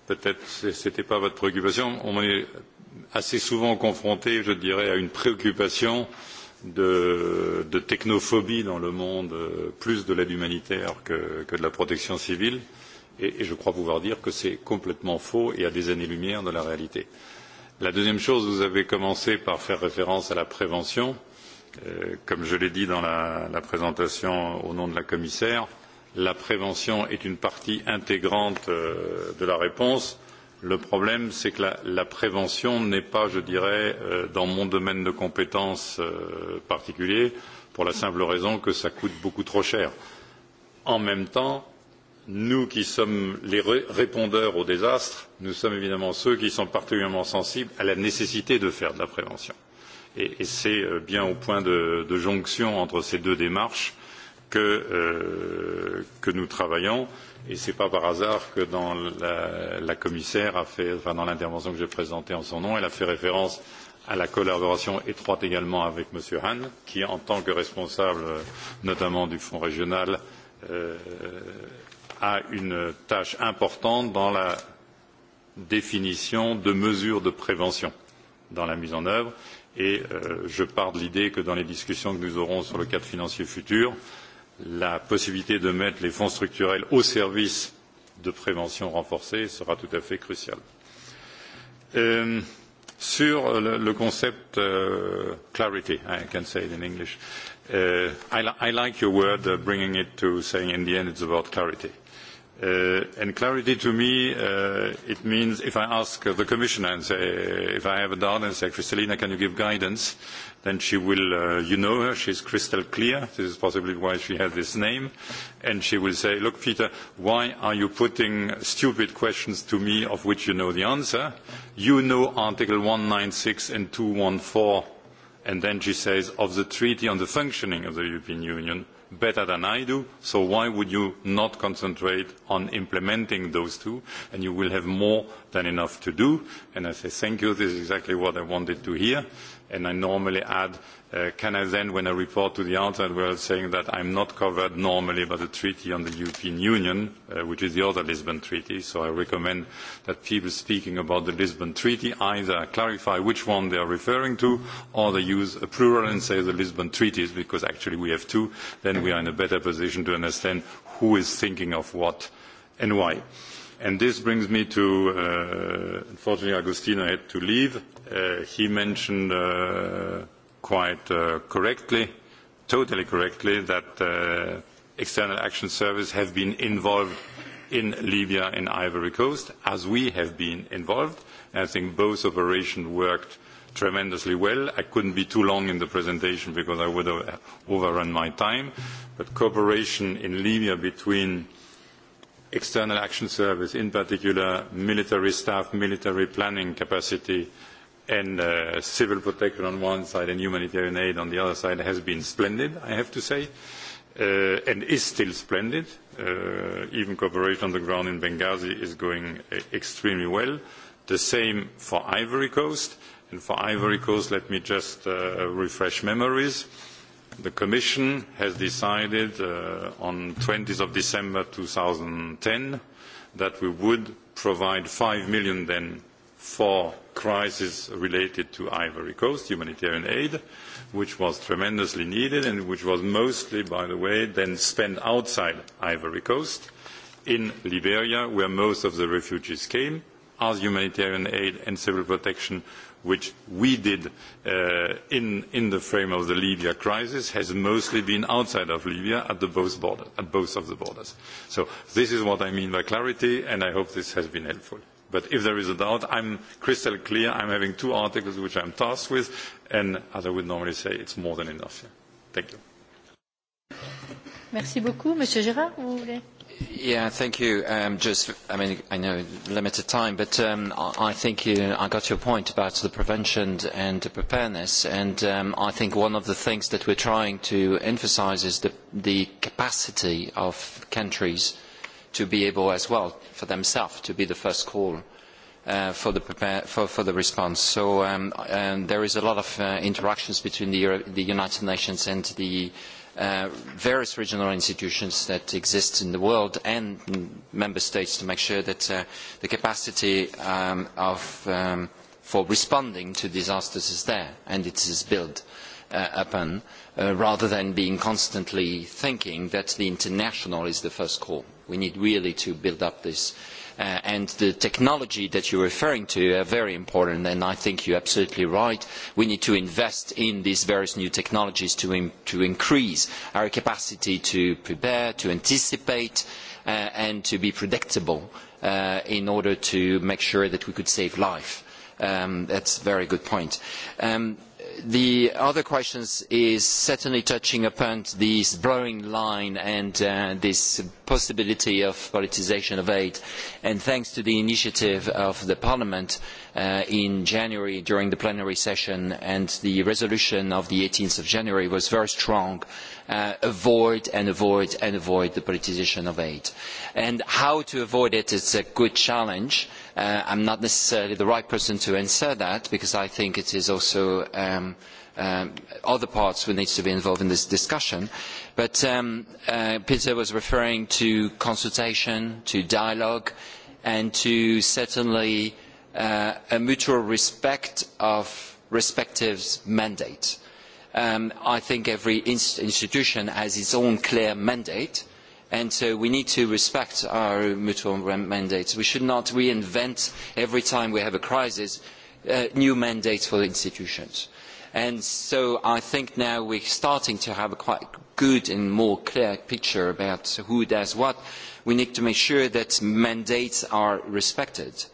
peut-être, ce n'était pas votre préoccupation, on est assez souvent confronté, je dirais, à une préoccupation de technophobie dans le monde, plus de l'aide humanitaire que de la protection civile, et je crois pouvoir dire que c'est complètement faux et à des années lumière de la réalité. La deuxième chose, vous avez commencé par faire référence à la prévention. Comme je l'ai dit dans la présentation au nom de la commissaire, la prévention est une partie intégrante de la réponse Le problème, c'est que la prévention n'est pas, je dirais, dans mon domaine de compétences particulier, pour la simple raison que ça coûte beaucoup trop cher. En même temps, nous qui sommes les répondeurs aux désastres, nous sommes évidemment ceux qui sont particulièrement sensibles à la nécessité de faire de la prévention. Et c'est bien au point de jonction entre ces deux démarches que nous travaillons Et ce n'est pas par hasard que dans la commissaire dans l'intervention que j'ai présentée en son nom, elle a fait référence à la collaboration étroite également avec M. Hahn, qui en tant que responsable notamment du Fonds régional a une tâche importante dans la définition de mesures de prévention dans la mise en œuvre. Et je pars de l'idée que dans les discussions que nous aurons sur le cadre financier futur, la possibilité de mettre les fonds structurels au service de prévention renforcée sera tout à fait cruciale. Sur le concept clarity, I can say it in English. I like your word, bringing it to saying in the end it's about clarity. And clarity to me, it means if I ask the Commissioner and say, if I have a doubt and say, Kristalina, can you give guidance? then she will, you know her, she's crystal clear. This is possibly why she has this name. And she will say, look, Peter, why are you putting stupid questions to me of which you know the answer? You know Article 196 and 214. And then she says, of the Treaty on the Functioning of the European Union, better than I do, so why would you not concentrate on implementing those two? And you will have more than enough to do. And I say, thank you, this is exactly what I wanted to hear and I normally add, can I then, when I report to the outside world, saying that I'm not covered normally by the Treaty on the European Union, which is the other Lisbon Treaty, so I recommend that people speaking about the Lisbon Treaty either clarify which one they are referring to, or they use a plural and say the Lisbon Treaties, because actually we have two, then we are in a better position to understand who is thinking of what and why. And this brings me to, unfortunately, Agostino had to leave. He mentioned quite correctly, totally correctly, that external action service have been involved in Libya and Ivory Coast, as we have been involved. I think both operations worked tremendously well. I couldn't be too long in the presentation because I would have overrun my time. But cooperation in Libya between external action service in particular military staff military planning capacity and civil protection on one side and humanitarian aid on the other side has been splendid i have to say and is still splendid even cooperation on the ground in benghazi is going extremely well the same for ivory coast and for ivory coast let me just refresh memories the Commission has decided on 20th of December 2010 that we would provide 5 million then for crisis related to Ivory Coast, humanitarian aid, which was tremendously needed and which was mostly, by the way, then spent outside Ivory Coast, in Liberia, where most of the refugees came, as humanitarian aid and civil protection which we did in the frame of the Libya crisis has mostly been outside of Libya at both of the borders. So this is what I mean by clarity, and I hope this has been helpful. But if there is a doubt, I'm crystal clear. I'm having two articles which I'm tasked with, and as I would normally say, it's more than enough. Thank you. Yeah, thank you. Just, I mean, I know limited time, but I think I got your point about the prevention and the preparedness, and I think one of the things that we're trying to emphasise is the capacity of countries to be able, as well, for themselves, to be the first call for the response. So there is a lot of interactions between the United Nations and the various regional institutions that exist in the world and member states to make sure that the capacity for responding to disasters is there and it is built upon, rather than being constantly thinking that the international is the first call. We need really to build up this and the technology that you are referring to are very important and I think are absolutely right. We need to invest in these various new technologies to increase our capacity to prepare, to anticipate and to be predictable in order to make sure that we could save life. That's a very good point. The other question is certainly touching upon this blurring line and this possibility of politicisation of aid. And thanks to the initiative of the Parliament in January during the plenary session and the resolution of the 18th of January was very strong, avoid and avoid and avoid the politicisation of aid. And how to avoid it is a good challenge I am not necessarily the right person to answer that because I think it is also other parts who need to be involved in this discussion. But Peter was referring to consultation, to dialogue, and to certainly a mutual respect of respective mandates. I think every institution has its own clear mandate and so we need to respect our mutual mandates. We should not reinvent every time we have a crisis new mandates for institutions. And so I think now we are starting to have a quite good and more clear picture about who does what. We need to make sure that mandates are respected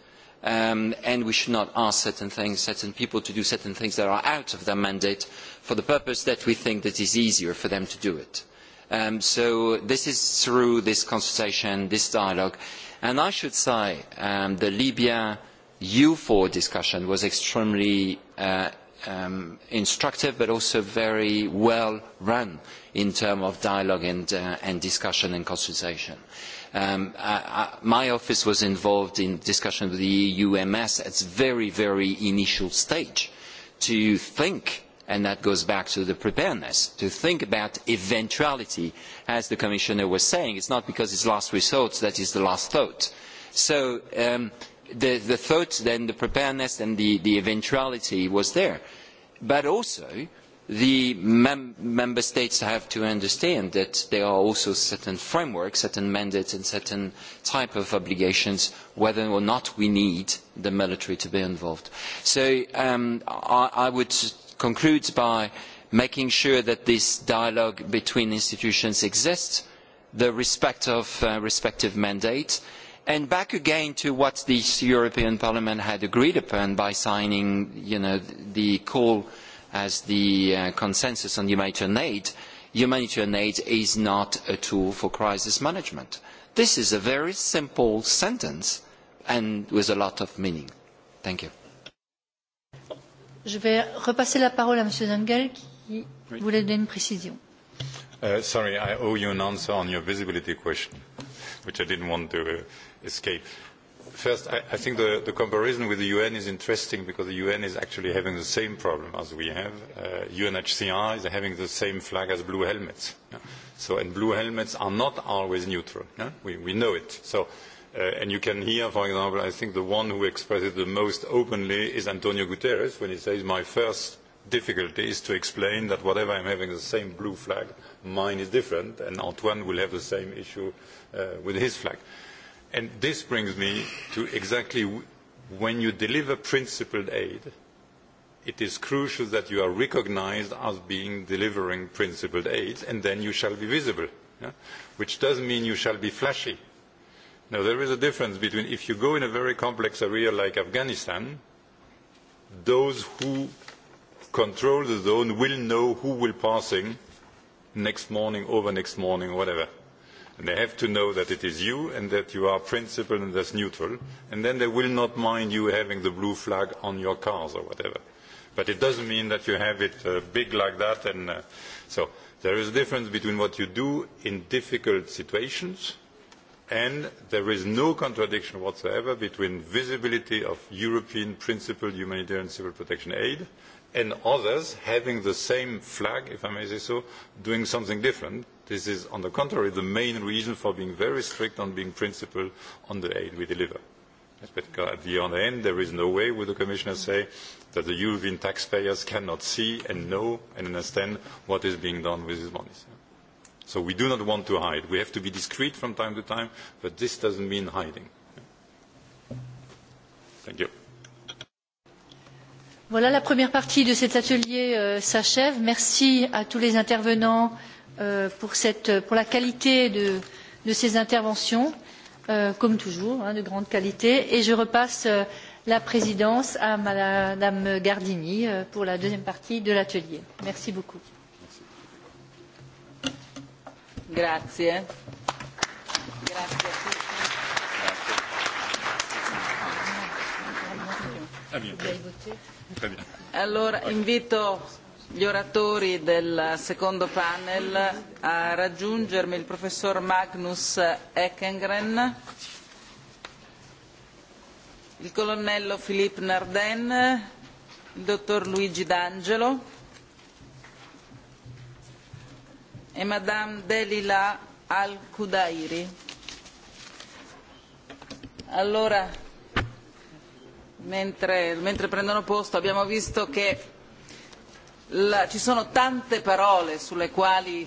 and we should not ask certain things, certain people to do certain things that are out of their mandate for the purpose that we think that is easier for them to do it. So this is through this consultation, this dialogue. And I should say the libya U 4 discussion was extremely instructive, but also very well run in terms of dialogue and discussion and consultation. My office was involved in discussion with the EUMS at a very, very initial stage to think and that goes back to the preparedness, to think about eventuality. As the Commissioner was saying, it's not because it's last resort that is the last thought. So the thought, then the preparedness and the eventuality was there. But also, the member states have to understand that there are also certain frameworks, certain mandates and certain type of obligations, whether or not we need the military to be involved. So I would concludes by making sure that this dialogue between institutions exists, the respect of respective mandates, and back again to what this European Parliament had agreed upon by signing the call as the consensus on humanitarian aid, humanitarian aid is not a tool for crisis management. This is a very simple sentence and with a lot of meaning. Thank you. Je vais repasser la parole à Monsieur Zengel qui voulait donner une précision. Sorry, I owe you an answer on your visibility question, which I didn't want to escape. First, I think the comparison with the UN is interesting because the UN is actually having the same problem as we have. UNHCR is having the same flag as blue helmets. So, and blue helmets are not always neutral. We know it. So And you can hear, for example, I think the one who expressed it the most openly is Antonio Guterres when he says, my first difficulty is to explain that whatever I'm having the same blue flag, mine is different, and Antoine will have the same issue with his flag. And this brings me to exactly when you deliver principled aid, it is crucial that you are recognised as being delivering principled aid, and then you shall be visible, which doesn't mean you shall be flashy Now, there is a difference between if you go in a very complex area like Afghanistan, those who control the zone will know who will passing next morning, over next morning, whatever. And they have to know that it is you and that you are principled and that's neutral. And then they will not mind you having the blue flag on your cars or whatever. But it doesn't mean that you have it big like that. And so there is a difference between what you do in difficult situations and there is no contradiction whatsoever between visibility of European principled humanitarian civil protection aid and others having the same flag, if I may say so, doing something different. This is, on the contrary, the main reason for being very strict on being principled on the aid we deliver. At the other end, there is no way, would the Commissioner say, that the European taxpayers cannot see and know and understand what is being done with this money. So we do not want to hide. We have to be discreet from time to time, but this doesn't mean hiding. Thank you. Voilà, la première partie de cet atelier s'achève. Merci à tous les intervenants pour la qualité de ces interventions, comme toujours, de grande qualité. Et je repasse la présidence à Madame Gardini pour la deuxième partie de l'atelier. Merci beaucoup. Grazie. Grazie a tutti. Allora invito gli oratori del secondo panel a raggiungermi il professor Magnus Eckengren, il colonnello Philippe Narden, il dottor Luigi D'Angelo Madame Delila Al Kudairi. Allora, mentre prendono posto abbiamo visto che ci sono tante parole sulle quali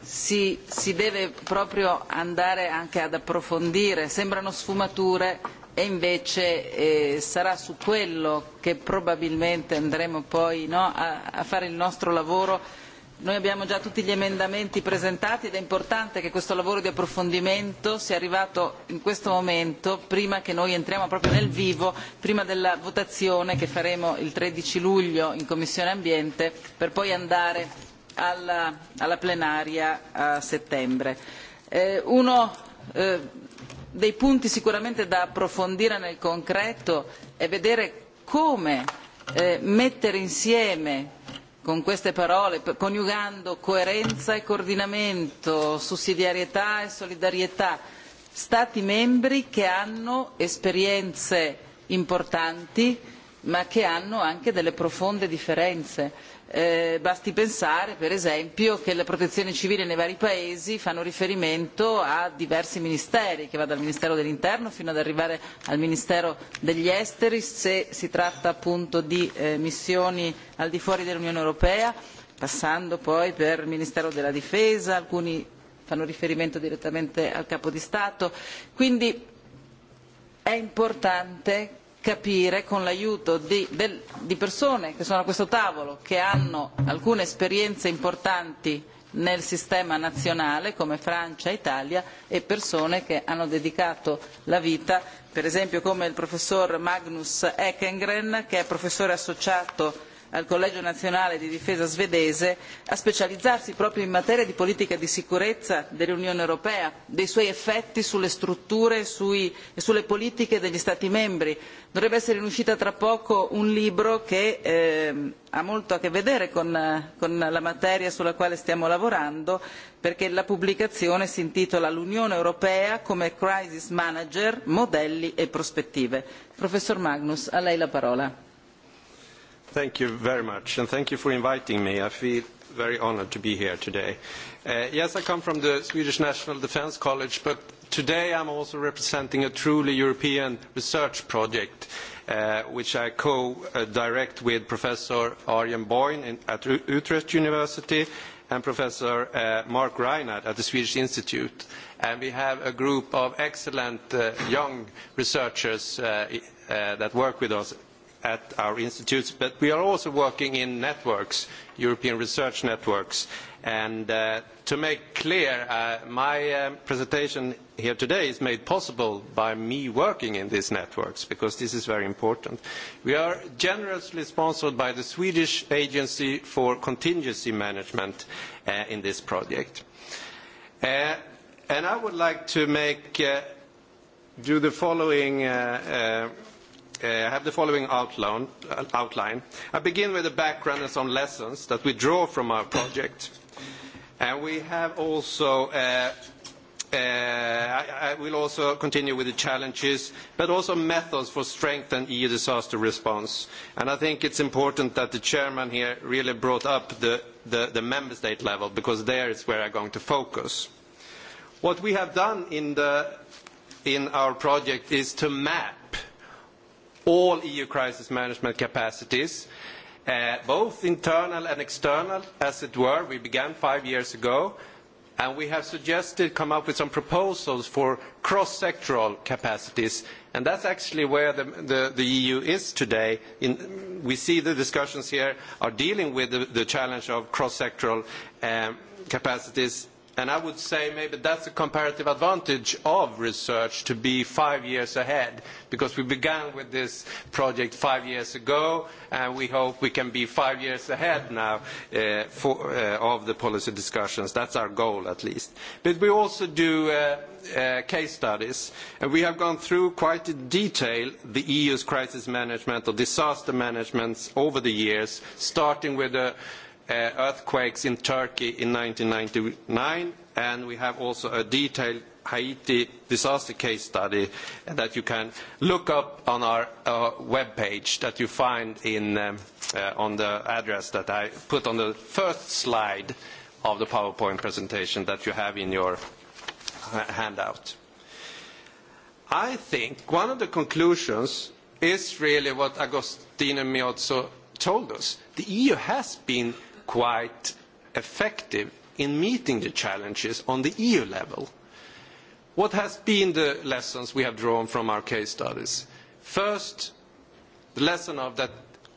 si deve proprio andare anche ad approfondire, sembrano sfumature e invece sarà su quello che probabilmente andremo poi a fare il nostro lavoro noi abbiamo già tutti gli emendamenti presentati ed è importante che questo lavoro di approfondimento sia arrivato in questo momento prima che noi entriamo proprio nel vivo prima della votazione che faremo il 13 luglio in commissione ambiente per poi andare alla plenaria a settembre. uno dei punti sicuramente da approfondire nel concreto è vedere come mettere insieme con queste parole coniugando coerenza e coordinamento sussidiarietà e solidarietà stati membri che hanno esperienze importanti ma che hanno anche delle profonde differenze basti pensare per esempio che la protezione civile nei vari paesi fanno riferimento a diversi ministeri che va dal ministero dell'interno fino ad arrivare al ministero degli esteri se si tratta appunto di missioni al di fuori dell'unione europea passando poi per il ministero della difesa alcuni fanno riferimento direttamente al capo di stato quindi è importante capire con l'aiuto di persone che sono a questo tavolo che hanno alcune esperienze importanti nel sistema nazionale come Francia e Italia e persone che hanno dedicato la vita per esempio come il professor Magnus Ekengren che è professore associato al collegio nazionale di difesa svedese a specializzarsi proprio in materia di politica di sicurezza dell'unione europea dei suoi effetti sulle strutture e sulle politiche degli stati membri. dovrebbe essere in uscita tra poco un libro che ha molto a che vedere con la materia sulla quale stiamo lavorando perché la pubblicazione si intitola l'unione europea come crisis manager modelli e prospettive. professor magnus a lei la parola. Thank you very much, and thank you for inviting me. I feel very honoured to be here today. Yes, I come from the Swedish National Defence College, but today I am also representing a truly European research project, which I co-direct with Professor Arjen Boyn at Utrecht University and Professor Mark Reinhardt at the Swedish Institute. And we have a group of excellent young researchers that work with us at our institutes, but we are also working in networks, European research networks. And to make clear, my presentation here today is made possible by me working in these networks, because this is very important. We are generously sponsored by the Swedish Agency for Contingency Management in this project. And I would like to make do the following I have the following outline. I begin with the background and some lessons that we draw from our project. And we have also, I will also continue with the challenges, but also methods for strengthening EU disaster response. And I think it's important that the chairman here really brought up the member state level, because there is where I'm going to focus. What we have done in our project is to map all EU crisis management capacities, both internal and external, as it were. We began five years ago, and we have suggested, come up with some proposals for cross-sectoral capacities, and that's actually where the EU is today. We see the discussions here are dealing with the challenge of cross-sectoral capacities and i would say maybe that's a comparative advantage of research to be five years ahead because we began with this project five years ago and we hope we can be five years ahead now of the policy discussions that's our goal at least but we also do case studies and we have gone through quite in detail the eu's crisis management or disaster management over the years starting with earthquakes in Turkey in 1999, and we have also a detailed Haiti disaster case study that you can look up on our webpage that you find on the address that I put on the first slide of the PowerPoint presentation that you have in your handout. I think one of the conclusions is really what Agostino Miozzo told us. The EU has been quite effective in meeting the challenges on the EU level. What has been the lessons we have drawn from our case studies? First, the lesson of that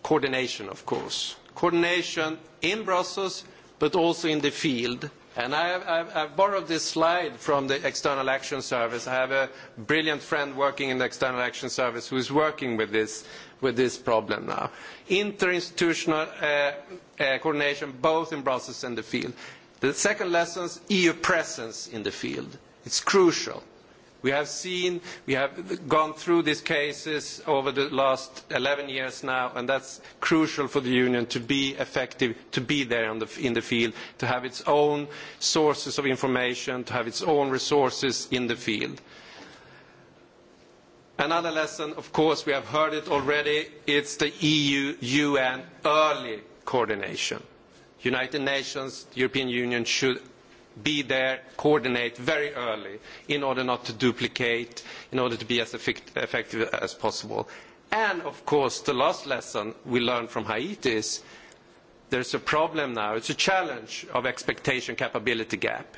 coordination, of course. Coordination in Brussels, but also in the field. And I have borrowed this slide from the External Action Service. I have a brilliant friend working in the External Action Service who is working with this with this problem now. Interinstitutional coordination both in Brussels and the field. The second lesson is EU presence in the field. It's crucial. We have seen, we have gone through these cases over the last 11 years now, and that's crucial for the Union to be effective, to be there in the field, to have its own sources of information, to have its own resources in the field. Another lesson, of course, we have heard it already, it's the EU-UN early coordination. United Nations, the European Union should be there, coordinate very early in order not to duplicate, in order to be as effective as possible. And, of course, the last lesson we learned from Haiti is there is a problem now, it's a challenge of expectation capability gap.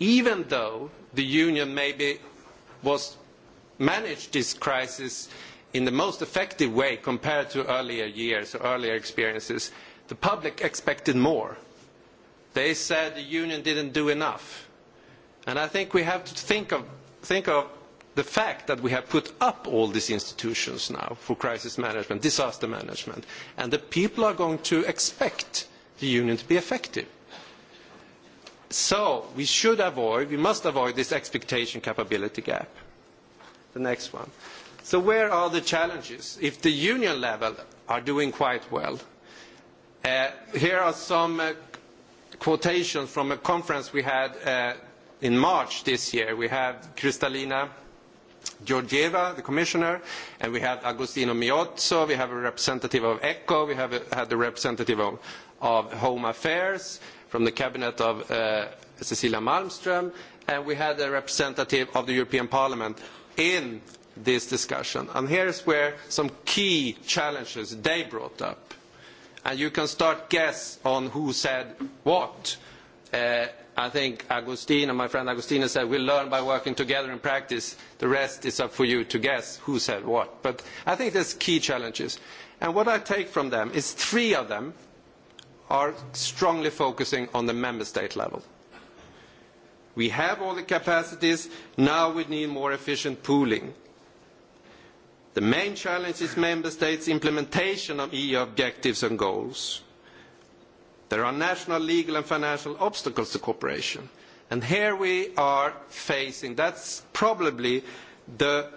Even though the Union maybe was Manage this crisis in the most effective way compared to earlier years or earlier experiences. The public expected more. They said the union didn't do enough. And I think we have to think of the fact that we have put up all these institutions now for crisis management, disaster management, and the people are going to expect the union to be effective. So we should avoid, we must avoid this expectation capability gap the next one. So where are the challenges? If the union level are doing quite well, here are some quotations from a conference we had in March this year. We have Kristalina Georgieva, the commissioner, and we have Agostino Miozzo, we have a representative of ECHO, we have had the representative of Home Affairs from the cabinet of Cecilia Malmström, and we had a representative of the European Parliament in this discussion. And here's where some key challenges they brought up. And you can start guess on who said what. I think and my friend Agustina said, we learn by working together in practice. The rest is up for you to guess who said what. But I think there's key challenges. And what I take from them is three of them are strongly focusing on the member state level. We have all the capacities. Now we need more efficient pooling. The main challenge is Member States' implementation of EU objectives and goals. There are national legal and financial obstacles to cooperation. And here we are facing, that's probably the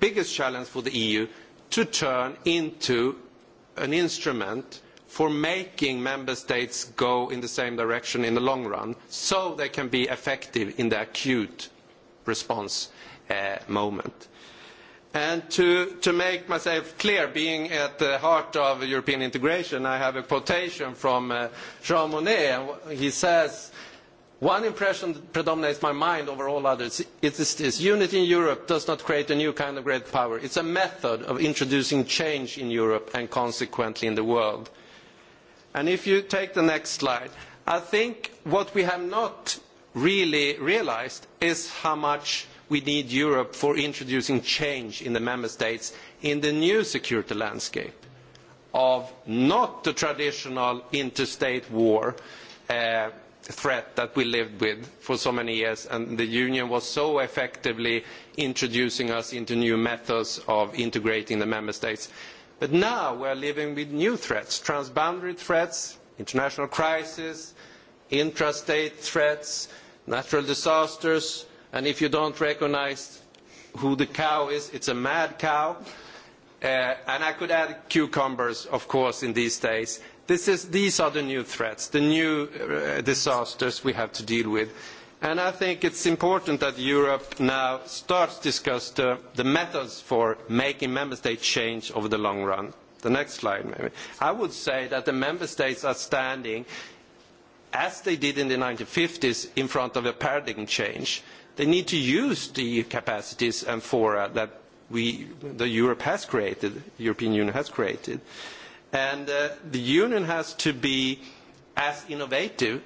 biggest challenge for the EU, to turn into an instrument for making member states go in the same direction in the long run so they can be effective in the acute response moment. And to make myself clear, being at the heart of European integration, I have a quotation from Jean Monnet. He says, one impression that predominates my mind over all others is this. Unity in Europe does not create a new kind of great power. It's a method of introducing change in Europe and consequently in the world if you take the next slide, I think what we have not really realized is how much we need Europe for introducing change in the member states in the new security landscape of not the traditional interstate war threat that we lived with for so many years and the Union was so effectively introducing us into new methods of integrating the member states. But now we are living with new threats, transboundary threats, international crisis, intrastate threats, natural disasters, and if you don't recognise who the cow is, it's a mad cow. And I could add cucumbers, of course, in these days. These are the new threats, the new disasters we have to deal with and i think it is important that europe now starts to discuss the methods for making member states change over the long run. the next slide maybe. i would say that the member states are standing as they did in the 1950s in front of a paradigm change. they need to use the capacities and fora that the europe has created the european union has created and the union has to be as innovative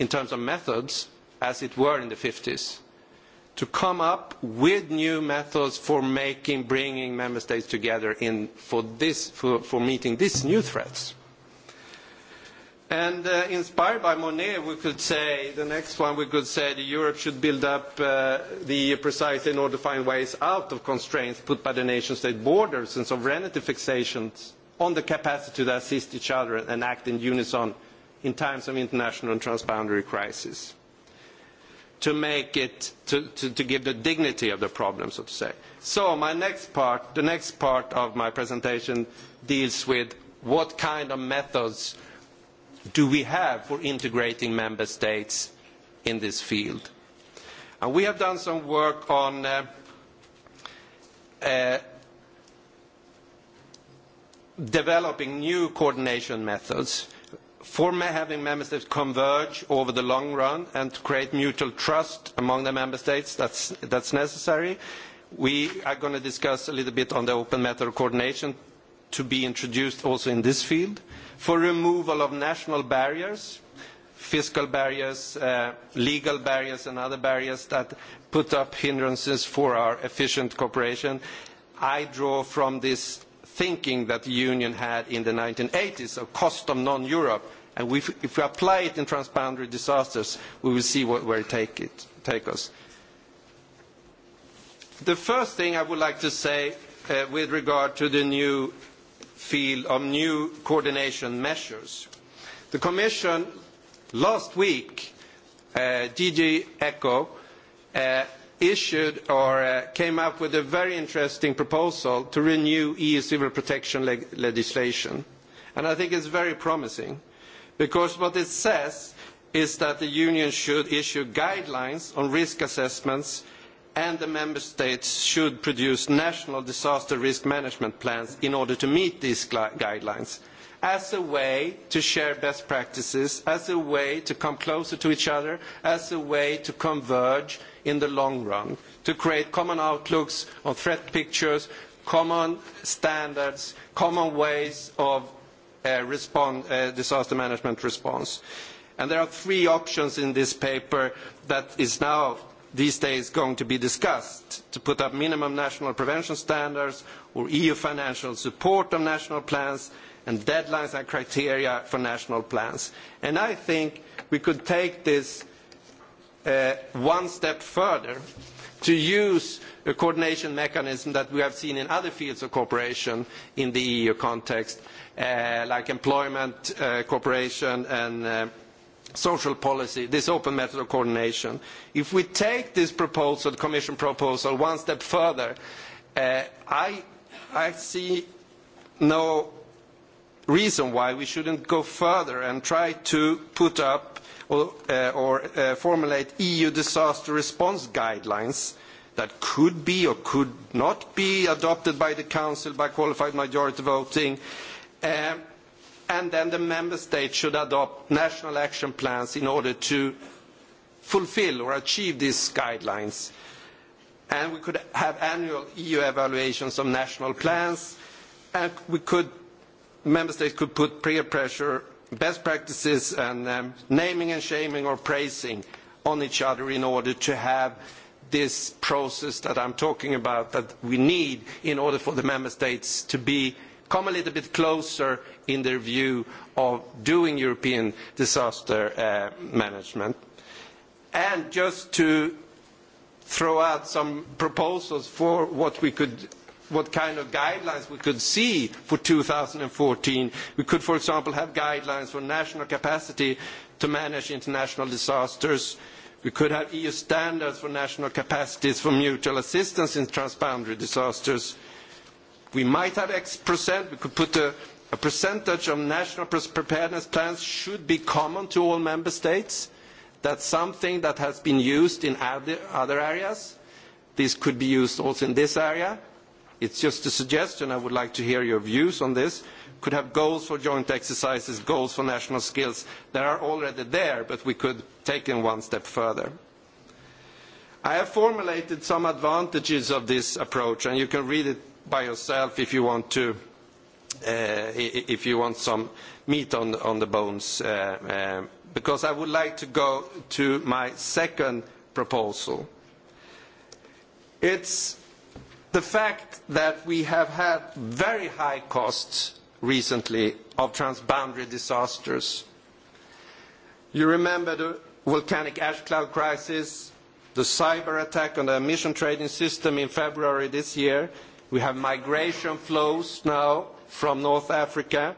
in terms of methods as it were in the 50s, to come up with new methods for making, bringing member states together in for this, for meeting these new threats. And inspired by Monet, we could say, the next one, we could say that Europe should build up the precise precisely in order to find ways out of constraints put by the nation-state borders and sovereignty fixations on the capacity to assist each other and act in unison in times of international and transboundary crisis to make it to give the dignity of the problem, so to say. So my next part, the next part of my presentation, deals with what kind of methods do we have for integrating member states in this field. And we have done some work on developing new coordination methods for having member states converge over the long run and to create mutual trust among the member states that's necessary. We are going to discuss a little bit on the open matter of coordination to be introduced also in this field. For removal of national barriers, fiscal barriers, legal barriers and other barriers that put up hindrances for our efficient cooperation, I draw from this thinking that the Union had in the 1980s of cost of non-Europe. And if we apply it in transboundary disasters, we will see where it takes us. The first thing I would like to say with regard to the new field of new coordination measures. The Commission last week, DG ECHO, issued or came up with a very interesting proposal to renew EU civil protection legislation. And I think it's very promising because what it says is that the Union should issue guidelines on risk assessments and the Member States should produce national disaster risk management plans in order to meet these guidelines as a way to share best practices, as a way to come closer to each other, as a way to converge in the long run to create common outlooks on threat pictures, common standards, common ways of disaster management response. And There are three options in this paper that is now these days going to be discussed to put up minimum national prevention standards or EU financial support on national plans and deadlines and criteria for national plans. And I think we could take this one step further to use a coordination mechanism that we have seen in other fields of cooperation in the EU context, like employment cooperation and social policy, this open method of coordination. If we take this proposal, the Commission proposal, one step further, I see no reason why we shouldn't go further and try to put up or formulate EU disaster response guidelines that could be or could not be adopted by the Council by qualified majority voting. And then the Member States should adopt national action plans in order to fulfil or achieve these guidelines. And we could have annual EU evaluations of national plans, and Member States could put peer pressure best practices and naming and shaming or praising on each other in order to have this process that I'm talking about that we need in order for the member states to be come a little bit closer in their view of doing European disaster management. And just to throw out some proposals for what we could what kind of guidelines we could see for 2014. We could, for example, have guidelines for national capacity to manage international disasters. We could have EU standards for national capacities for mutual assistance in transboundary disasters. We might have X We could put a percentage of national preparedness plans should be common to all member states. That's something that has been used in other areas. This could be used also in this area. It's just a suggestion. I would like to hear your views on this. Could have goals for joint exercises, goals for national skills. that are already there, but we could take them one step further. I have formulated some advantages of this approach, and you can read it by yourself if you want to, if you want some meat on the bones, because I would like to go to my second proposal. It's the fact that we have had very high costs recently of transboundary disasters. You remember the volcanic ash cloud crisis, the cyber attack on the emission trading system in February this year. We have migration flows now from North Africa.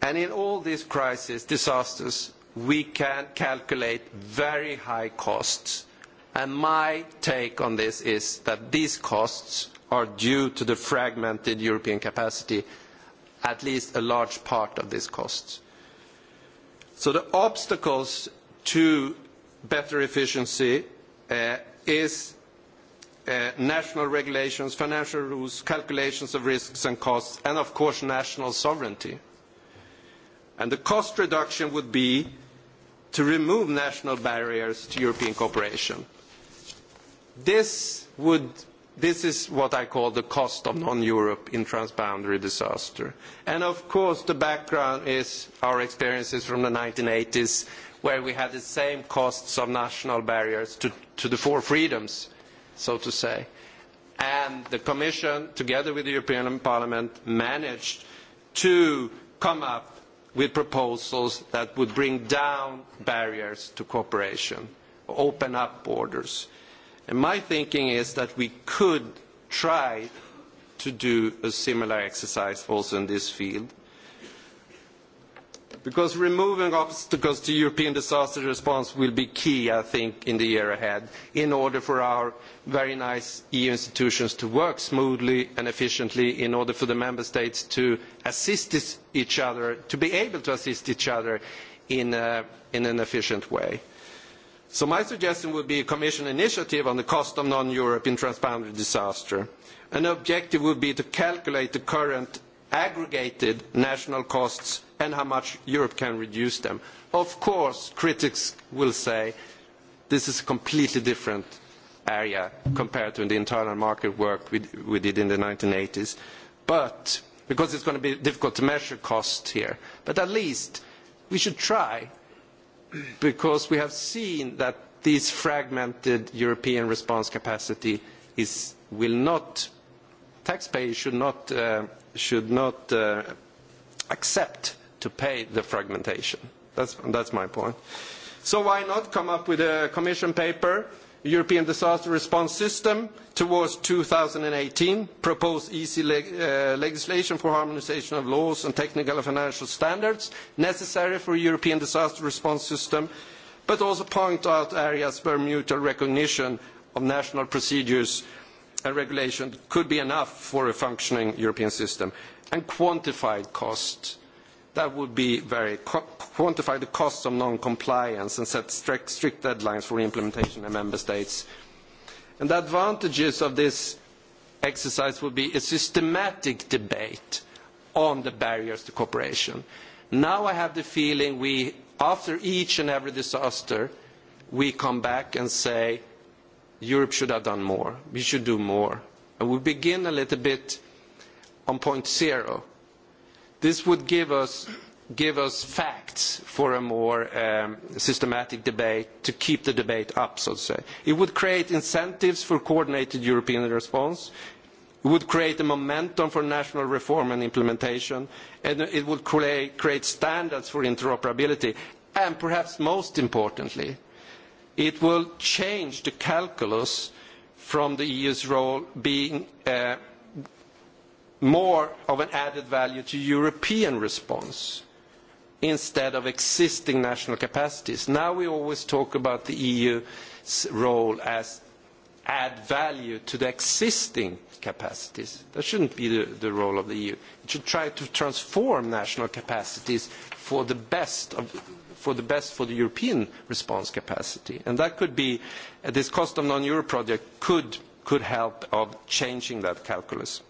And in all these crises, disasters, we can calculate very high costs and my take on this is that these costs are due to the fragmented European capacity, at least a large part of these costs. So the obstacles to better efficiency is national regulations, financial rules, calculations of risks and costs, and of course national sovereignty. the cost reduction would be to remove national barriers to European cooperation. This is what I call the cost of non-Europe in transboundary disaster. And of course the background is our experiences from the 1980s where we had the same costs of national barriers to the four freedoms, so to say. And the Commission, together with the European Parliament, managed to come up with proposals that would bring down barriers to cooperation, open up borders and my thinking is that we could try to do a similar exercise also in this field because removing obstacles to European disaster response will be key, I think, in the year ahead in order for our very nice EU institutions to work smoothly and efficiently, in order for the Member States to assist each other, to be able to assist each other in an efficient way. So my suggestion would be a Commission initiative on the cost of non-European transboundary disaster. An objective would be to calculate the current aggregated national costs and how much Europe can reduce them. Of course, critics will say this is a completely different area compared to the internal market work we did in the 1980s, but because it's going to be difficult to measure costs here. But at least we should try because we have seen that this fragmented European response capacity will not, taxpayers should not accept to pay the fragmentation. That's my point. So why not come up with a commission paper? European Disaster Response System towards 2018, proposed easy legislation for harmonisation of laws and technical and financial standards necessary for a European disaster response system, but also point out areas where mutual recognition of national procedures and regulations could be enough for a functioning European system, and quantified costs That would be very quantify the costs of non-compliance and set strict deadlines for implementation in member states. the advantages of this exercise would be a systematic debate on the barriers to cooperation. Now I have the feeling we, after each and every disaster, we come back and say, Europe should have done more. We should do more. And we begin a little bit on point zero This would give us facts for a more systematic debate to keep the debate up, so to say. It would create incentives for coordinated European response. It would create a momentum for national reform and implementation. And it would create standards for interoperability. And perhaps most importantly, it will change the calculus from the EU's role being more of an added value to European response instead of existing national capacities. Now we always talk about the EU's role as add value to the existing capacities. That shouldn't be the role of the EU. It should try to transform national capacities for the best for the European response capacity. And that could be, this cost of non-Euro project could help of changing that calculus.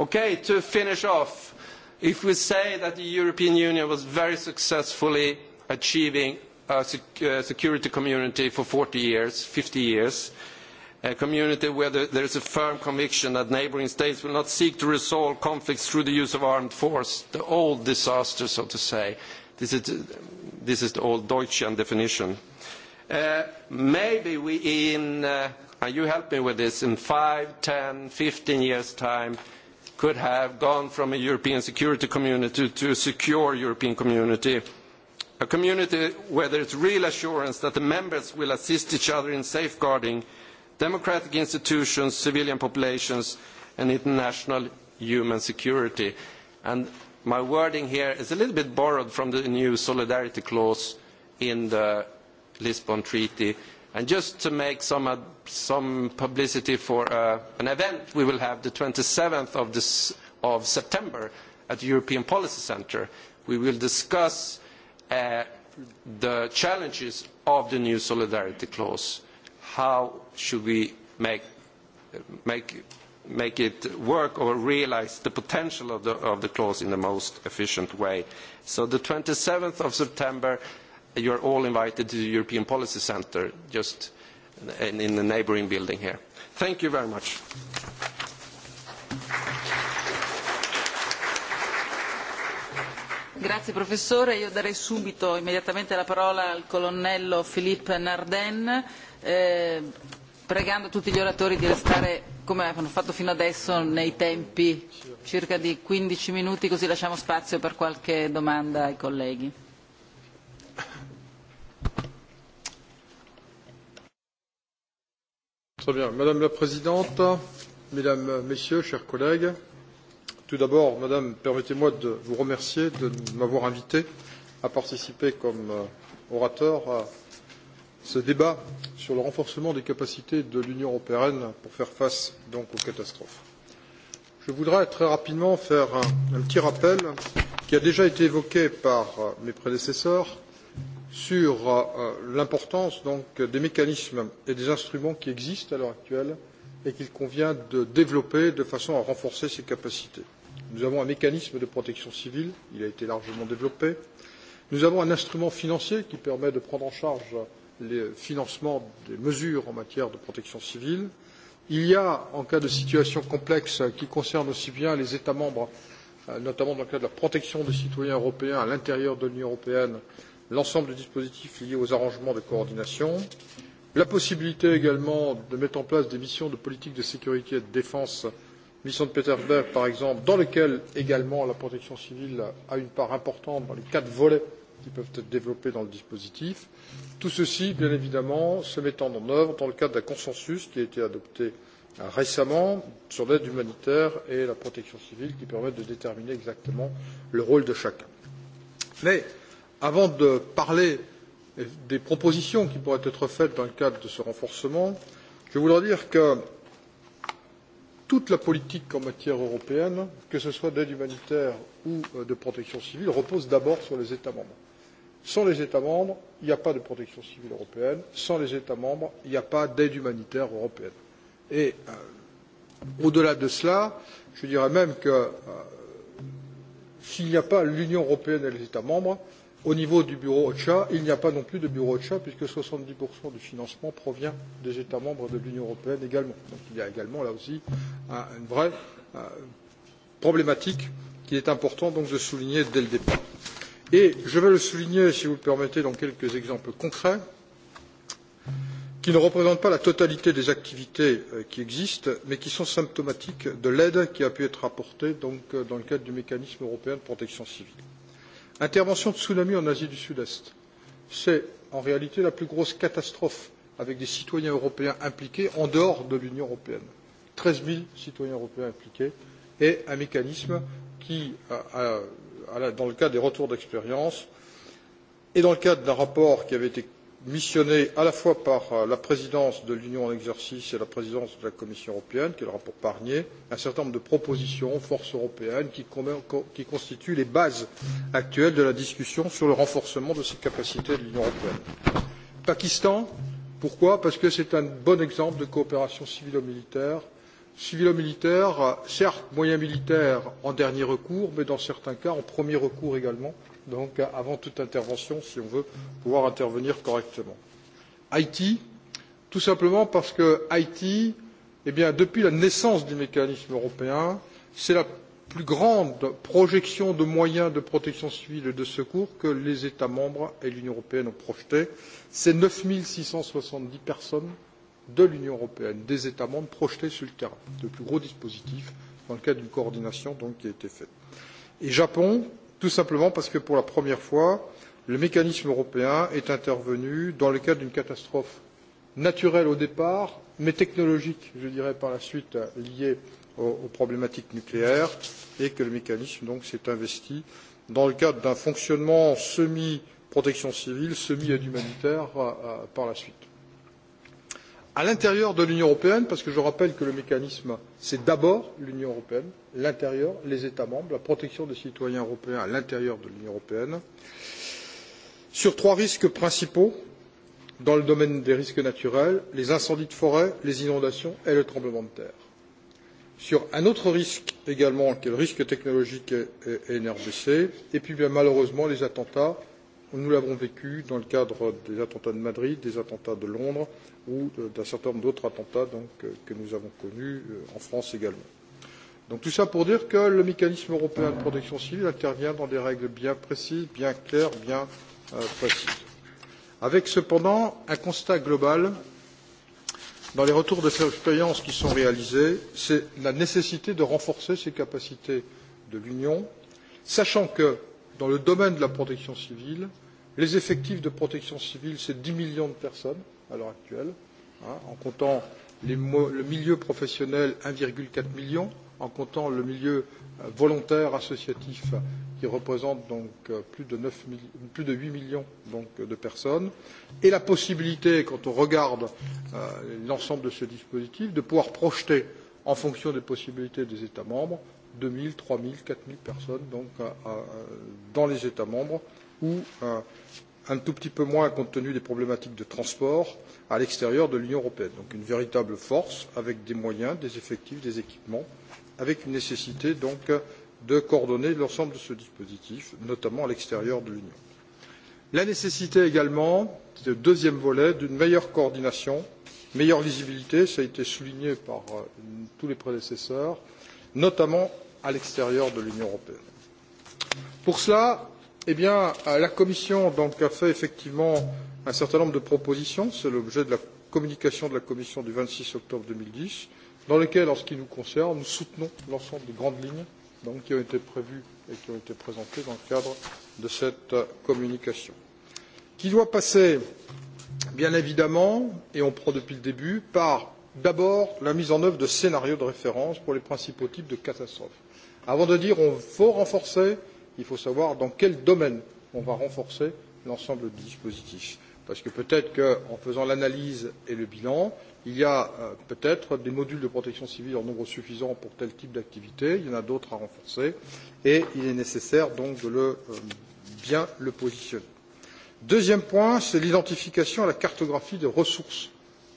Okay, to finish off, if we say that the European Union was very successfully achieving a security community for 40 years, 50 years, a community where there is a firm conviction that neighbouring states will not seek to resolve conflicts through the use of armed force, the old disaster, so to say. This is the old Deutschian definition. Maybe we in, and you help me with this, in 5, 10, 15 years' time, could have gone from a European security community to a secure European community, a community where there is real assurance that the members will assist each other in safeguarding democratic institutions, civilian populations and international human security. And my wording here is a little bit borrowed from the new solidarity clause in the Lisbon Treaty And just to make some publicity for an event we will have the 27th of September at the European Policy Centre, we will discuss the challenges of the new solidarity clause. How should we make it work or realise the potential of the clause in the most efficient way? So the 27th of September you are all invited to the European Policy Center, just in the neighboring building here. Thank you very much. Grazie professore, io darei subito immediatamente la parola al colonnello Philippe Narden, pregando tutti gli oratori di restare, come hanno fatto fino adesso, nei tempi circa di 15 minuti, così lasciamo spazio per qualche domanda ai colleghi. Madame la Présidente, Mesdames, Messieurs, chers collègues, tout d'abord, Madame, permettez-moi de vous remercier de m'avoir invité à participer comme orateur à ce débat sur le renforcement des capacités de l'Union européenne pour faire face donc aux catastrophes. Je voudrais très rapidement faire un petit rappel qui a déjà été évoqué par mes prédécesseurs sur l'importance des mécanismes et des instruments qui existent à l'heure actuelle et qu'il convient de développer de façon à renforcer ces capacités. Nous avons un mécanisme de protection civile, il a été largement développé. Nous avons un instrument financier qui permet de prendre en charge le financement des mesures en matière de protection civile. Il y a, en cas de situation complexe qui concerne aussi bien les États membres, notamment dans le cadre de la protection des citoyens européens à l'intérieur de l'Union européenne, l'ensemble des dispositifs liés aux arrangements de coordination, la possibilité également de mettre en place des missions de politique de sécurité et de défense, mission de Peterberg par exemple, dans lesquelles également la protection civile a une part importante dans les quatre volets qui peuvent être développés dans le dispositif. Tout ceci, bien évidemment, se mettant en œuvre dans le cadre d'un consensus qui a été adopté récemment sur l'aide humanitaire et la protection civile qui permettent de déterminer exactement le rôle de chacun. Mais Avant de parler des propositions qui pourraient être faites dans le cadre de ce renforcement, je voudrais dire que toute la politique en matière européenne, que ce soit d'aide humanitaire ou de protection civile, repose d'abord sur les États membres. Sans les États membres, il n'y a pas de protection civile européenne. Sans les États membres, il n'y a pas d'aide humanitaire européenne. Et au-delà de cela, je dirais même que s'il n'y a pas l'Union européenne et les États membres, Au niveau du bureau OCHA, il n'y a pas non plus de bureau OCHA puisque soixante dix du financement provient des États membres de l'Union européenne également. Donc il y a également là aussi une vraie problématique qu'il est important de souligner dès le départ. Et je vais le souligner, si vous le permettez, dans quelques exemples concrets qui ne représentent pas la totalité des activités qui existent, mais qui sont symptomatiques de l'aide qui a pu être apportée dans le cadre du mécanisme européen de protection civile. Intervention de tsunami en Asie du Sud-Est. C'est en réalité la plus grosse catastrophe avec des citoyens européens impliqués en dehors de l'Union européenne. 13 citoyens européens impliqués et un mécanisme qui, dans le cadre des retours d'expérience et dans le cadre d'un rapport qui avait été missionné à la fois par la présidence de l'union en exercice et la présidence de la commission européenne qui est le rapport Parnier un certain nombre de propositions force européennes qui constituent les bases actuelles de la discussion sur le renforcement de ses capacités de l'union européenne. pakistan pourquoi? parce que c'est un bon exemple de coopération civilo militaire civilo militaire certes moyens militaires en dernier recours mais dans certains cas en premier recours également donc avant toute intervention, si on veut pouvoir intervenir correctement. Haïti, tout simplement parce que Haïti, depuis la naissance du mécanisme européen, c'est la plus grande projection de moyens de protection civile et de secours que les États membres et l'Union européenne ont projeté. C'est 9 670 personnes de l'Union européenne, des États membres projetés sur le terrain, le plus gros dispositif dans le cadre d'une coordination donc, qui a été faite. Et Japon, tout simplement parce que pour la première fois le mécanisme européen est intervenu dans le cadre d'une catastrophe naturelle au départ mais technologique je dirais par la suite liée aux problématiques nucléaires et que le mécanisme donc s'est investi dans le cadre d'un fonctionnement semi protection civile semi aide humanitaire par la suite à l'intérieur de l'Union européenne, parce que je rappelle que le mécanisme, c'est d'abord l'Union européenne, l'intérieur, les États membres, la protection des citoyens européens à l'intérieur de l'Union européenne, sur trois risques principaux dans le domaine des risques naturels, les incendies de forêt, les inondations et le tremblement de terre. Sur un autre risque également, qui est le risque technologique et NRBC, et puis bien malheureusement les attentats Nous l'avons vécu dans le cadre des attentats de Madrid, des attentats de Londres ou d'un certain nombre d'autres attentats que nous avons connus en France également. Donc tout ça pour dire que le mécanisme européen de protection civile intervient dans des règles bien précises, bien claires, bien précises. Avec cependant un constat global dans les retours de ces expériences qui sont réalisées, c'est la nécessité de renforcer ces capacités de l'Union, sachant que dans le domaine de la protection civile, les effectifs de protection civile, c'est 10 millions de personnes à l'heure actuelle, en comptant le milieu professionnel 1,4 million, en comptant le milieu volontaire associatif qui représente donc plus de 8 millions de personnes, et la possibilité, quand on regarde l'ensemble de ce dispositif, de pouvoir projeter, en fonction des possibilités des États membres, 2 000, 3 000, 4 000 personnes dans les États membres ou un tout petit peu moins compte tenu des problématiques de transport à l'extérieur de l'Union européenne. Donc une véritable force avec des moyens, des effectifs, des équipements, avec une nécessité donc de coordonner l'ensemble de ce dispositif, notamment à l'extérieur de l'Union. La nécessité également, c'est le deuxième volet, d'une meilleure coordination, meilleure visibilité ça a été souligné par tous les prédécesseurs, notamment à l'extérieur de l'Union européenne. Pour cela, la Commission a fait effectivement un certain nombre de propositions, c'est l'objet de la communication de la Commission du vingt six octobre deux mille dix, dans lesquelles, en ce qui nous concerne, nous soutenons l'ensemble des grandes lignes qui ont été prévues et qui ont été présentées dans le cadre de cette communication, qui doit passer, bien évidemment, et on prend depuis le début, par d'abord la mise en œuvre de scénarios de référence pour les principaux types de catastrophes. Avant de dire on faut renforcer, il faut savoir dans quel domaine on va renforcer l'ensemble du dispositif. Parce que peut-être qu'en faisant l'analyse et le bilan, il y a peut-être des modules de protection civile en nombre suffisant pour tel type d'activité, il y en a d'autres à renforcer, et il est nécessaire donc de le bien le positionner. Deuxième point, c'est l'identification et la cartographie des ressources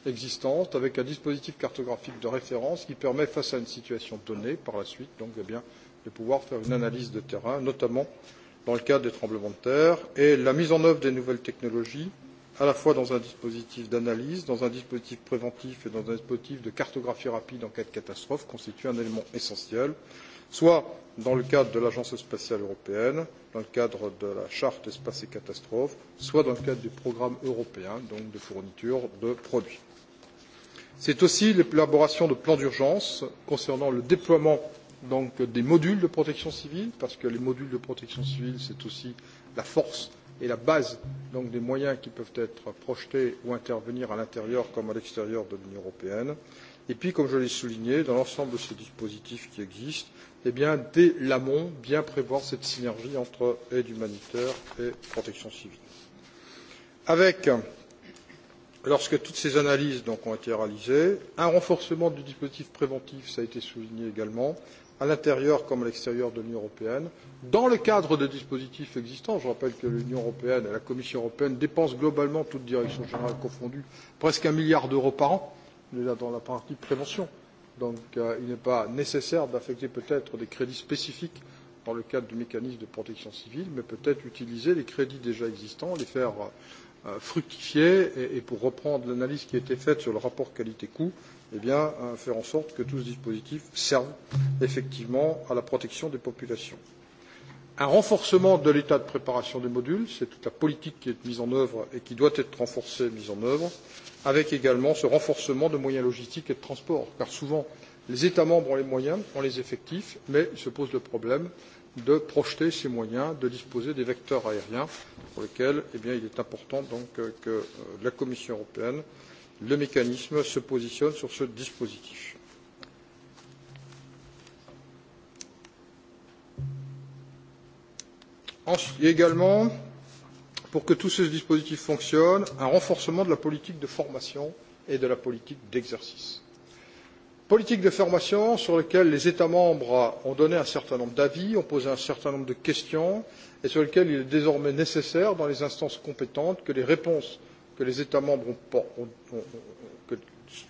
existantes avec un dispositif cartographique de référence qui permet, face à une situation donnée par la suite, donc, bien, de pouvoir faire une analyse de terrain, notamment dans le cadre des tremblements de terre, et la mise en œuvre des nouvelles technologies, à la fois dans un dispositif d'analyse, dans un dispositif préventif et dans un dispositif de cartographie rapide en cas de catastrophe, constitue un élément essentiel, soit dans le cadre de l'Agence spatiale européenne, dans le cadre de la charte espace et catastrophe, soit dans le cadre du programme européen donc de fourniture de produits. C'est aussi l'élaboration de plans d'urgence concernant le déploiement des modules de protection civile, parce que les modules de protection civile, c'est aussi la force et la base des moyens qui peuvent être projetés ou intervenir à l'intérieur comme à l'extérieur de l'Union européenne. Et puis, comme je l'ai souligné, dans l'ensemble de ces dispositifs qui existent, dès l'amont, bien prévoir cette synergie entre aide humanitaire et protection civile. Avec lorsque toutes ces analyses ont été réalisées, un renforcement du dispositif préventif, ça a été souligné également, à l'intérieur comme à l'extérieur de l'Union européenne, dans le cadre de dispositifs existants. Je rappelle que l'Union européenne et la Commission européenne dépensent globalement, toutes directions générales confondues, presque un milliard d'euros par an. là dans la partie prévention. Donc il n'est pas nécessaire d'affecter peut-être des crédits spécifiques dans le cadre du mécanisme de protection civile, mais peut-être utiliser les crédits déjà existants, les faire fructifier et pour reprendre l'analyse qui a été faite sur le rapport qualité coût faire en sorte que tout ce dispositif serve effectivement à la protection des populations. un renforcement de l'état de préparation des modules c'est toute la politique qui est mise en œuvre et qui doit être renforcée mise en œuvre avec également ce renforcement de moyens logistiques et de transport car souvent les états membres ont les moyens ont les effectifs mais se pose le problème de projeter ces moyens, de disposer des vecteurs aériens pour lesquels il est important que la Commission européenne, le mécanisme, se positionne sur ce dispositif. Il également, pour que tous ces dispositifs fonctionnent, un renforcement de la politique de formation et de la politique d'exercice politique de formation sur laquelle les États membres ont donné un certain nombre d'avis, ont posé un certain nombre de questions et sur laquelle il est désormais nécessaire, dans les instances compétentes, que les réponses que les États membres ont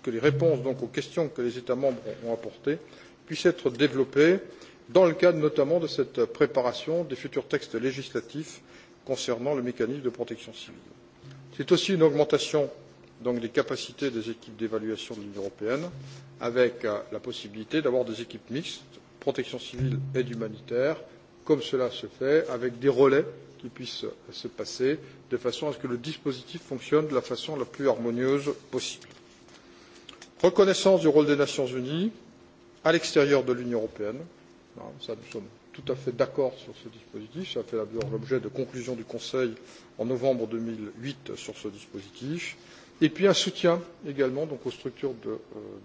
que réponses aux questions que les États membres ont apportées puissent être développées dans le cadre notamment de cette préparation des futurs textes législatifs concernant le mécanisme de protection civile. C'est aussi une augmentation donc des capacités des équipes d'évaluation de l'Union européenne, avec la possibilité d'avoir des équipes mixtes, protection civile et humanitaire, comme cela se fait, avec des relais qui puissent se passer, de façon à ce que le dispositif fonctionne de la façon la plus harmonieuse possible. Reconnaissance du rôle des Nations unies à l'extérieur de l'Union européenne. nous sommes tout à fait d'accord sur ce dispositif. Ça fait l'objet de conclusions du Conseil en novembre 2008 sur ce dispositif et puis un soutien également aux structures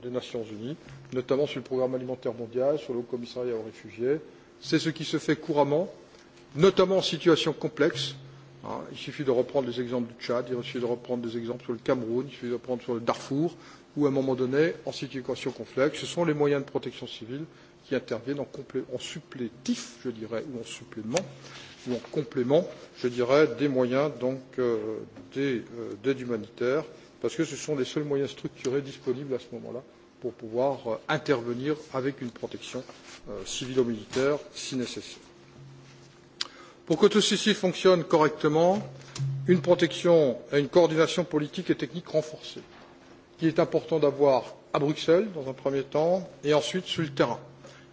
des Nations Unies, notamment sur le programme alimentaire mondial, sur le Haut Commissariat aux réfugiés. C'est ce qui se fait couramment, notamment en situation complexe. Il suffit de reprendre les exemples du Tchad, il suffit de reprendre des exemples sur le Cameroun, il suffit de reprendre sur le Darfour, où à un moment donné, en situation complexe, ce sont les moyens de protection civile qui interviennent en, supplétif, je dirais, ou en supplément ou en complément, je dirais, des moyens d'aide humanitaire parce que ce sont les seuls moyens structurés disponibles à ce moment-là pour pouvoir intervenir avec une protection civile ou militaire si nécessaire. Pour que tout ceci fonctionne correctement, une protection et une coordination politique et technique renforcée, qu'il est important d'avoir à Bruxelles dans un premier temps et ensuite sur le terrain,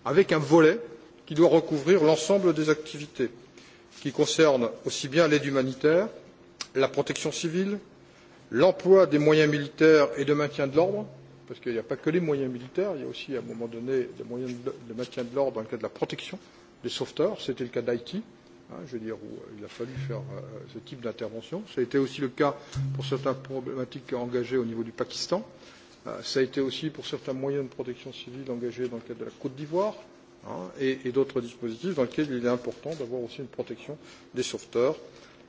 avec un volet qui doit recouvrir l'ensemble des activités, qui concernent aussi bien l'aide humanitaire, la protection civile, l'emploi des moyens militaires et de maintien de l'ordre parce qu'il n'y a pas que les moyens militaires, il y a aussi à un moment donné des moyens de maintien de l'ordre dans le cadre de la protection des sauveteurs, c'était le cas d'Haïti, je veux dire, où il a fallu faire ce type d'intervention. Ça a été aussi le cas pour certaines problématiques engagées au niveau du Pakistan. Ça a été aussi pour certains moyens de protection civile engagés dans le cadre de la Côte d'Ivoire et d'autres dispositifs dans lesquels il est important d'avoir aussi une protection des sauveteurs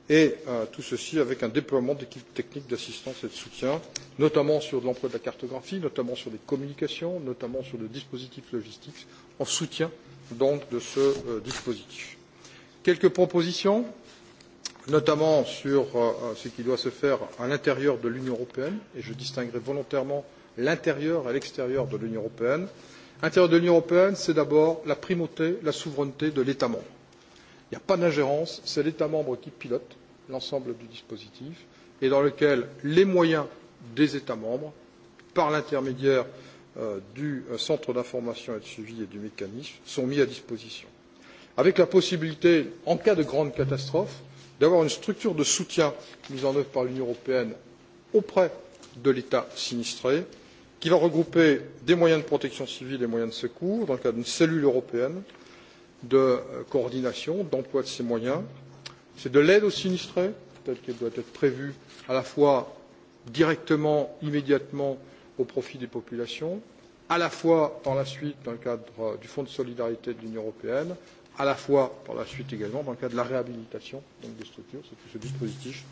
et tout ceci avec un déploiement d'équipes techniques d'assistance et de soutien, notamment sur l'emploi de la cartographie, notamment sur les communications, notamment sur le dispositif logistique, en soutien donc de ce dispositif. Quelques propositions, notamment sur ce qui doit se faire à l'intérieur de l'Union européenne, et je distinguerai volontairement l'intérieur et l'extérieur de l'Union européenne. L'intérieur de l'Union européenne, c'est d'abord la primauté, la souveraineté de l'État membre Il n'y a pas d'ingérence, c'est l'État membre qui pilote l'ensemble du dispositif et dans lequel les moyens des États membres, par l'intermédiaire du centre d'information et de suivi et du mécanisme, sont mis à disposition. Avec la possibilité, en cas de grande catastrophe, d'avoir une structure de soutien mise en œuvre par l'Union européenne auprès de l'État sinistré, qui va regrouper des moyens de protection civile et des moyens de secours dans le cadre d'une cellule européenne de coordination, d'emploi de ces moyens. C'est de l'aide aux sinistrés, telle qu'elle doit être prévue à la fois directement, immédiatement, au profit des populations, à la fois par la suite dans le cadre du Fonds de solidarité de l'Union européenne, à la fois par la suite également dans le cadre de la réhabilitation des structures. C'est tout ce dispositif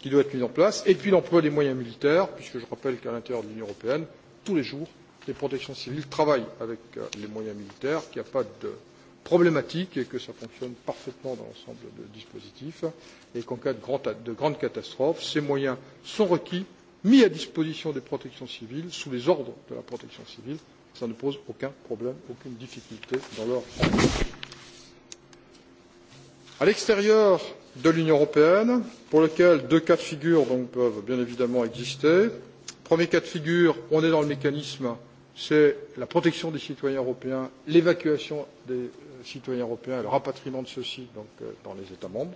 qui doit être mis en place. Et puis l'emploi des moyens militaires, puisque je rappelle qu'à l'intérieur de l'Union européenne, tous les jours, les protections civiles travaillent avec les moyens militaires, qu'il n'y a pas de problématique et que ça fonctionne parfaitement dans l'ensemble de dispositifs et qu'en cas de grande catastrophe, ces moyens sont requis, mis à disposition des protections civiles, sous les ordres de la protection civile. Ça ne pose aucun problème, aucune difficulté dans leur À l'extérieur de l'Union européenne, pour lequel deux cas de figure peuvent bien évidemment exister. Premier cas de figure, on est dans le mécanisme, c'est la protection des citoyens européens, l'évacuation des citoyens européens et le rapatriement de ceux-ci dans les États membres,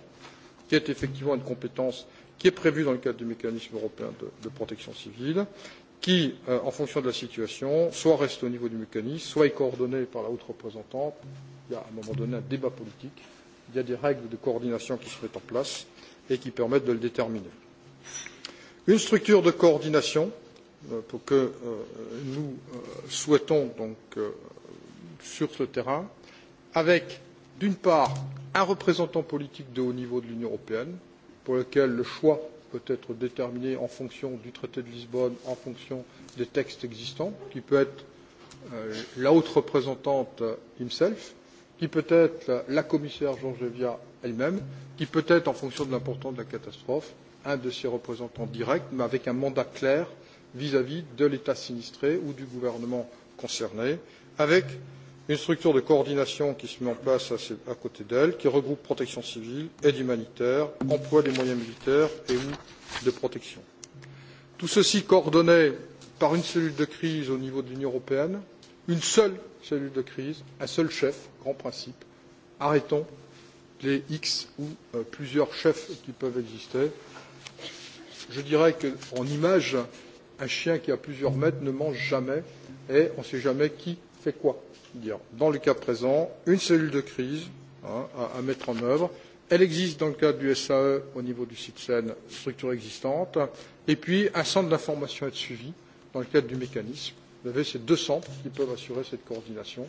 qui est effectivement une compétence qui est prévue dans le cadre du mécanisme européen de protection civile, qui, en fonction de la situation, soit reste au niveau du mécanisme, soit est coordonnée par la haute représentante. Il y a à un moment donné un débat politique. Il y a des règles de coordination qui se mettent en place et qui permettent de le déterminer. Une structure de coordination pour que nous souhaitons donc sur ce terrain avec, d'une part, un représentant politique de haut niveau de l'Union européenne, pour lequel le choix peut être déterminé en fonction du traité de Lisbonne, en fonction des textes existants, qui peut être la haute représentante himself, qui peut être la commissaire Georgieva elle-même, qui peut être, en fonction de l'importance de la catastrophe, un de ses représentants directs, mais avec un mandat clair vis-à-vis de l'État sinistré ou du gouvernement concerné, avec une structure de coordination qui se met en place à côté d'elle, qui regroupe protection civile, aide humanitaire, emploi des moyens militaires et ou de protection. Tout ceci coordonné par une cellule de crise au niveau de l'Union européenne, une seule cellule de crise, un seul chef, grand principe. Arrêtons les X ou plusieurs chefs qui peuvent exister. Je dirais qu'en image, un chien qui a plusieurs maîtres ne mange jamais et on ne sait jamais qui fait quoi dire, dans le cas présent, une cellule de crise à mettre en œuvre. Elle existe dans le cadre du SAE au niveau du CITSEN, structure existante, et puis un centre d'information et de suivi dans le cadre du mécanisme. Vous avez ces deux centres qui peuvent assurer cette coordination,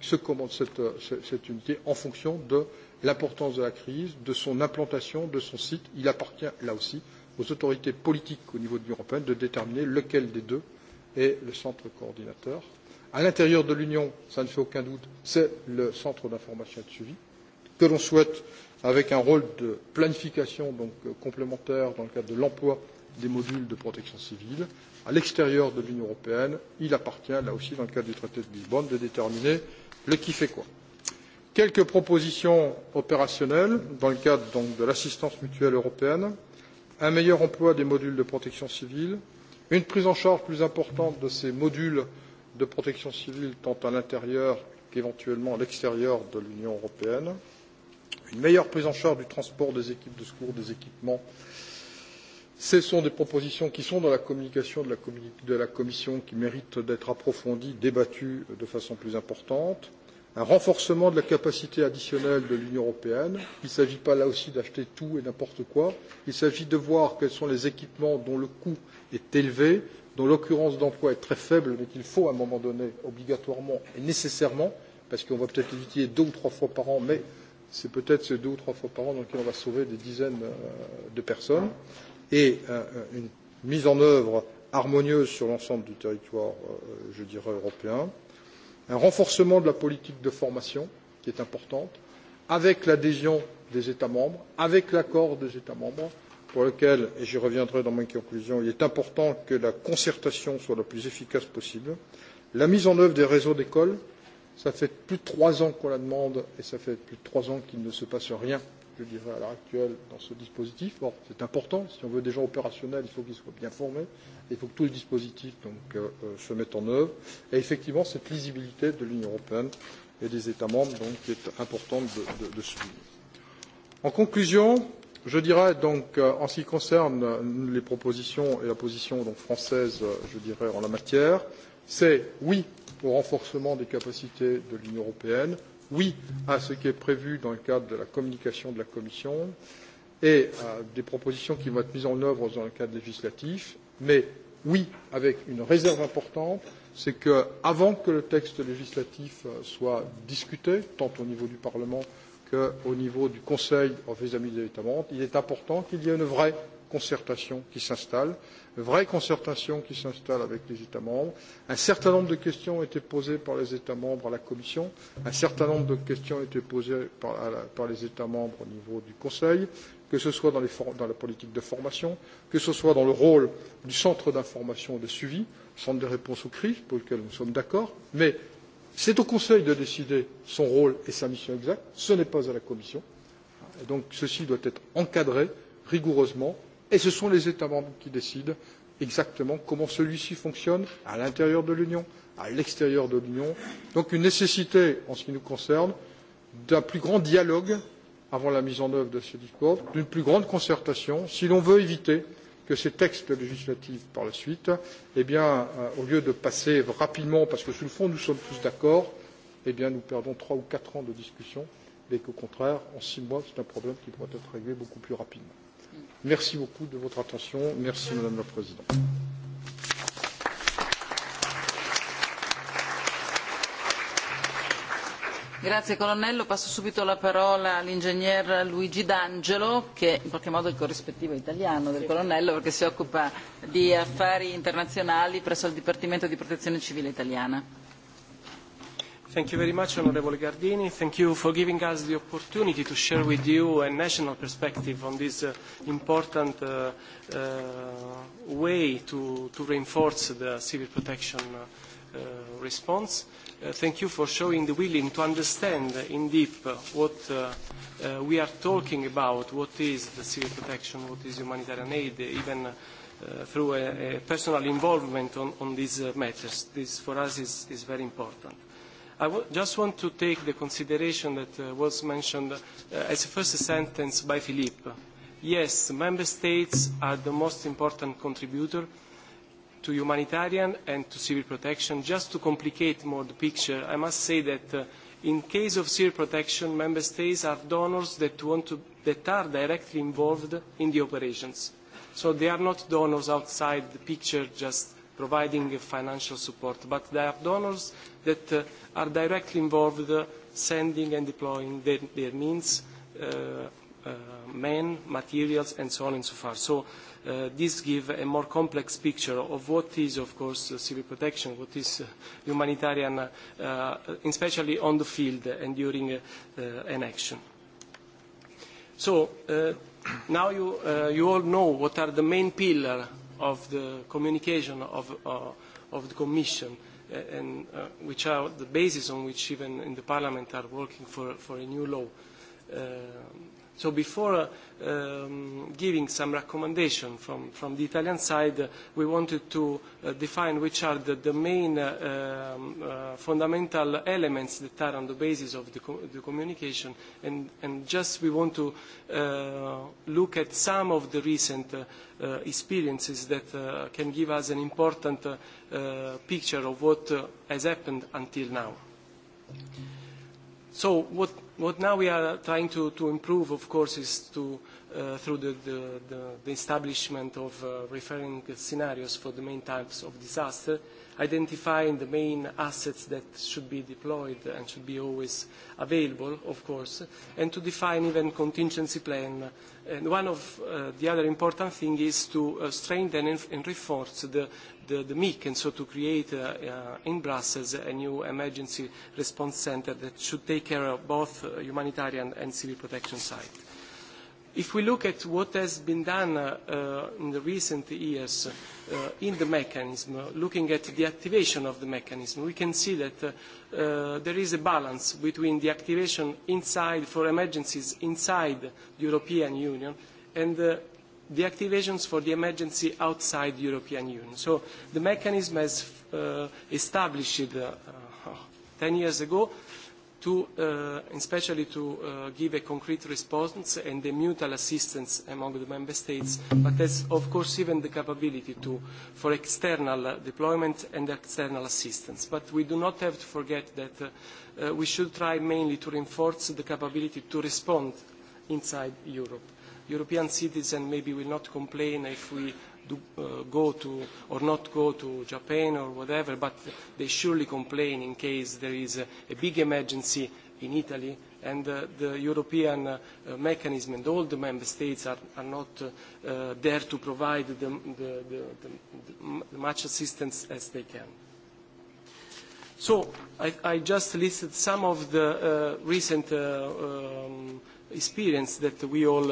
se commande cette unité en fonction de l'importance de la crise, de son implantation, de son site. Il appartient là aussi aux autorités politiques au niveau de l'Union européenne de déterminer lequel des deux est le centre coordinateur à l'intérieur de l'Union, cela ne fait aucun doute, c'est le centre d'information et de suivi, que l'on souhaite avec un rôle de planification donc complémentaire dans le cadre de l'emploi des modules de protection civile. À l'extérieur de l'Union européenne, il appartient là aussi, dans le cadre du traité de Lisbonne, de déterminer le qui fait quoi. Quelques propositions opérationnelles dans le cadre donc de l'assistance mutuelle européenne, un meilleur emploi des modules de protection civile, une prise en charge plus importante de ces modules de protection civile tant à l'intérieur qu'éventuellement à l'extérieur de l'Union européenne, une meilleure prise en charge du transport des équipes de secours, des équipements. Ce sont des propositions qui sont dans la communication de la Commission qui méritent d'être approfondies, débattues de façon plus importante. Un renforcement de la capacité additionnelle de l'Union européenne. Il ne s'agit pas là aussi d'acheter tout et n'importe quoi. Il s'agit de voir quels sont les équipements dont le coût est élevé dont l'occurrence d'emploi est très faible, mais qu'il faut à un moment donné, obligatoirement et nécessairement, parce qu'on va peut-être les deux ou trois fois par an, mais c'est peut-être ces deux ou trois fois par an dans lesquels on va sauver des dizaines de personnes, et une mise en œuvre harmonieuse sur l'ensemble du territoire, je dirais, européen, un renforcement de la politique de formation, qui est importante, avec l'adhésion des États membres, avec l'accord des États membres, pour lequel, et j'y reviendrai dans mes conclusion, il est important que la concertation soit la plus efficace possible. La mise en œuvre des réseaux d'écoles, ça fait plus de trois ans qu'on la demande et ça fait plus de trois ans qu'il ne se passe rien, je dirais, à l'heure actuelle dans ce dispositif. Or, c'est important. Si on veut des gens opérationnels, il faut qu'ils soient bien formés. Il faut que tout le dispositif se mette en œuvre. Et effectivement, cette lisibilité de l'Union européenne et des États membres donc, est importante de, de, de souligner. En conclusion, Je dirais donc, en ce qui concerne les propositions et la position française, je dirais, en la matière, c'est oui au renforcement des capacités de l'Union européenne, oui à ce qui est prévu dans le cadre de la communication de la Commission et des propositions qui vont être mises en œuvre dans le cadre législatif, mais oui avec une réserve importante, c'est qu'avant que le texte législatif soit discuté, tant au niveau du Parlement Au niveau du Conseil vis à vis des États membres, il est important qu'il y ait une vraie concertation qui s'installe, une vraie concertation qui s'installe avec les États membres. Un certain nombre de questions ont été posées par les États membres à la Commission, un certain nombre de questions ont été posées par les États membres au niveau du Conseil, que ce soit dans la politique de formation, que ce soit dans le rôle du centre d'information et de suivi, centre de réponse aux crises, pour lequel nous sommes d'accord, mais C'est au Conseil de décider son rôle et sa mission exacte, ce n'est pas à la Commission. Et donc ceci doit être encadré rigoureusement et ce sont les États membres qui décident exactement comment celui-ci fonctionne à l'intérieur de l'Union, à l'extérieur de l'Union. Donc une nécessité, en ce qui nous concerne, d'un plus grand dialogue avant la mise en œuvre de ce Discord, d'une plus grande concertation, si l'on veut éviter que ces textes législatifs par la suite eh bien au lieu de passer rapidement parce que sur le fond nous sommes tous d'accord eh bien nous perdons trois ou quatre ans de discussion et qu'au contraire en six mois c'est un problème qui pourrait être réglé beaucoup plus rapidement. merci beaucoup de votre attention merci madame la présidente. Grazie colonnello, passo subito la parola all'ingegner Luigi D'Angelo, che in qualche modo è il corrispettivo italiano del colonnello perché si occupa di affari internazionali presso il Dipartimento di Protezione Civile italiana. Thank you very much onorevole Gardini, thank you for giving us the opportunity to share with you a national perspective on this important way to reinforce the civil protection response. Thank you for showing the willing to understand in deep what we are talking about, what is the civil protection, what is humanitarian aid, even through personal involvement on these matters. This for us is very important. I just want to take the consideration that was mentioned as a first sentence by Philippe. Yes, member states are the most important contributor to humanitarian and to civil protection. Just to complicate more the picture, I must say that in case of civil protection, member states are donors that want are directly involved in the operations. So they are not donors outside the picture just providing financial support, but they are donors that are directly involved sending and deploying their means men, materials, and so on and so far. So this gives a more complex picture of what is, of course, civil protection, what is humanitarian, especially on the field and during an action. So now you all know what are the main pillars of the communication of the Commission and which are the basis on which even in the Parliament are working for a new law. So before giving some recommendation from the Italian side, we wanted to define which are the main fundamental elements that are on the basis of the communication, and just we want to look at some of the recent experiences that can give us an important picture of what has happened until now. So what What now we are trying to improve, of course, is through the establishment of referring scenarios for the main types of disaster identifying the main assets that should be deployed and should be always available, of course, and to define even contingency plan. And one of the other important thing is to strengthen and reinforce the the MIC, and so to create in Brussels a new emergency response center that should take care of both humanitarian and civil protection side. If we look at what has been done in the recent years in the mechanism, looking at the activation of the mechanism, we can see that there is a balance between the activation inside for emergencies inside the European Union and the activations for the emergency outside the European Union. So the mechanism has established 10 years ago especially to give a concrete response and the mutual assistance among the member states, but has of course even the capability for external deployment and external assistance. But we do not have to forget that we should try mainly to reinforce the capability to respond inside Europe. European citizens maybe will not complain if we go to or not go to Japan or whatever, but they surely complain in case there is a big emergency in Italy and the European mechanism and all the member states are not there to provide as much assistance as they can. So I just listed some of the recent experience that we all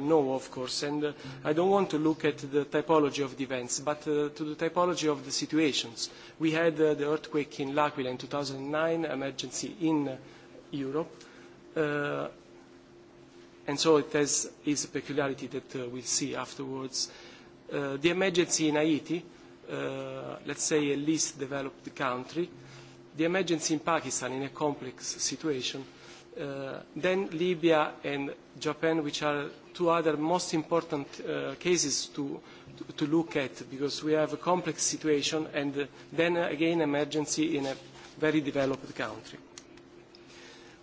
know, of course. And I don't want to look at the typology of the events, but to the typology of the situations. We had the earthquake in L'Aquila in 2009, emergency in Europe. And so it has its peculiarity that we'll see afterwards. The emergency in Haiti, let's say a least developed country. The emergency in Pakistan in a complex situation Then Libya and Japan, which are two other most important cases to look at, because we have a complex situation and then again emergency in a very developed country.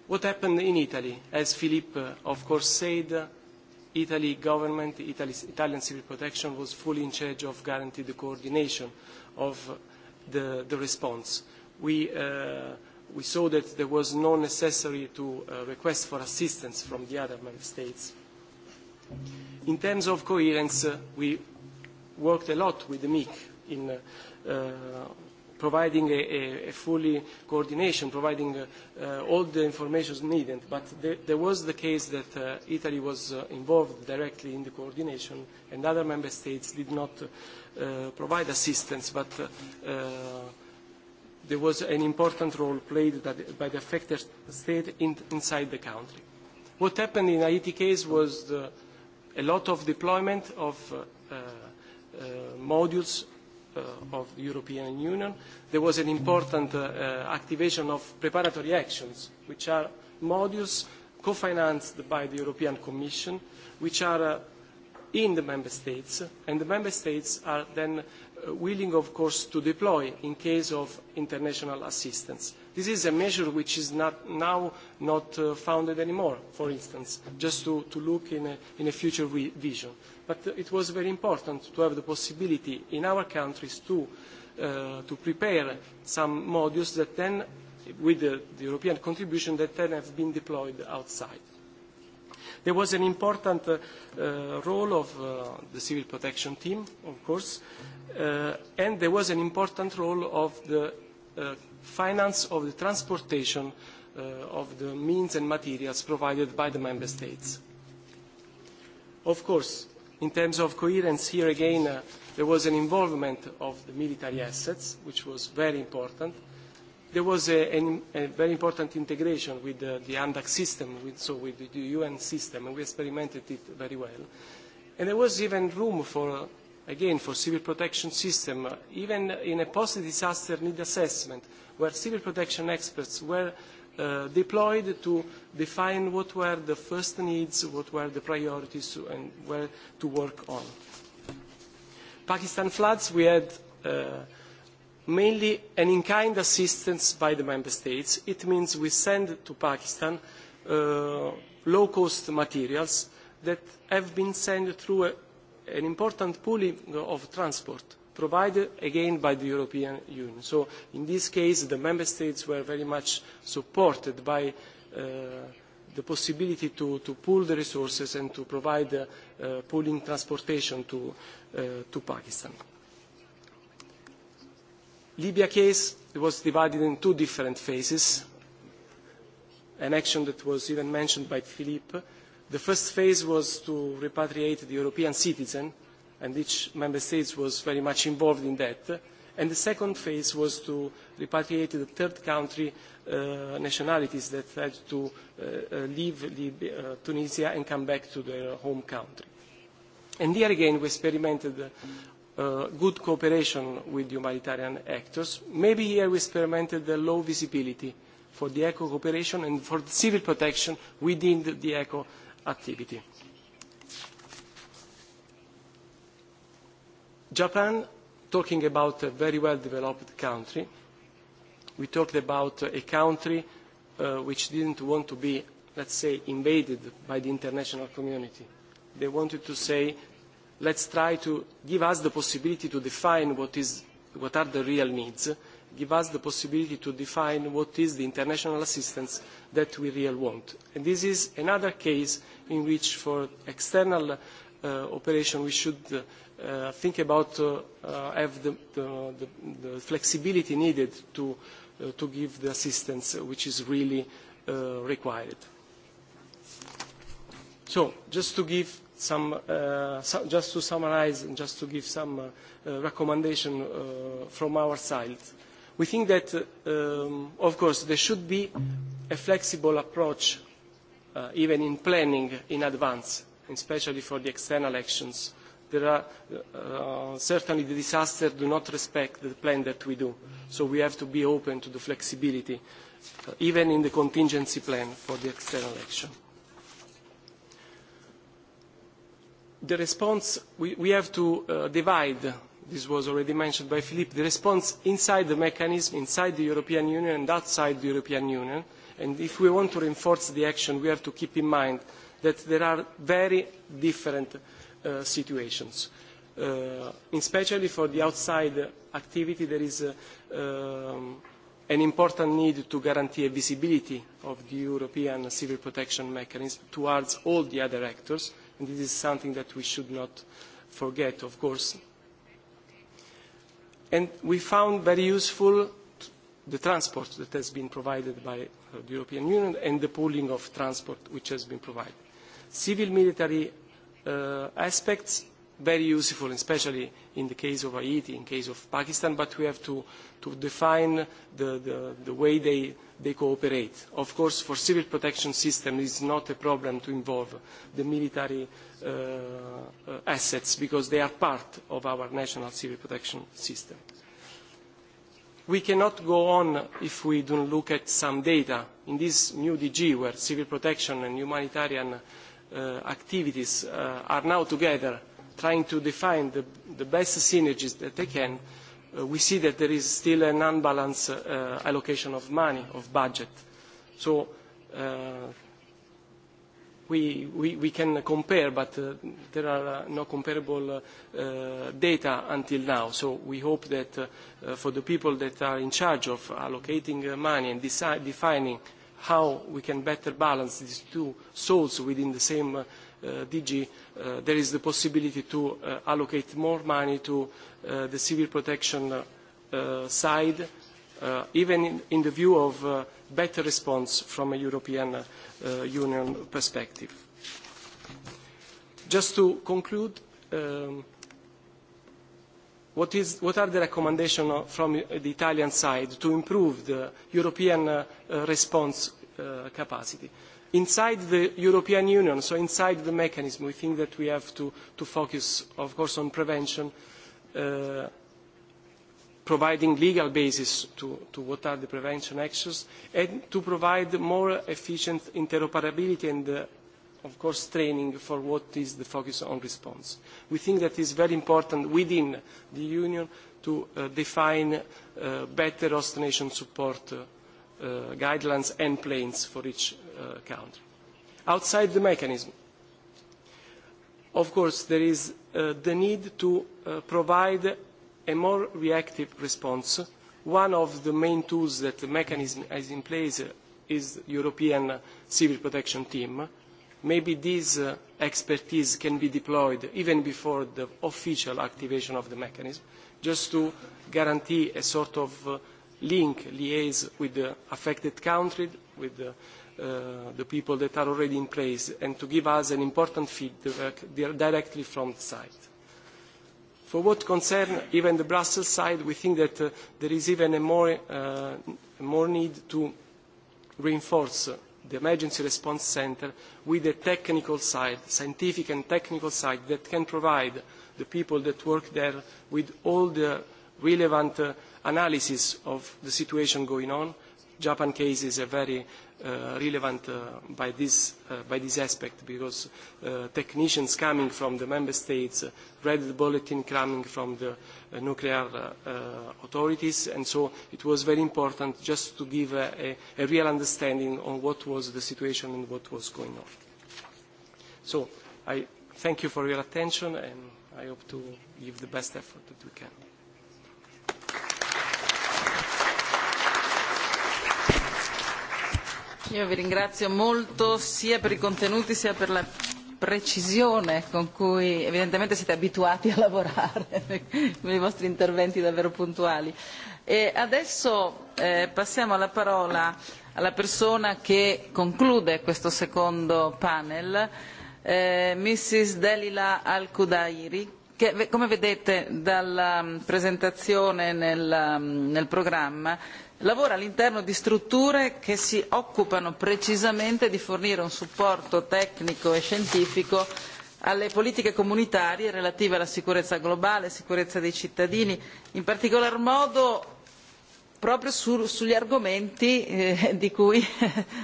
What happened in Italy? As Philippe, of course, said, Italy government, Italian civil protection was fully in charge of guaranteeing the coordination of the response. We we saw that there was no necessary to request for assistance from the other member states. In terms of coherence, we worked a lot with the MIC in providing a fully coordination, providing all the information needed. But there was the case that Italy was involved directly in the coordination and other member states did not provide assistance, but there was an important role played by the affected state inside the country. What happened in Haiti case was a lot of deployment of modules of the European Union. There was an important activation of preparatory actions, which are modules co-financed by the European Commission, which are in the Member States, and the Member States are then willing, of course, to deploy in case of international assistance. This is a measure which is now not founded anymore, for instance, just to look in a future vision. But it was very important to have the possibility in our countries to prepare some modules that then, with the European contribution, that then have been deployed outside. There was an important role of the civil protection team, of course, and there was an important role of the finance of the transportation of the means and materials provided by the member states. Of course, in terms of coherence, here again, there was an involvement of the military assets, which was very important. There was a very important integration with the ANDAC system, so with the UN system, and we experimented it very well. And there was even room for again, for civil protection system, even in a post-disaster need assessment, where civil protection experts were deployed to define what were the first needs, what were the priorities, and where to work on. Pakistan floods, we had mainly an in-kind assistance by the member states. It means we send to Pakistan low-cost materials that have been sent through a an important pooling of transport provided again by the European Union. So in this case the Member States were very much supported by the possibility to pool the resources and to provide pooling transportation to Pakistan. Libya case was divided in two different phases, an action that was even mentioned by Philippe The first phase was to repatriate the European citizens and each member state was very much involved in that. And the second phase was to repatriate the third country nationalities that had to leave Tunisia and come back to their home country. And here again we experimented good cooperation with humanitarian actors. Maybe here we experimented the low visibility for the eco cooperation and for civil protection within the eco activity. Japan, talking about a very well-developed country, we talked about a country which didn't want to be, let's say, invaded by the international community. They wanted to say, let's try to give us the possibility to define what are the real needs give us the possibility to define what is the international assistance that we really want. And this is another case in which for external operation we should think about have the flexibility needed to give the assistance which is really required. So just to give some just to summarize and just to give some recommendation from our side We think that, of course, there should be a flexible approach, even in planning in advance, especially for the external actions. There are certainly the disasters do not respect the plan that we do, so we have to be open to the flexibility, even in the contingency plan for the external action. The response we have to divide this was already mentioned by Philippe, the response inside the mechanism, inside the European Union and outside the European Union. And if we want to reinforce the action, we have to keep in mind that there are very different situations. Especially for the outside activity, there is an important need to guarantee a visibility of the European civil protection mechanism towards all the other actors. And this is something that we should not forget, of course and we found very useful the transport that has been provided by the European Union and the pooling of transport which has been provided. Civil military aspects very useful, especially in the case of Haiti, in case of Pakistan, but we have to define the way they cooperate. Of course, for civil protection system, it's not a problem to involve the military assets because they are part of our national civil protection system. We cannot go on if we don't look at some data. In this new DG, where civil protection and humanitarian activities are now together, trying to define the best synergies that they can, we see that there is still an unbalanced allocation of money, of budget. So we can compare, but there are no comparable data until now. So we hope that for the people that are in charge of allocating money and defining how we can better balance these two souls within the same DG, there is the possibility to allocate more money to the civil protection side, even in the view of better response from a European Union perspective. Just to conclude, what are the recommendations from the Italian side to improve the European response capacity? inside the European Union, so inside the mechanism, we think that we have to focus, of course, on prevention, providing legal basis to what are the prevention actions, and to provide more efficient interoperability and, of course, training for what is the focus on response. We think that it is very important within the Union to define better host nation support guidelines and plans for each country. Outside the mechanism, of course, there is the need to provide a more reactive response. One of the main tools that the mechanism has in place is the European Civil Protection Team. Maybe this expertise can be deployed even before the official activation of the mechanism, just to guarantee a sort of link, liaise with the affected country, with the people that are already in place, and to give us an important feedback directly from the site. For what concerns even the Brussels side, we think that there is even more need to reinforce the Emergency Response Centre with a technical side, scientific and technical side, that can provide the people that work there with all the relevant analysis of the situation going on. Japan case is very relevant by this aspect because technicians coming from the member states read the bulletin coming from the nuclear authorities and so it was very important just to give a real understanding on what was the situation and what was going on. So I thank you for your attention and I hope to give the best effort that we can. Io vi ringrazio molto sia per i contenuti sia per la precisione con cui evidentemente siete abituati a lavorare con i vostri interventi davvero puntuali. E adesso passiamo la parola alla persona che conclude questo secondo panel, Mrs. Delila Al-Kudairi, che come vedete dalla presentazione nel programma lavora all'interno di strutture che si occupano precisamente di fornire un supporto tecnico e scientifico alle politiche comunitarie relative alla sicurezza globale sicurezza dei cittadini in particolar modo proprio sugli argomenti di cui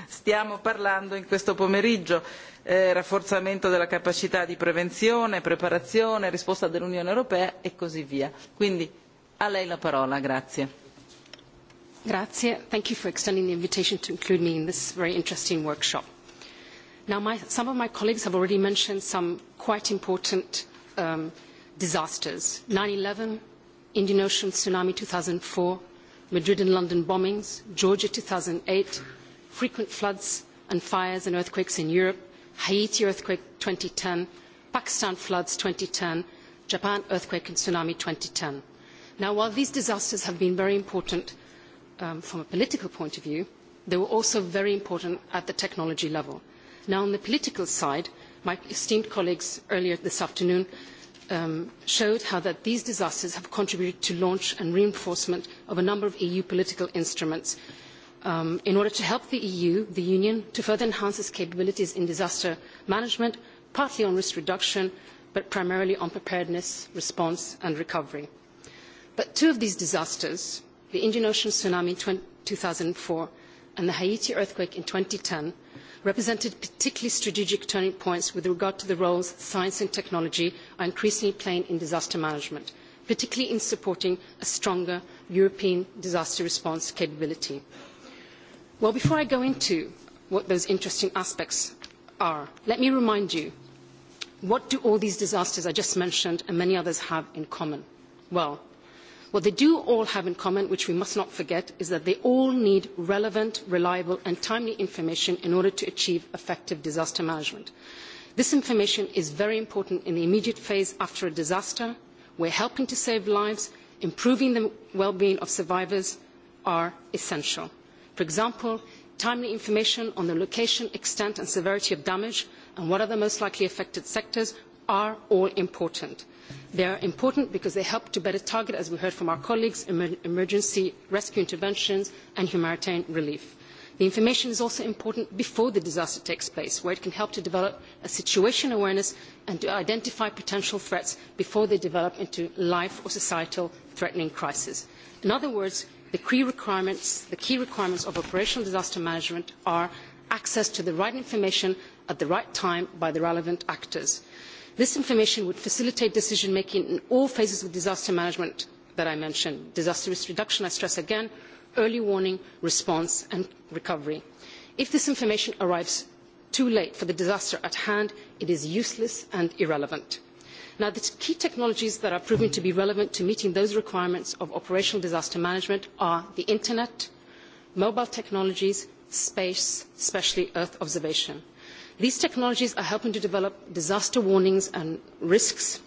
stiamo parlando in questo pomeriggio rafforzamento della capacità di prevenzione preparazione risposta dell'unione europea e così via. quindi a lei la parola grazie. Grazie. Thank you for extending the invitation to include me in this very interesting workshop. some of my colleagues have already mentioned some quite important disasters. 9/11, Indian Ocean tsunami 2004, Madrid and London bombings, Georgia 2008, frequent floods and fires and earthquakes in Europe, Haiti earthquake 2010, Pakistan floods 2010, Japan earthquake and tsunami 2010. Now, while these disasters have been very important, from a political point of view, they were also very important at the technology level. Now, on the political side, my esteemed colleagues earlier this afternoon showed how that these disasters have contributed to launch and reinforcement of a number of EU political instruments in order to help the EU, the Union, to further enhance its capabilities in disaster management, partly on risk reduction, but primarily on preparedness, response and recovery. But two of these disasters the Indian Ocean tsunami in 2004 and the Haiti earthquake in 2010 represented particularly strategic turning points with regard to the roles science and technology are increasingly playing in disaster management, particularly in supporting a stronger European disaster response capability. Well, before I go into what those interesting aspects are, let me remind you, what do all these disasters I just mentioned and many others have in common? Well, What they do all have in common, which we must not forget, is that they all need relevant, reliable and timely information in order to achieve effective disaster management. This information is very important in the immediate phase after a disaster, where helping to save lives, improving the well-being of survivors are essential. For example, timely information on the location, extent and severity of damage and what are the most likely affected sectors are all important. They are important because they help to better target, as we heard from our colleagues, emergency rescue interventions and humanitarian relief. The information is also important before the disaster takes place, where it can help to develop a situation awareness and to identify potential threats before they develop into life or societal threatening crises. In other words, the key requirements of operational disaster management are access to the right information at the right time by the relevant actors. This information would facilitate decision making in all phases of disaster management that I mentioned disaster risk reduction, I stress again, early warning, response and recovery. If this information arrives too late for the disaster at hand, it is useless and irrelevant. Now, the key technologies that are proven to be relevant to meeting those requirements of operational disaster management are the Internet, mobile technologies, space, especially Earth observation. These technologies are helping to develop disaster warnings and risks,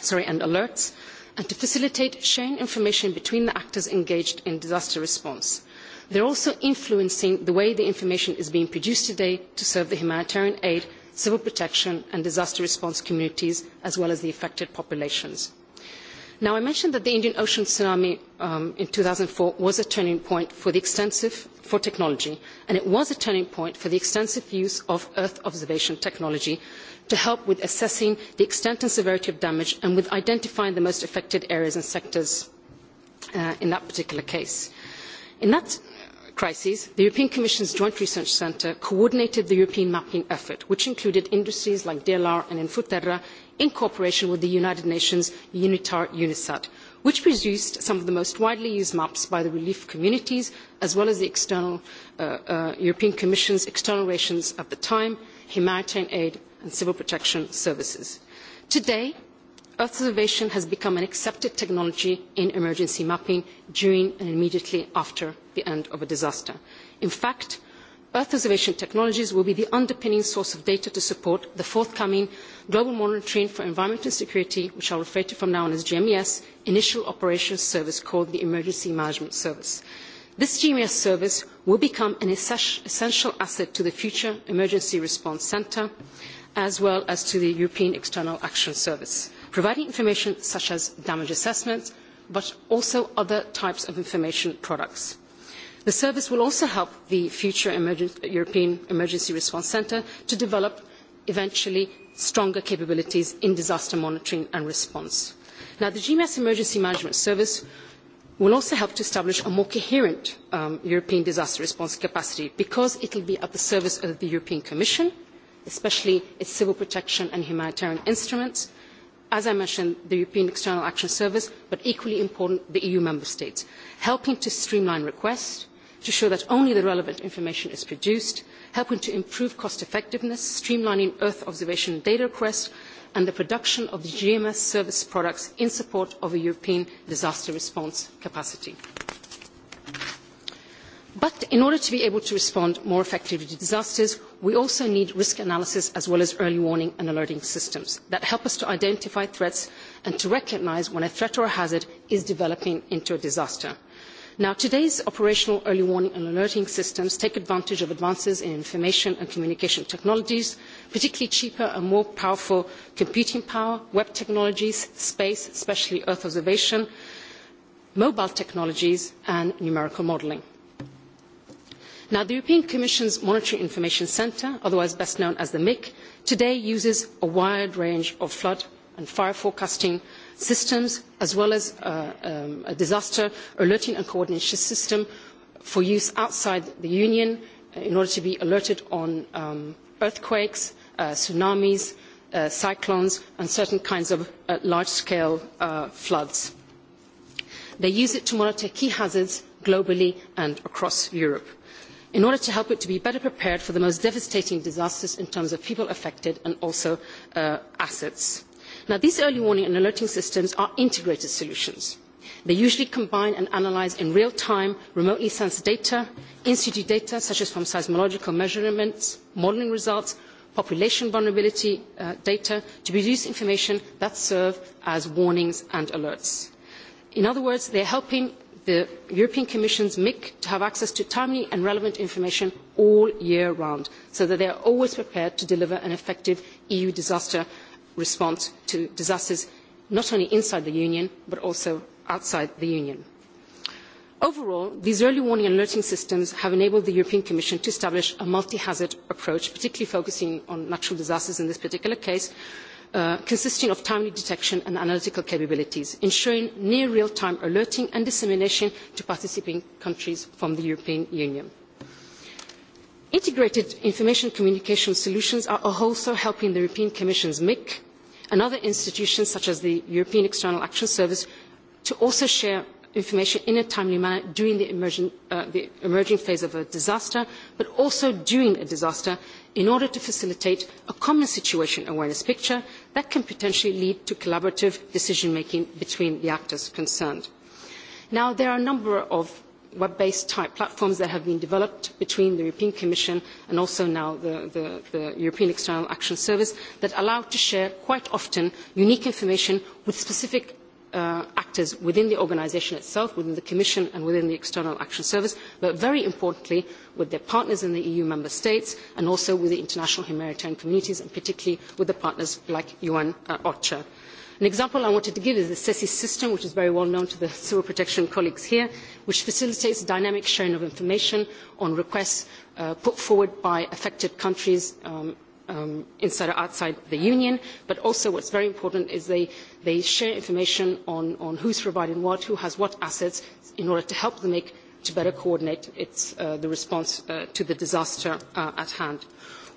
sorry, and alerts, and to facilitate sharing information between the actors engaged in disaster response. They are also influencing the way the information is being produced today to serve the humanitarian aid, civil protection and disaster response communities, as well as the affected populations. Now, I mentioned that the Indian Ocean tsunami in 2004 was a turning point for the extensive for technology, and it was a turning point for the extensive use of Earth observation technology to help with assessing the extent and severity of damage and with identifying the most affected areas and sectors in that particular case. In that crisis, the European Commission's Joint Research Centre coordinated the European mapping effort, which included industries like DLR and Infoterra in cooperation with the United Nations UNITAR UNISAT, which produced some of the most widely used maps by the relief communities, as well as the European Commission's external relations at the time, humanitarian aid and civil protection services. Today, Earth observation has become an accepted technology in emergency mapping during and immediately after the end of a disaster. In fact, Earth observation technologies will be the underpinning source of data to support the forthcoming global monitoring for environment and security, which I will refer to from now on as GMES, initial operations service called the Emergency Management Service. This GMES service will become an essential asset to the future Emergency Response Centre, as well as to the European External Action Service, providing information such as damage assessments, but also other types of information products. The service will also help the future European Emergency Response Centre to develop eventually stronger capabilities in disaster monitoring and response. Now, the GMS Emergency Management Service will also help to establish a more coherent European disaster response capacity because it will be at the service of the European Commission, especially its civil protection and humanitarian instruments, as I mentioned, the European External Action Service, but equally important, the EU member states, helping to streamline requests, to show that only the relevant information is produced, helping to improve cost effectiveness, streamlining Earth observation data requests and the production of GMS service products in support of a European disaster response capacity. But in order to be able to respond more effectively to disasters, we also need risk analysis as well as early warning and alerting systems that help us to identify threats and to recognise when a threat or a hazard is developing into a disaster. Now, today's operational early warning and alerting systems take advantage of advances in information and communication technologies, particularly cheaper and more powerful computing power, web technologies, space, especially Earth observation, mobile technologies, and numerical modelling. Now, the European Commission's Monitoring Information Centre, otherwise best known as the MIC, today uses a wide range of flood and fire forecasting systems as well as a disaster alerting and coordination system for use outside the Union in order to be alerted on earthquakes, tsunamis, cyclones and certain kinds of large-scale floods. They use it to monitor key hazards globally and across Europe in order to help it to be better prepared for the most devastating disasters in terms of people affected and also assets. Now, these early warning and alerting systems are integrated solutions. They usually combine and analyse in real time remotely sensed data, in situ data such as from seismological measurements, modeling results, population vulnerability data to produce information that serve as warnings and alerts. In other words, they are helping the European Commission's MIC to have access to timely and relevant information all year round, so that they are always prepared to deliver an effective EU disaster response to disasters not only inside the Union but also outside the Union. Overall, these early warning and alerting systems have enabled the European Commission to establish a multi-hazard approach, particularly focusing on natural disasters in this particular case, consisting of timely detection and analytical capabilities, ensuring near real-time alerting and dissemination to participating countries from the European Union. Integrated information communication solutions are also helping the European Commission's MIC and other institutions such as the European External Action Service to also share information in a timely manner during the emerging phase of a disaster, but also during a disaster in order to facilitate a common situation awareness picture that can potentially lead to collaborative decision making between the actors concerned. Now, there are a number of web-based type platforms that have been developed between the European Commission and also now the European External Action Service that allow to share quite often unique information with specific actors within the organisation itself, within the Commission and within the External Action Service, but very importantly with their partners in the EU member states and also with the international humanitarian communities and particularly with the partners like UN OCHA An example I wanted to give is the SESI system, which is very well known to the civil protection colleagues here, which facilitates dynamic sharing of information on requests put forward by affected countries inside or outside the Union. But also what is very important is that they share information on who is providing what, who has what assets, in order to help them make, to better coordinate the response to the disaster at hand.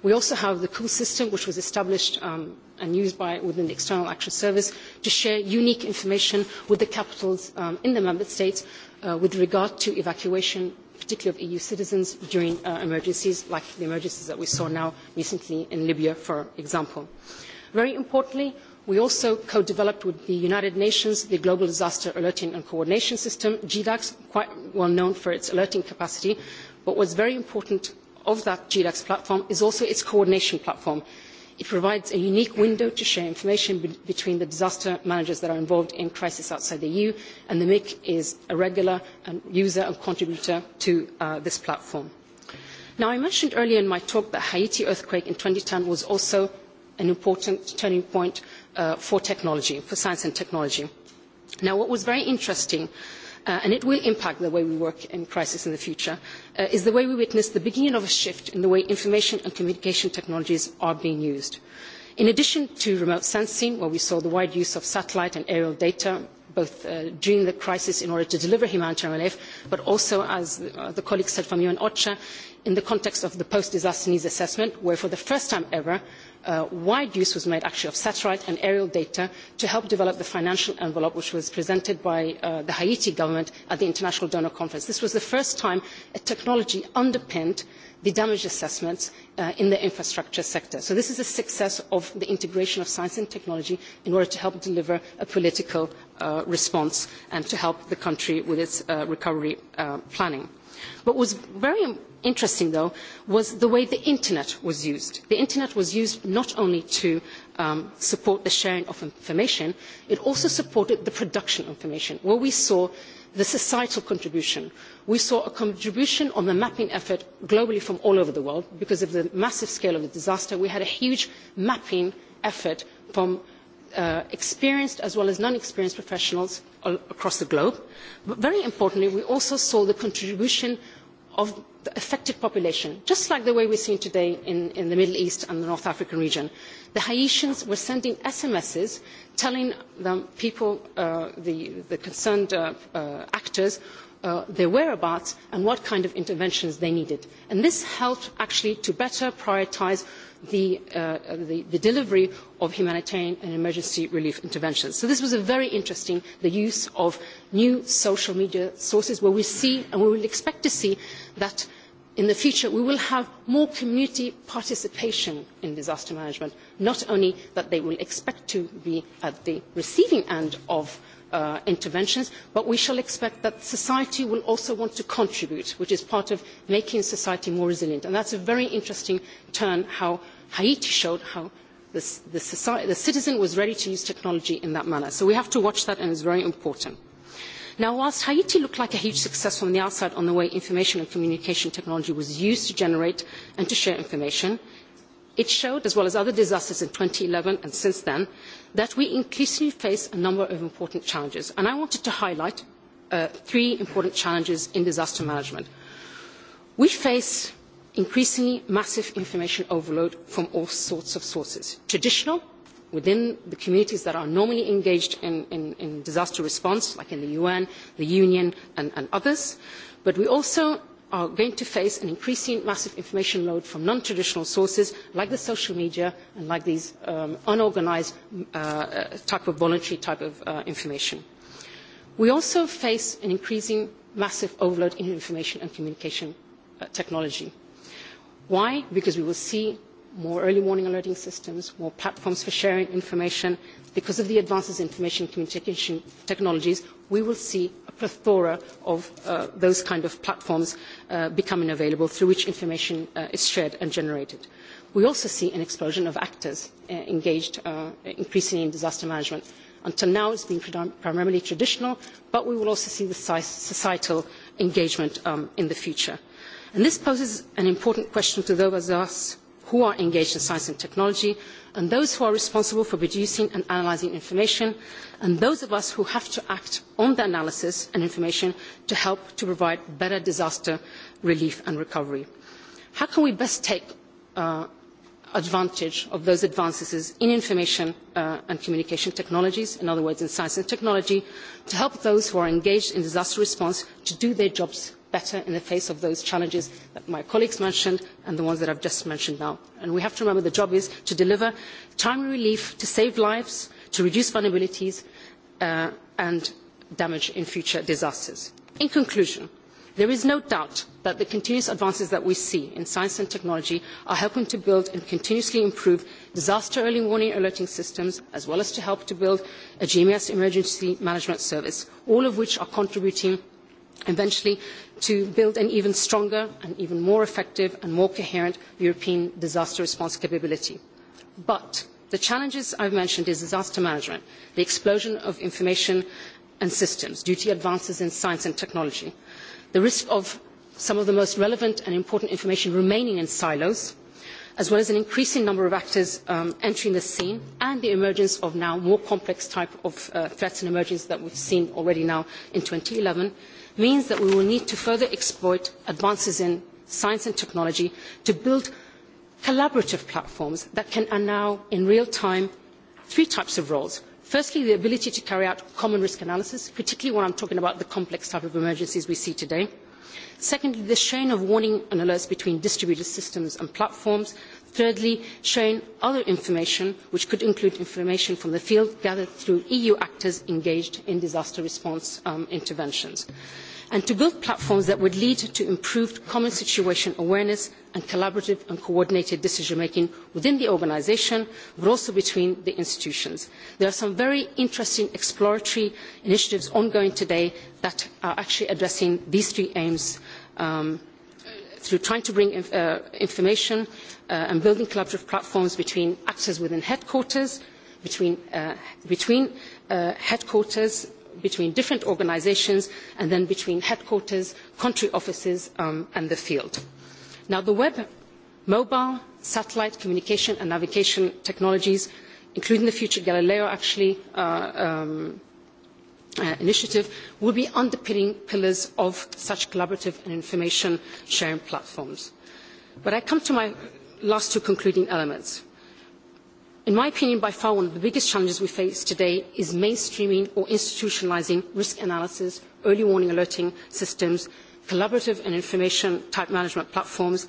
We also have the COOL system, which was established and used within the External Action Service to share unique information with the capitals in the Member States with regard to evacuation, particularly of EU citizens, during emergencies like the emergencies that we saw now recently in Libya, for example. Very importantly, we also co developed with the united nations the global disaster alerting and coordination system gdacs quite well known for its alerting capacity but what is very important of that GDAX platform is also its coordination platform. It provides a unique window to share information between the disaster managers that are involved in crisis outside the EU, and the MIC is a regular user and contributor to this platform. Now, I mentioned earlier in my talk that Haiti earthquake in 2010 was also an important turning point for technology, for science and technology. Now, what was very interesting and it will impact the way we work in crisis in the future, is the way we witness the beginning of a shift in the way information and communication technologies are being used. In addition to remote sensing, where we saw the wide use of satellite and aerial data, both during the crisis in order to deliver humanitarian relief, but also, as the colleague said from UN OCHA, in the context of the post-disaster needs assessment, where for the first time ever wide use was made actually of satellite and aerial data to help develop the financial envelope which was presented by the Haiti government at the International Donor Conference. This was the first time a technology underpinned the damage assessments in the infrastructure sector. So this is a success of the integration of science and technology in order to help deliver a political response and to help the country with its recovery planning. What was very interesting, though, was the way the Internet was used. The Internet was used not only to support the sharing of information, it also supported the production of information, where we saw the societal contribution. We saw a contribution on the mapping effort globally from all over the world. Because of the massive scale of the disaster, we had a huge mapping effort from experienced as well as non-experienced professionals across the globe. But very importantly, we also saw the contribution of the affected population, just like the way we're seeing today in the Middle East and the North African region. The Haitians were sending SMSs telling the people, the concerned actors, their whereabouts and what kind of interventions they needed. And this helped actually to better prioritise the delivery of humanitarian and emergency relief interventions. So this was a very interesting, the use of new social media sources where we see and we will expect to see that in the future we will have more community participation in disaster management, not only that they will expect to be at the receiving end of interventions, but we shall expect that society will also want to contribute, which is part of making society more resilient. And that's a very interesting turn how Haiti showed how the citizen was ready to use technology in that manner. So we have to watch that and it's very important. Now, whilst Haiti looked like a huge success from the outside on the way information and communication technology was used to generate and to share information, it showed, as well as other disasters in 2011 and since then, that we increasingly face a number of important challenges. And I wanted to highlight three important challenges in disaster management. We face increasingly massive information overload from all sorts of sources. Traditional, within the communities that are normally engaged in disaster response, like in the UN, the Union, and others. But we also are going to face an increasing massive information load from non-traditional sources, like the social media and like these unorganised type of voluntary type of information. We also face an increasing massive overload in information and communication technology. Why? Because we will see more early warning alerting systems, more platforms for sharing information. Because of the advances in information communication technologies, we will see a plethora of those kind of platforms becoming available through which information is shared and generated. We also see an explosion of actors engaged increasingly in disaster management. Until now, it has been primarily traditional, but we will also see the societal engagement in the future. And this poses an important question to those of us who are engaged in science and technology, and those who are responsible for producing and analysing information, and those of us who have to act on the analysis and information to help to provide better disaster relief and recovery. How can we best take advantage of those advances in information and communication technologies, in other words in science and technology, to help those who are engaged in disaster response to do their jobs better in the face of those challenges that my colleagues mentioned and the ones that I've just mentioned now. And we have to remember the job is to deliver timely relief, to save lives, to reduce vulnerabilities and damage in future disasters. In conclusion, there is no doubt that the continuous advances that we see in science and technology are helping to build and continuously improve disaster early warning alerting systems, as well as to help to build a GMS emergency management service, all of which are contributing eventually to build an even stronger and even more effective and more coherent European disaster response capability. But the challenges I have mentioned is disaster management, the explosion of information and systems due to advances in science and technology, the risk of some of the most relevant and important information remaining in silos, as well as an increasing number of actors entering the scene and the emergence of now more complex types of threats and emergencies that we have seen already now in 2011, means that we will need to further exploit advances in science and technology to build collaborative platforms that can allow in real time three types of roles. Firstly, the ability to carry out common risk analysis, particularly when I'm talking about the complex type of emergencies we see today. Secondly, the chain of warning and alerts between distributed systems and platforms thirdly sharing other information which could include information from the field gathered through eu actors engaged in disaster response interventions and to build platforms that would lead to improved common situation awareness and collaborative and coordinated decision making within the organisation but also between the institutions. there are some very interesting exploratory initiatives ongoing today that are actually addressing these three aims through trying to bring information and building collaborative platforms between actors within headquarters, between headquarters, between different organisations, and then between headquarters, country offices and the field. Now, the web, mobile, satellite communication and navigation technologies, including the future Galileo actually initiative will be underpinning pillars of such collaborative and information sharing platforms. But I come to my last two concluding elements. In my opinion, by far one of the biggest challenges we face today is mainstreaming or institutionalising risk analysis, early warning alerting systems, collaborative and information type management platforms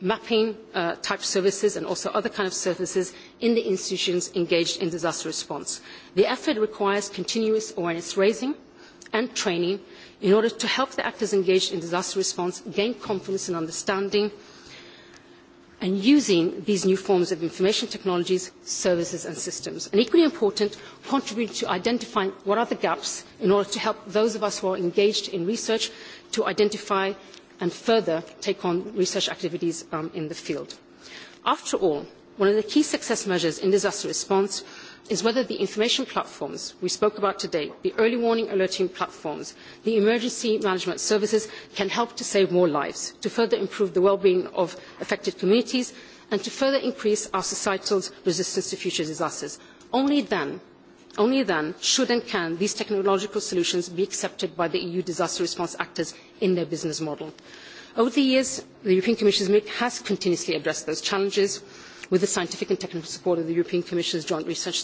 mapping type services and also other kind of services in the institutions engaged in disaster response. The effort requires continuous awareness raising and training in order to help the actors engaged in disaster response gain confidence and understanding and using these new forms of information technologies, services and systems. And equally important, contribute to identifying what are the gaps in order to help those of us who are engaged in research to identify and further take on research activities in the field. After all, one of the key success measures in disaster response is whether the information platforms we spoke about today, the early warning alerting platforms, the emergency management services can help to save more lives, to further improve the well-being of affected communities and to further increase our societal resistance to future disasters. Only then Only then should and can these technological solutions be accepted by the EU disaster response actors in their business model. Over the years, the European Commission has continuously addressed those challenges with the scientific and technical support of the European Commission's Joint Research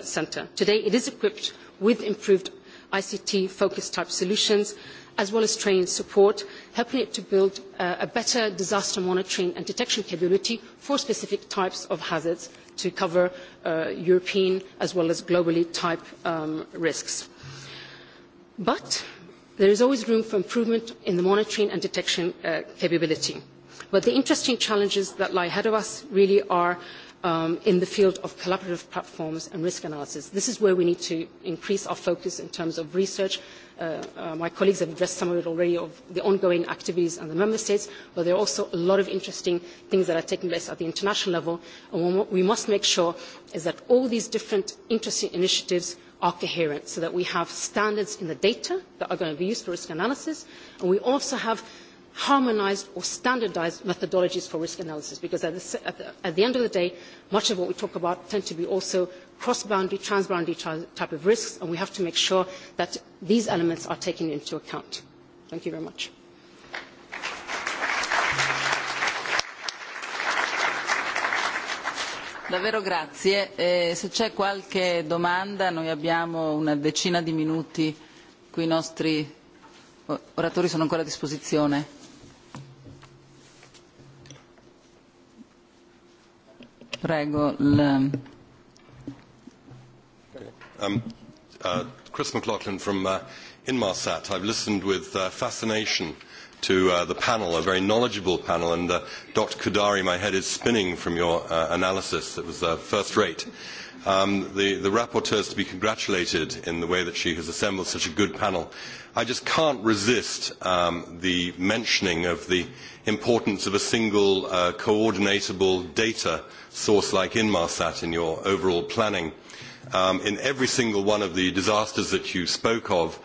Centre. Today, it is equipped with improved ICT-focused type solutions, as well as training support, helping it to build a better disaster monitoring and detection capability for specific types of hazards to cover European as well as globally type risks. But there is always room for improvement in the monitoring and detection capability. But the interesting challenges that lie ahead of us really are in the field of collaborative platforms and risk analysis. This is where we need to increase our focus in terms of research My colleagues have addressed some of it already of the ongoing activities in the member states, but there are also a lot of interesting things that are taking place at the international level. And what we must make sure is that all these different interesting initiatives are coherent, so that we have standards in the data that are going to be used for risk analysis, and we also have harmonised or standardised methodologies for risk analysis because at the end of the day much of what we talk about tend to be also cross boundary trans boundary type of risks and we have to make sure that these elements are taken into account. thank you very much. Davvero Se c'è qualche domanda, noi abbiamo una decina di minuti, i nostri oratori sono ancora a disposizione. Prego. Chris McLaughlin from Inmarsat. I've listened with fascination to the panel, a very knowledgeable panel, and Dr. Kudari, my head is spinning from your analysis. It was first rate. The rapporteur is to be congratulated in the way that she has assembled such a good panel. I just can't resist the mentioning of the importance of a single coordinatable data source like Inmarsat in your overall planning. In every single one of the disasters that you spoke of,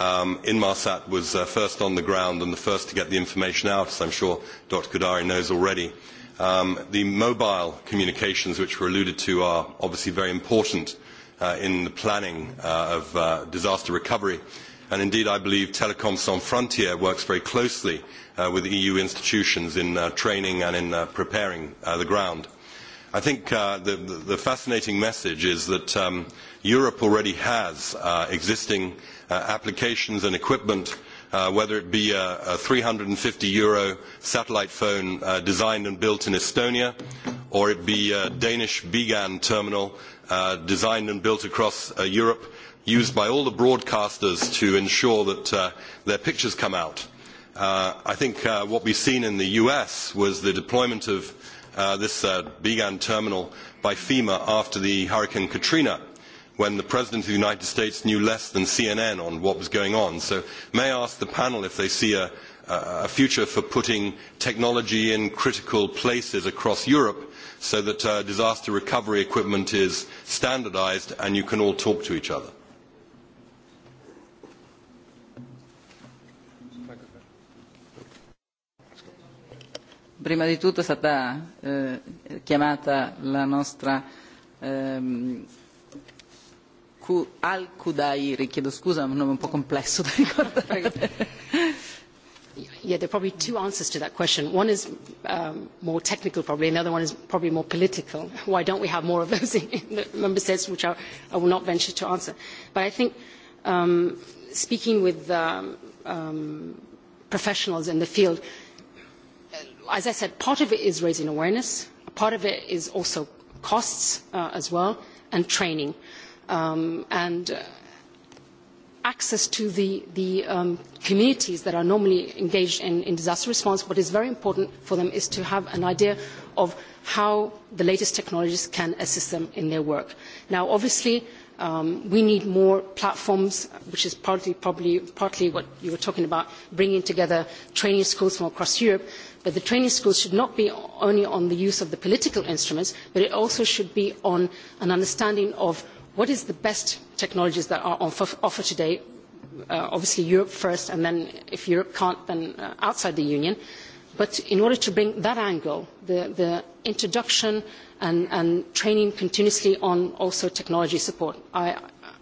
Inmarsat was first on the ground and the first to get the information out, as I'm sure Dr. Kudari knows already. The mobile communications which were alluded to are obviously very important in the planning of disaster recovery. And indeed, I believe Telecom Sans Frontier works very closely with EU institutions in training and in preparing the ground. I think the fascinating message is that Europe already has existing applications and equipment, whether it be a 350 euro satellite phone designed and built in Estonia, or it be a Danish BGAN terminal designed and built across Europe, used by all the broadcasters to ensure that their pictures come out. I think what we have seen in the US was the deployment of this BGAN terminal by FEMA after the Hurricane Katrina when the President of the United States knew less than CNN on what was going on. So may I ask the panel if they see a future for putting technology in critical places across Europe so that disaster recovery equipment is standardized and you can all talk to each other? Al Kudairi, chiedo scusa, è un nome un po' complesso da ricordare. Yeah, there are probably two answers to that question. One is more technical probably, and the other one is probably more political. Why don't we have more of those in the member states, which I will not venture to answer. But I think speaking with professionals in the field, as I said, part of it is raising awareness, part of it is also costs as well, and training and access to the communities that are normally engaged in disaster response. What is very important for them is to have an idea of how the latest technologies can assist them in their work. Now, obviously, we need more platforms, which is partly what you were talking about, bringing together training schools from across Europe. But the training schools should not be only on the use of the political instruments, but it also should be on an understanding of what is the best technologies that are offered offer today? Obviously Europe first, and then if Europe can't, then outside the Union. But in order to bring that angle, the introduction and training continuously on also technology support,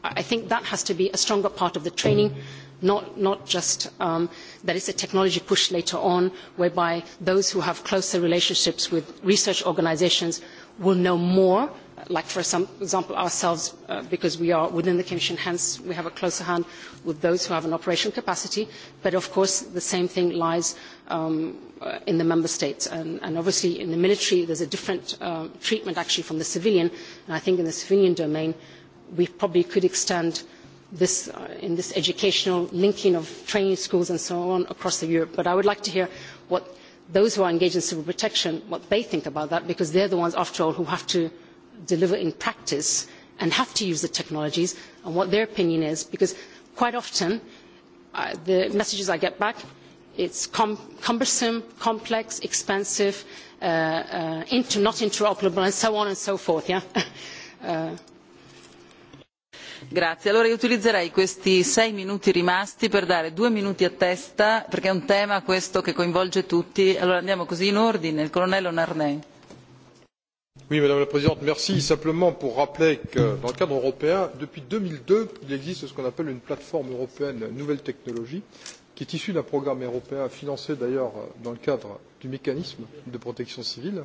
I think that has to be a stronger part of the training, not just that it's a technology push later on, whereby those who have closer relationships with research organisations will know more like for example ourselves, because we are within the Commission, hence we have a closer hand with those who have an operational capacity. But of course, the same thing lies in the member states, and obviously in the military there's a different treatment actually from the civilian. And I think in the civilian domain, we probably could extend this in this educational linking of training schools and so on across the Europe. But I would like to hear what those who are engaged in civil protection, what they think about that, because they are the ones, after all, who have to deliver in practice and have to use the technologies and what their opinion is because quite often the messages I get back, it's cumbersome, complex, expensive, not interoperable and so on and so forth. Grazie. Allora io utilizzerei questi sei minuti rimasti per dare due minuti a testa perché è un tema questo che coinvolge tutti. Allora andiamo così in ordine. Il colonnello Narnè. Oui, Madame la Présidente, merci. Simplement pour rappeler que dans le cadre européen, depuis 2002, il existe ce qu'on appelle une plateforme européenne nouvelles technologies, qui est issue d'un programme européen financé d'ailleurs dans le cadre du mécanisme de protection civile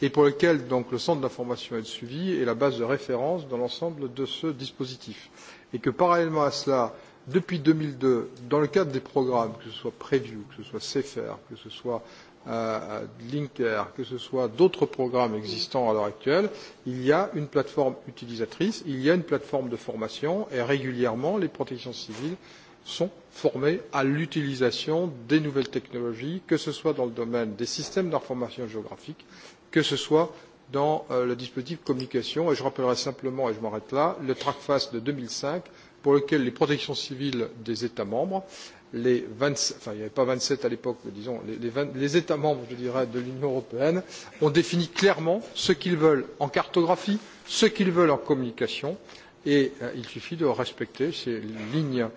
et pour lequel donc le centre d'information et de suivi est la base de référence dans l'ensemble de ce dispositif. Et que parallèlement à cela, depuis 2002, dans le cadre des programmes, que ce soit Preview, que ce soit CFR, que ce soit Linker, que ce soit d'autres programmes existants à l'heure actuelle, il y a une plateforme utilisatrice, il y a une plateforme de formation et régulièrement les protections civiles sont formées à l'utilisation des nouvelles technologies, que ce soit dans le domaine des systèmes d'information géographique, que ce soit dans le dispositif communication. Et je rappellerai simplement, et je m'arrête là, le TRACFAS de 2005 pour lequel les protections civiles des États membres les vingt enfin il n'y avait pas vingt sept à l'époque mais disons les états membres je dirais de l'union européenne ont défini clairement ce qu'ils veulent en cartographie ce qu'ils veulent en communication et il suffit de respecter ces lignes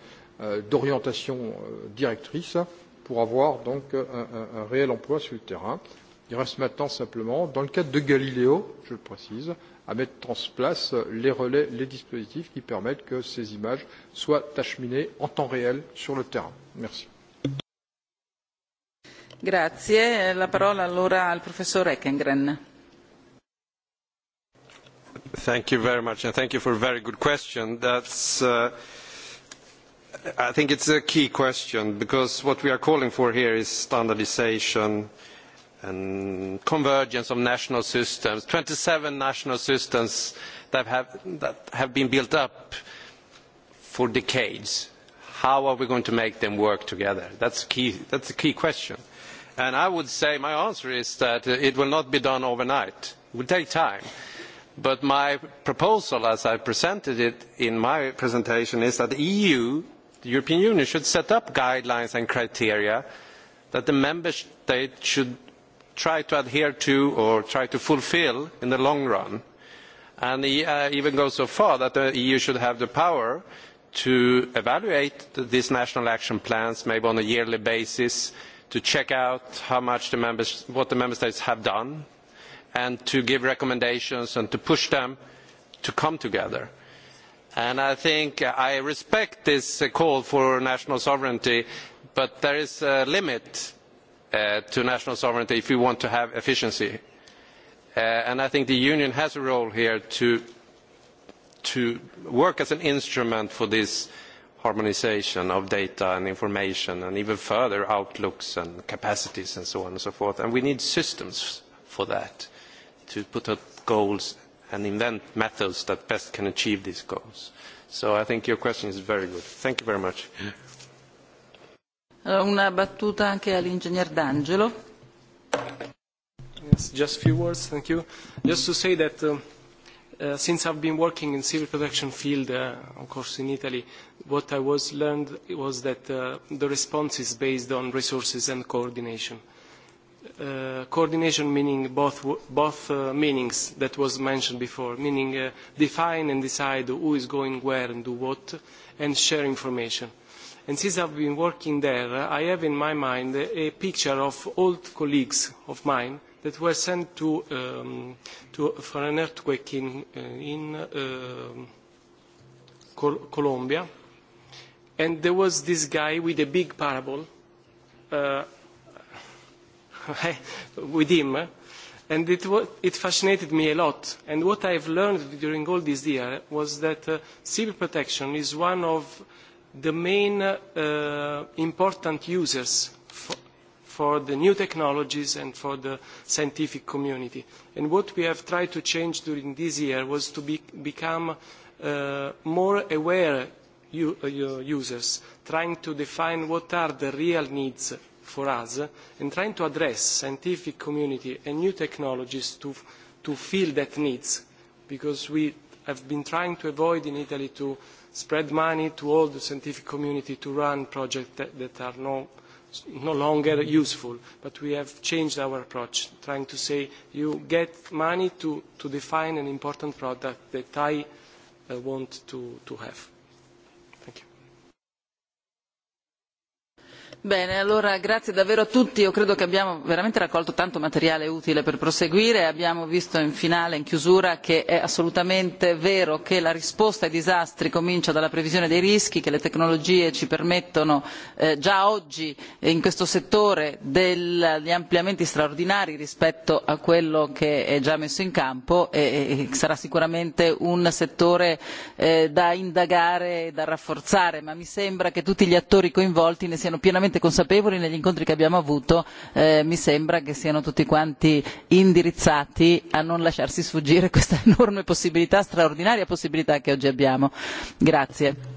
d'orientation directrice pour avoir donc un réel emploi sur le terrain. Il reste maintenant simplement, dans le cadre de Galileo, je le précise, à mettre en place les relais, les dispositifs qui permettent que ces images soient acheminées en temps réel sur le terrain. Merci. Grazie. La parola allora al professor Eckengren. Thank you very much and thank you for a very good question. That's I think it's a key question because what we are calling for here is standardization and convergence of national systems, 27 national systems that have been built up for decades. How are we going to make them work together? That's a key question. And I would say my answer is that it will not be done overnight. It will take time. But my proposal, as I presented it in my presentation, is that the EU, the European Union, should set up guidelines and criteria that the member states should try to adhere to or try to fulfil in the long run. And even goes so far that the EU should have the power to evaluate these national action plans, maybe on a yearly basis, to check out how much what the member states have done, and to give recommendations and to push them to come together. And I think I respect this call for national sovereignty, but there is a limit to national sovereignty if we want to have efficiency. And I think the Union has a role here to work as an instrument for this harmonisation of data and information and even further outlooks and capacities and so on and so forth. And we need systems for that to put up goals and invent methods that best can achieve these goals. So I think your question is very good. Thank you very much una battuta anche all'ingegner D'Angelo. Yes, just a few words, thank you. Just to say that since I've been working in civil protection field, of course in Italy, what I was learned was that the response is based on resources and coordination. Coordination meaning both meanings that was mentioned before, meaning define and decide who is going where and do what, and share information and since I've been working there, I have in my mind a picture of old colleagues of mine that were sent to for an earthquake in Colombia, and there was this guy with a big parable with him, and it fascinated me a lot. And what I've learned during all this year was that civil protection is one of the main important users for the new technologies and for the scientific community. And what we have tried to change during this year was to become more aware users, trying to define what are the real needs for us and trying to address scientific community and new technologies to fill that needs because we have been trying to avoid in Italy to spread money to all the scientific community to run projects that are no longer useful. But we have changed our approach, trying to say you get money to define an important product that I want to have. Bene, allora grazie davvero a tutti, io credo che abbiamo veramente raccolto tanto materiale utile per proseguire, abbiamo visto in finale, in chiusura, che è assolutamente vero che la risposta ai disastri comincia dalla previsione dei rischi, che le tecnologie ci permettono già oggi in questo settore degli ampliamenti straordinari rispetto a quello che è già messo in campo e sarà sicuramente un settore da indagare e da rafforzare, ma mi sembra che tutti gli attori coinvolti ne siano pienamente perfettamente consapevoli negli incontri che abbiamo avuto mi sembra che siano tutti quanti indirizzati a non lasciarsi sfuggire questa enorme possibilità straordinaria possibilità che oggi abbiamo. grazie.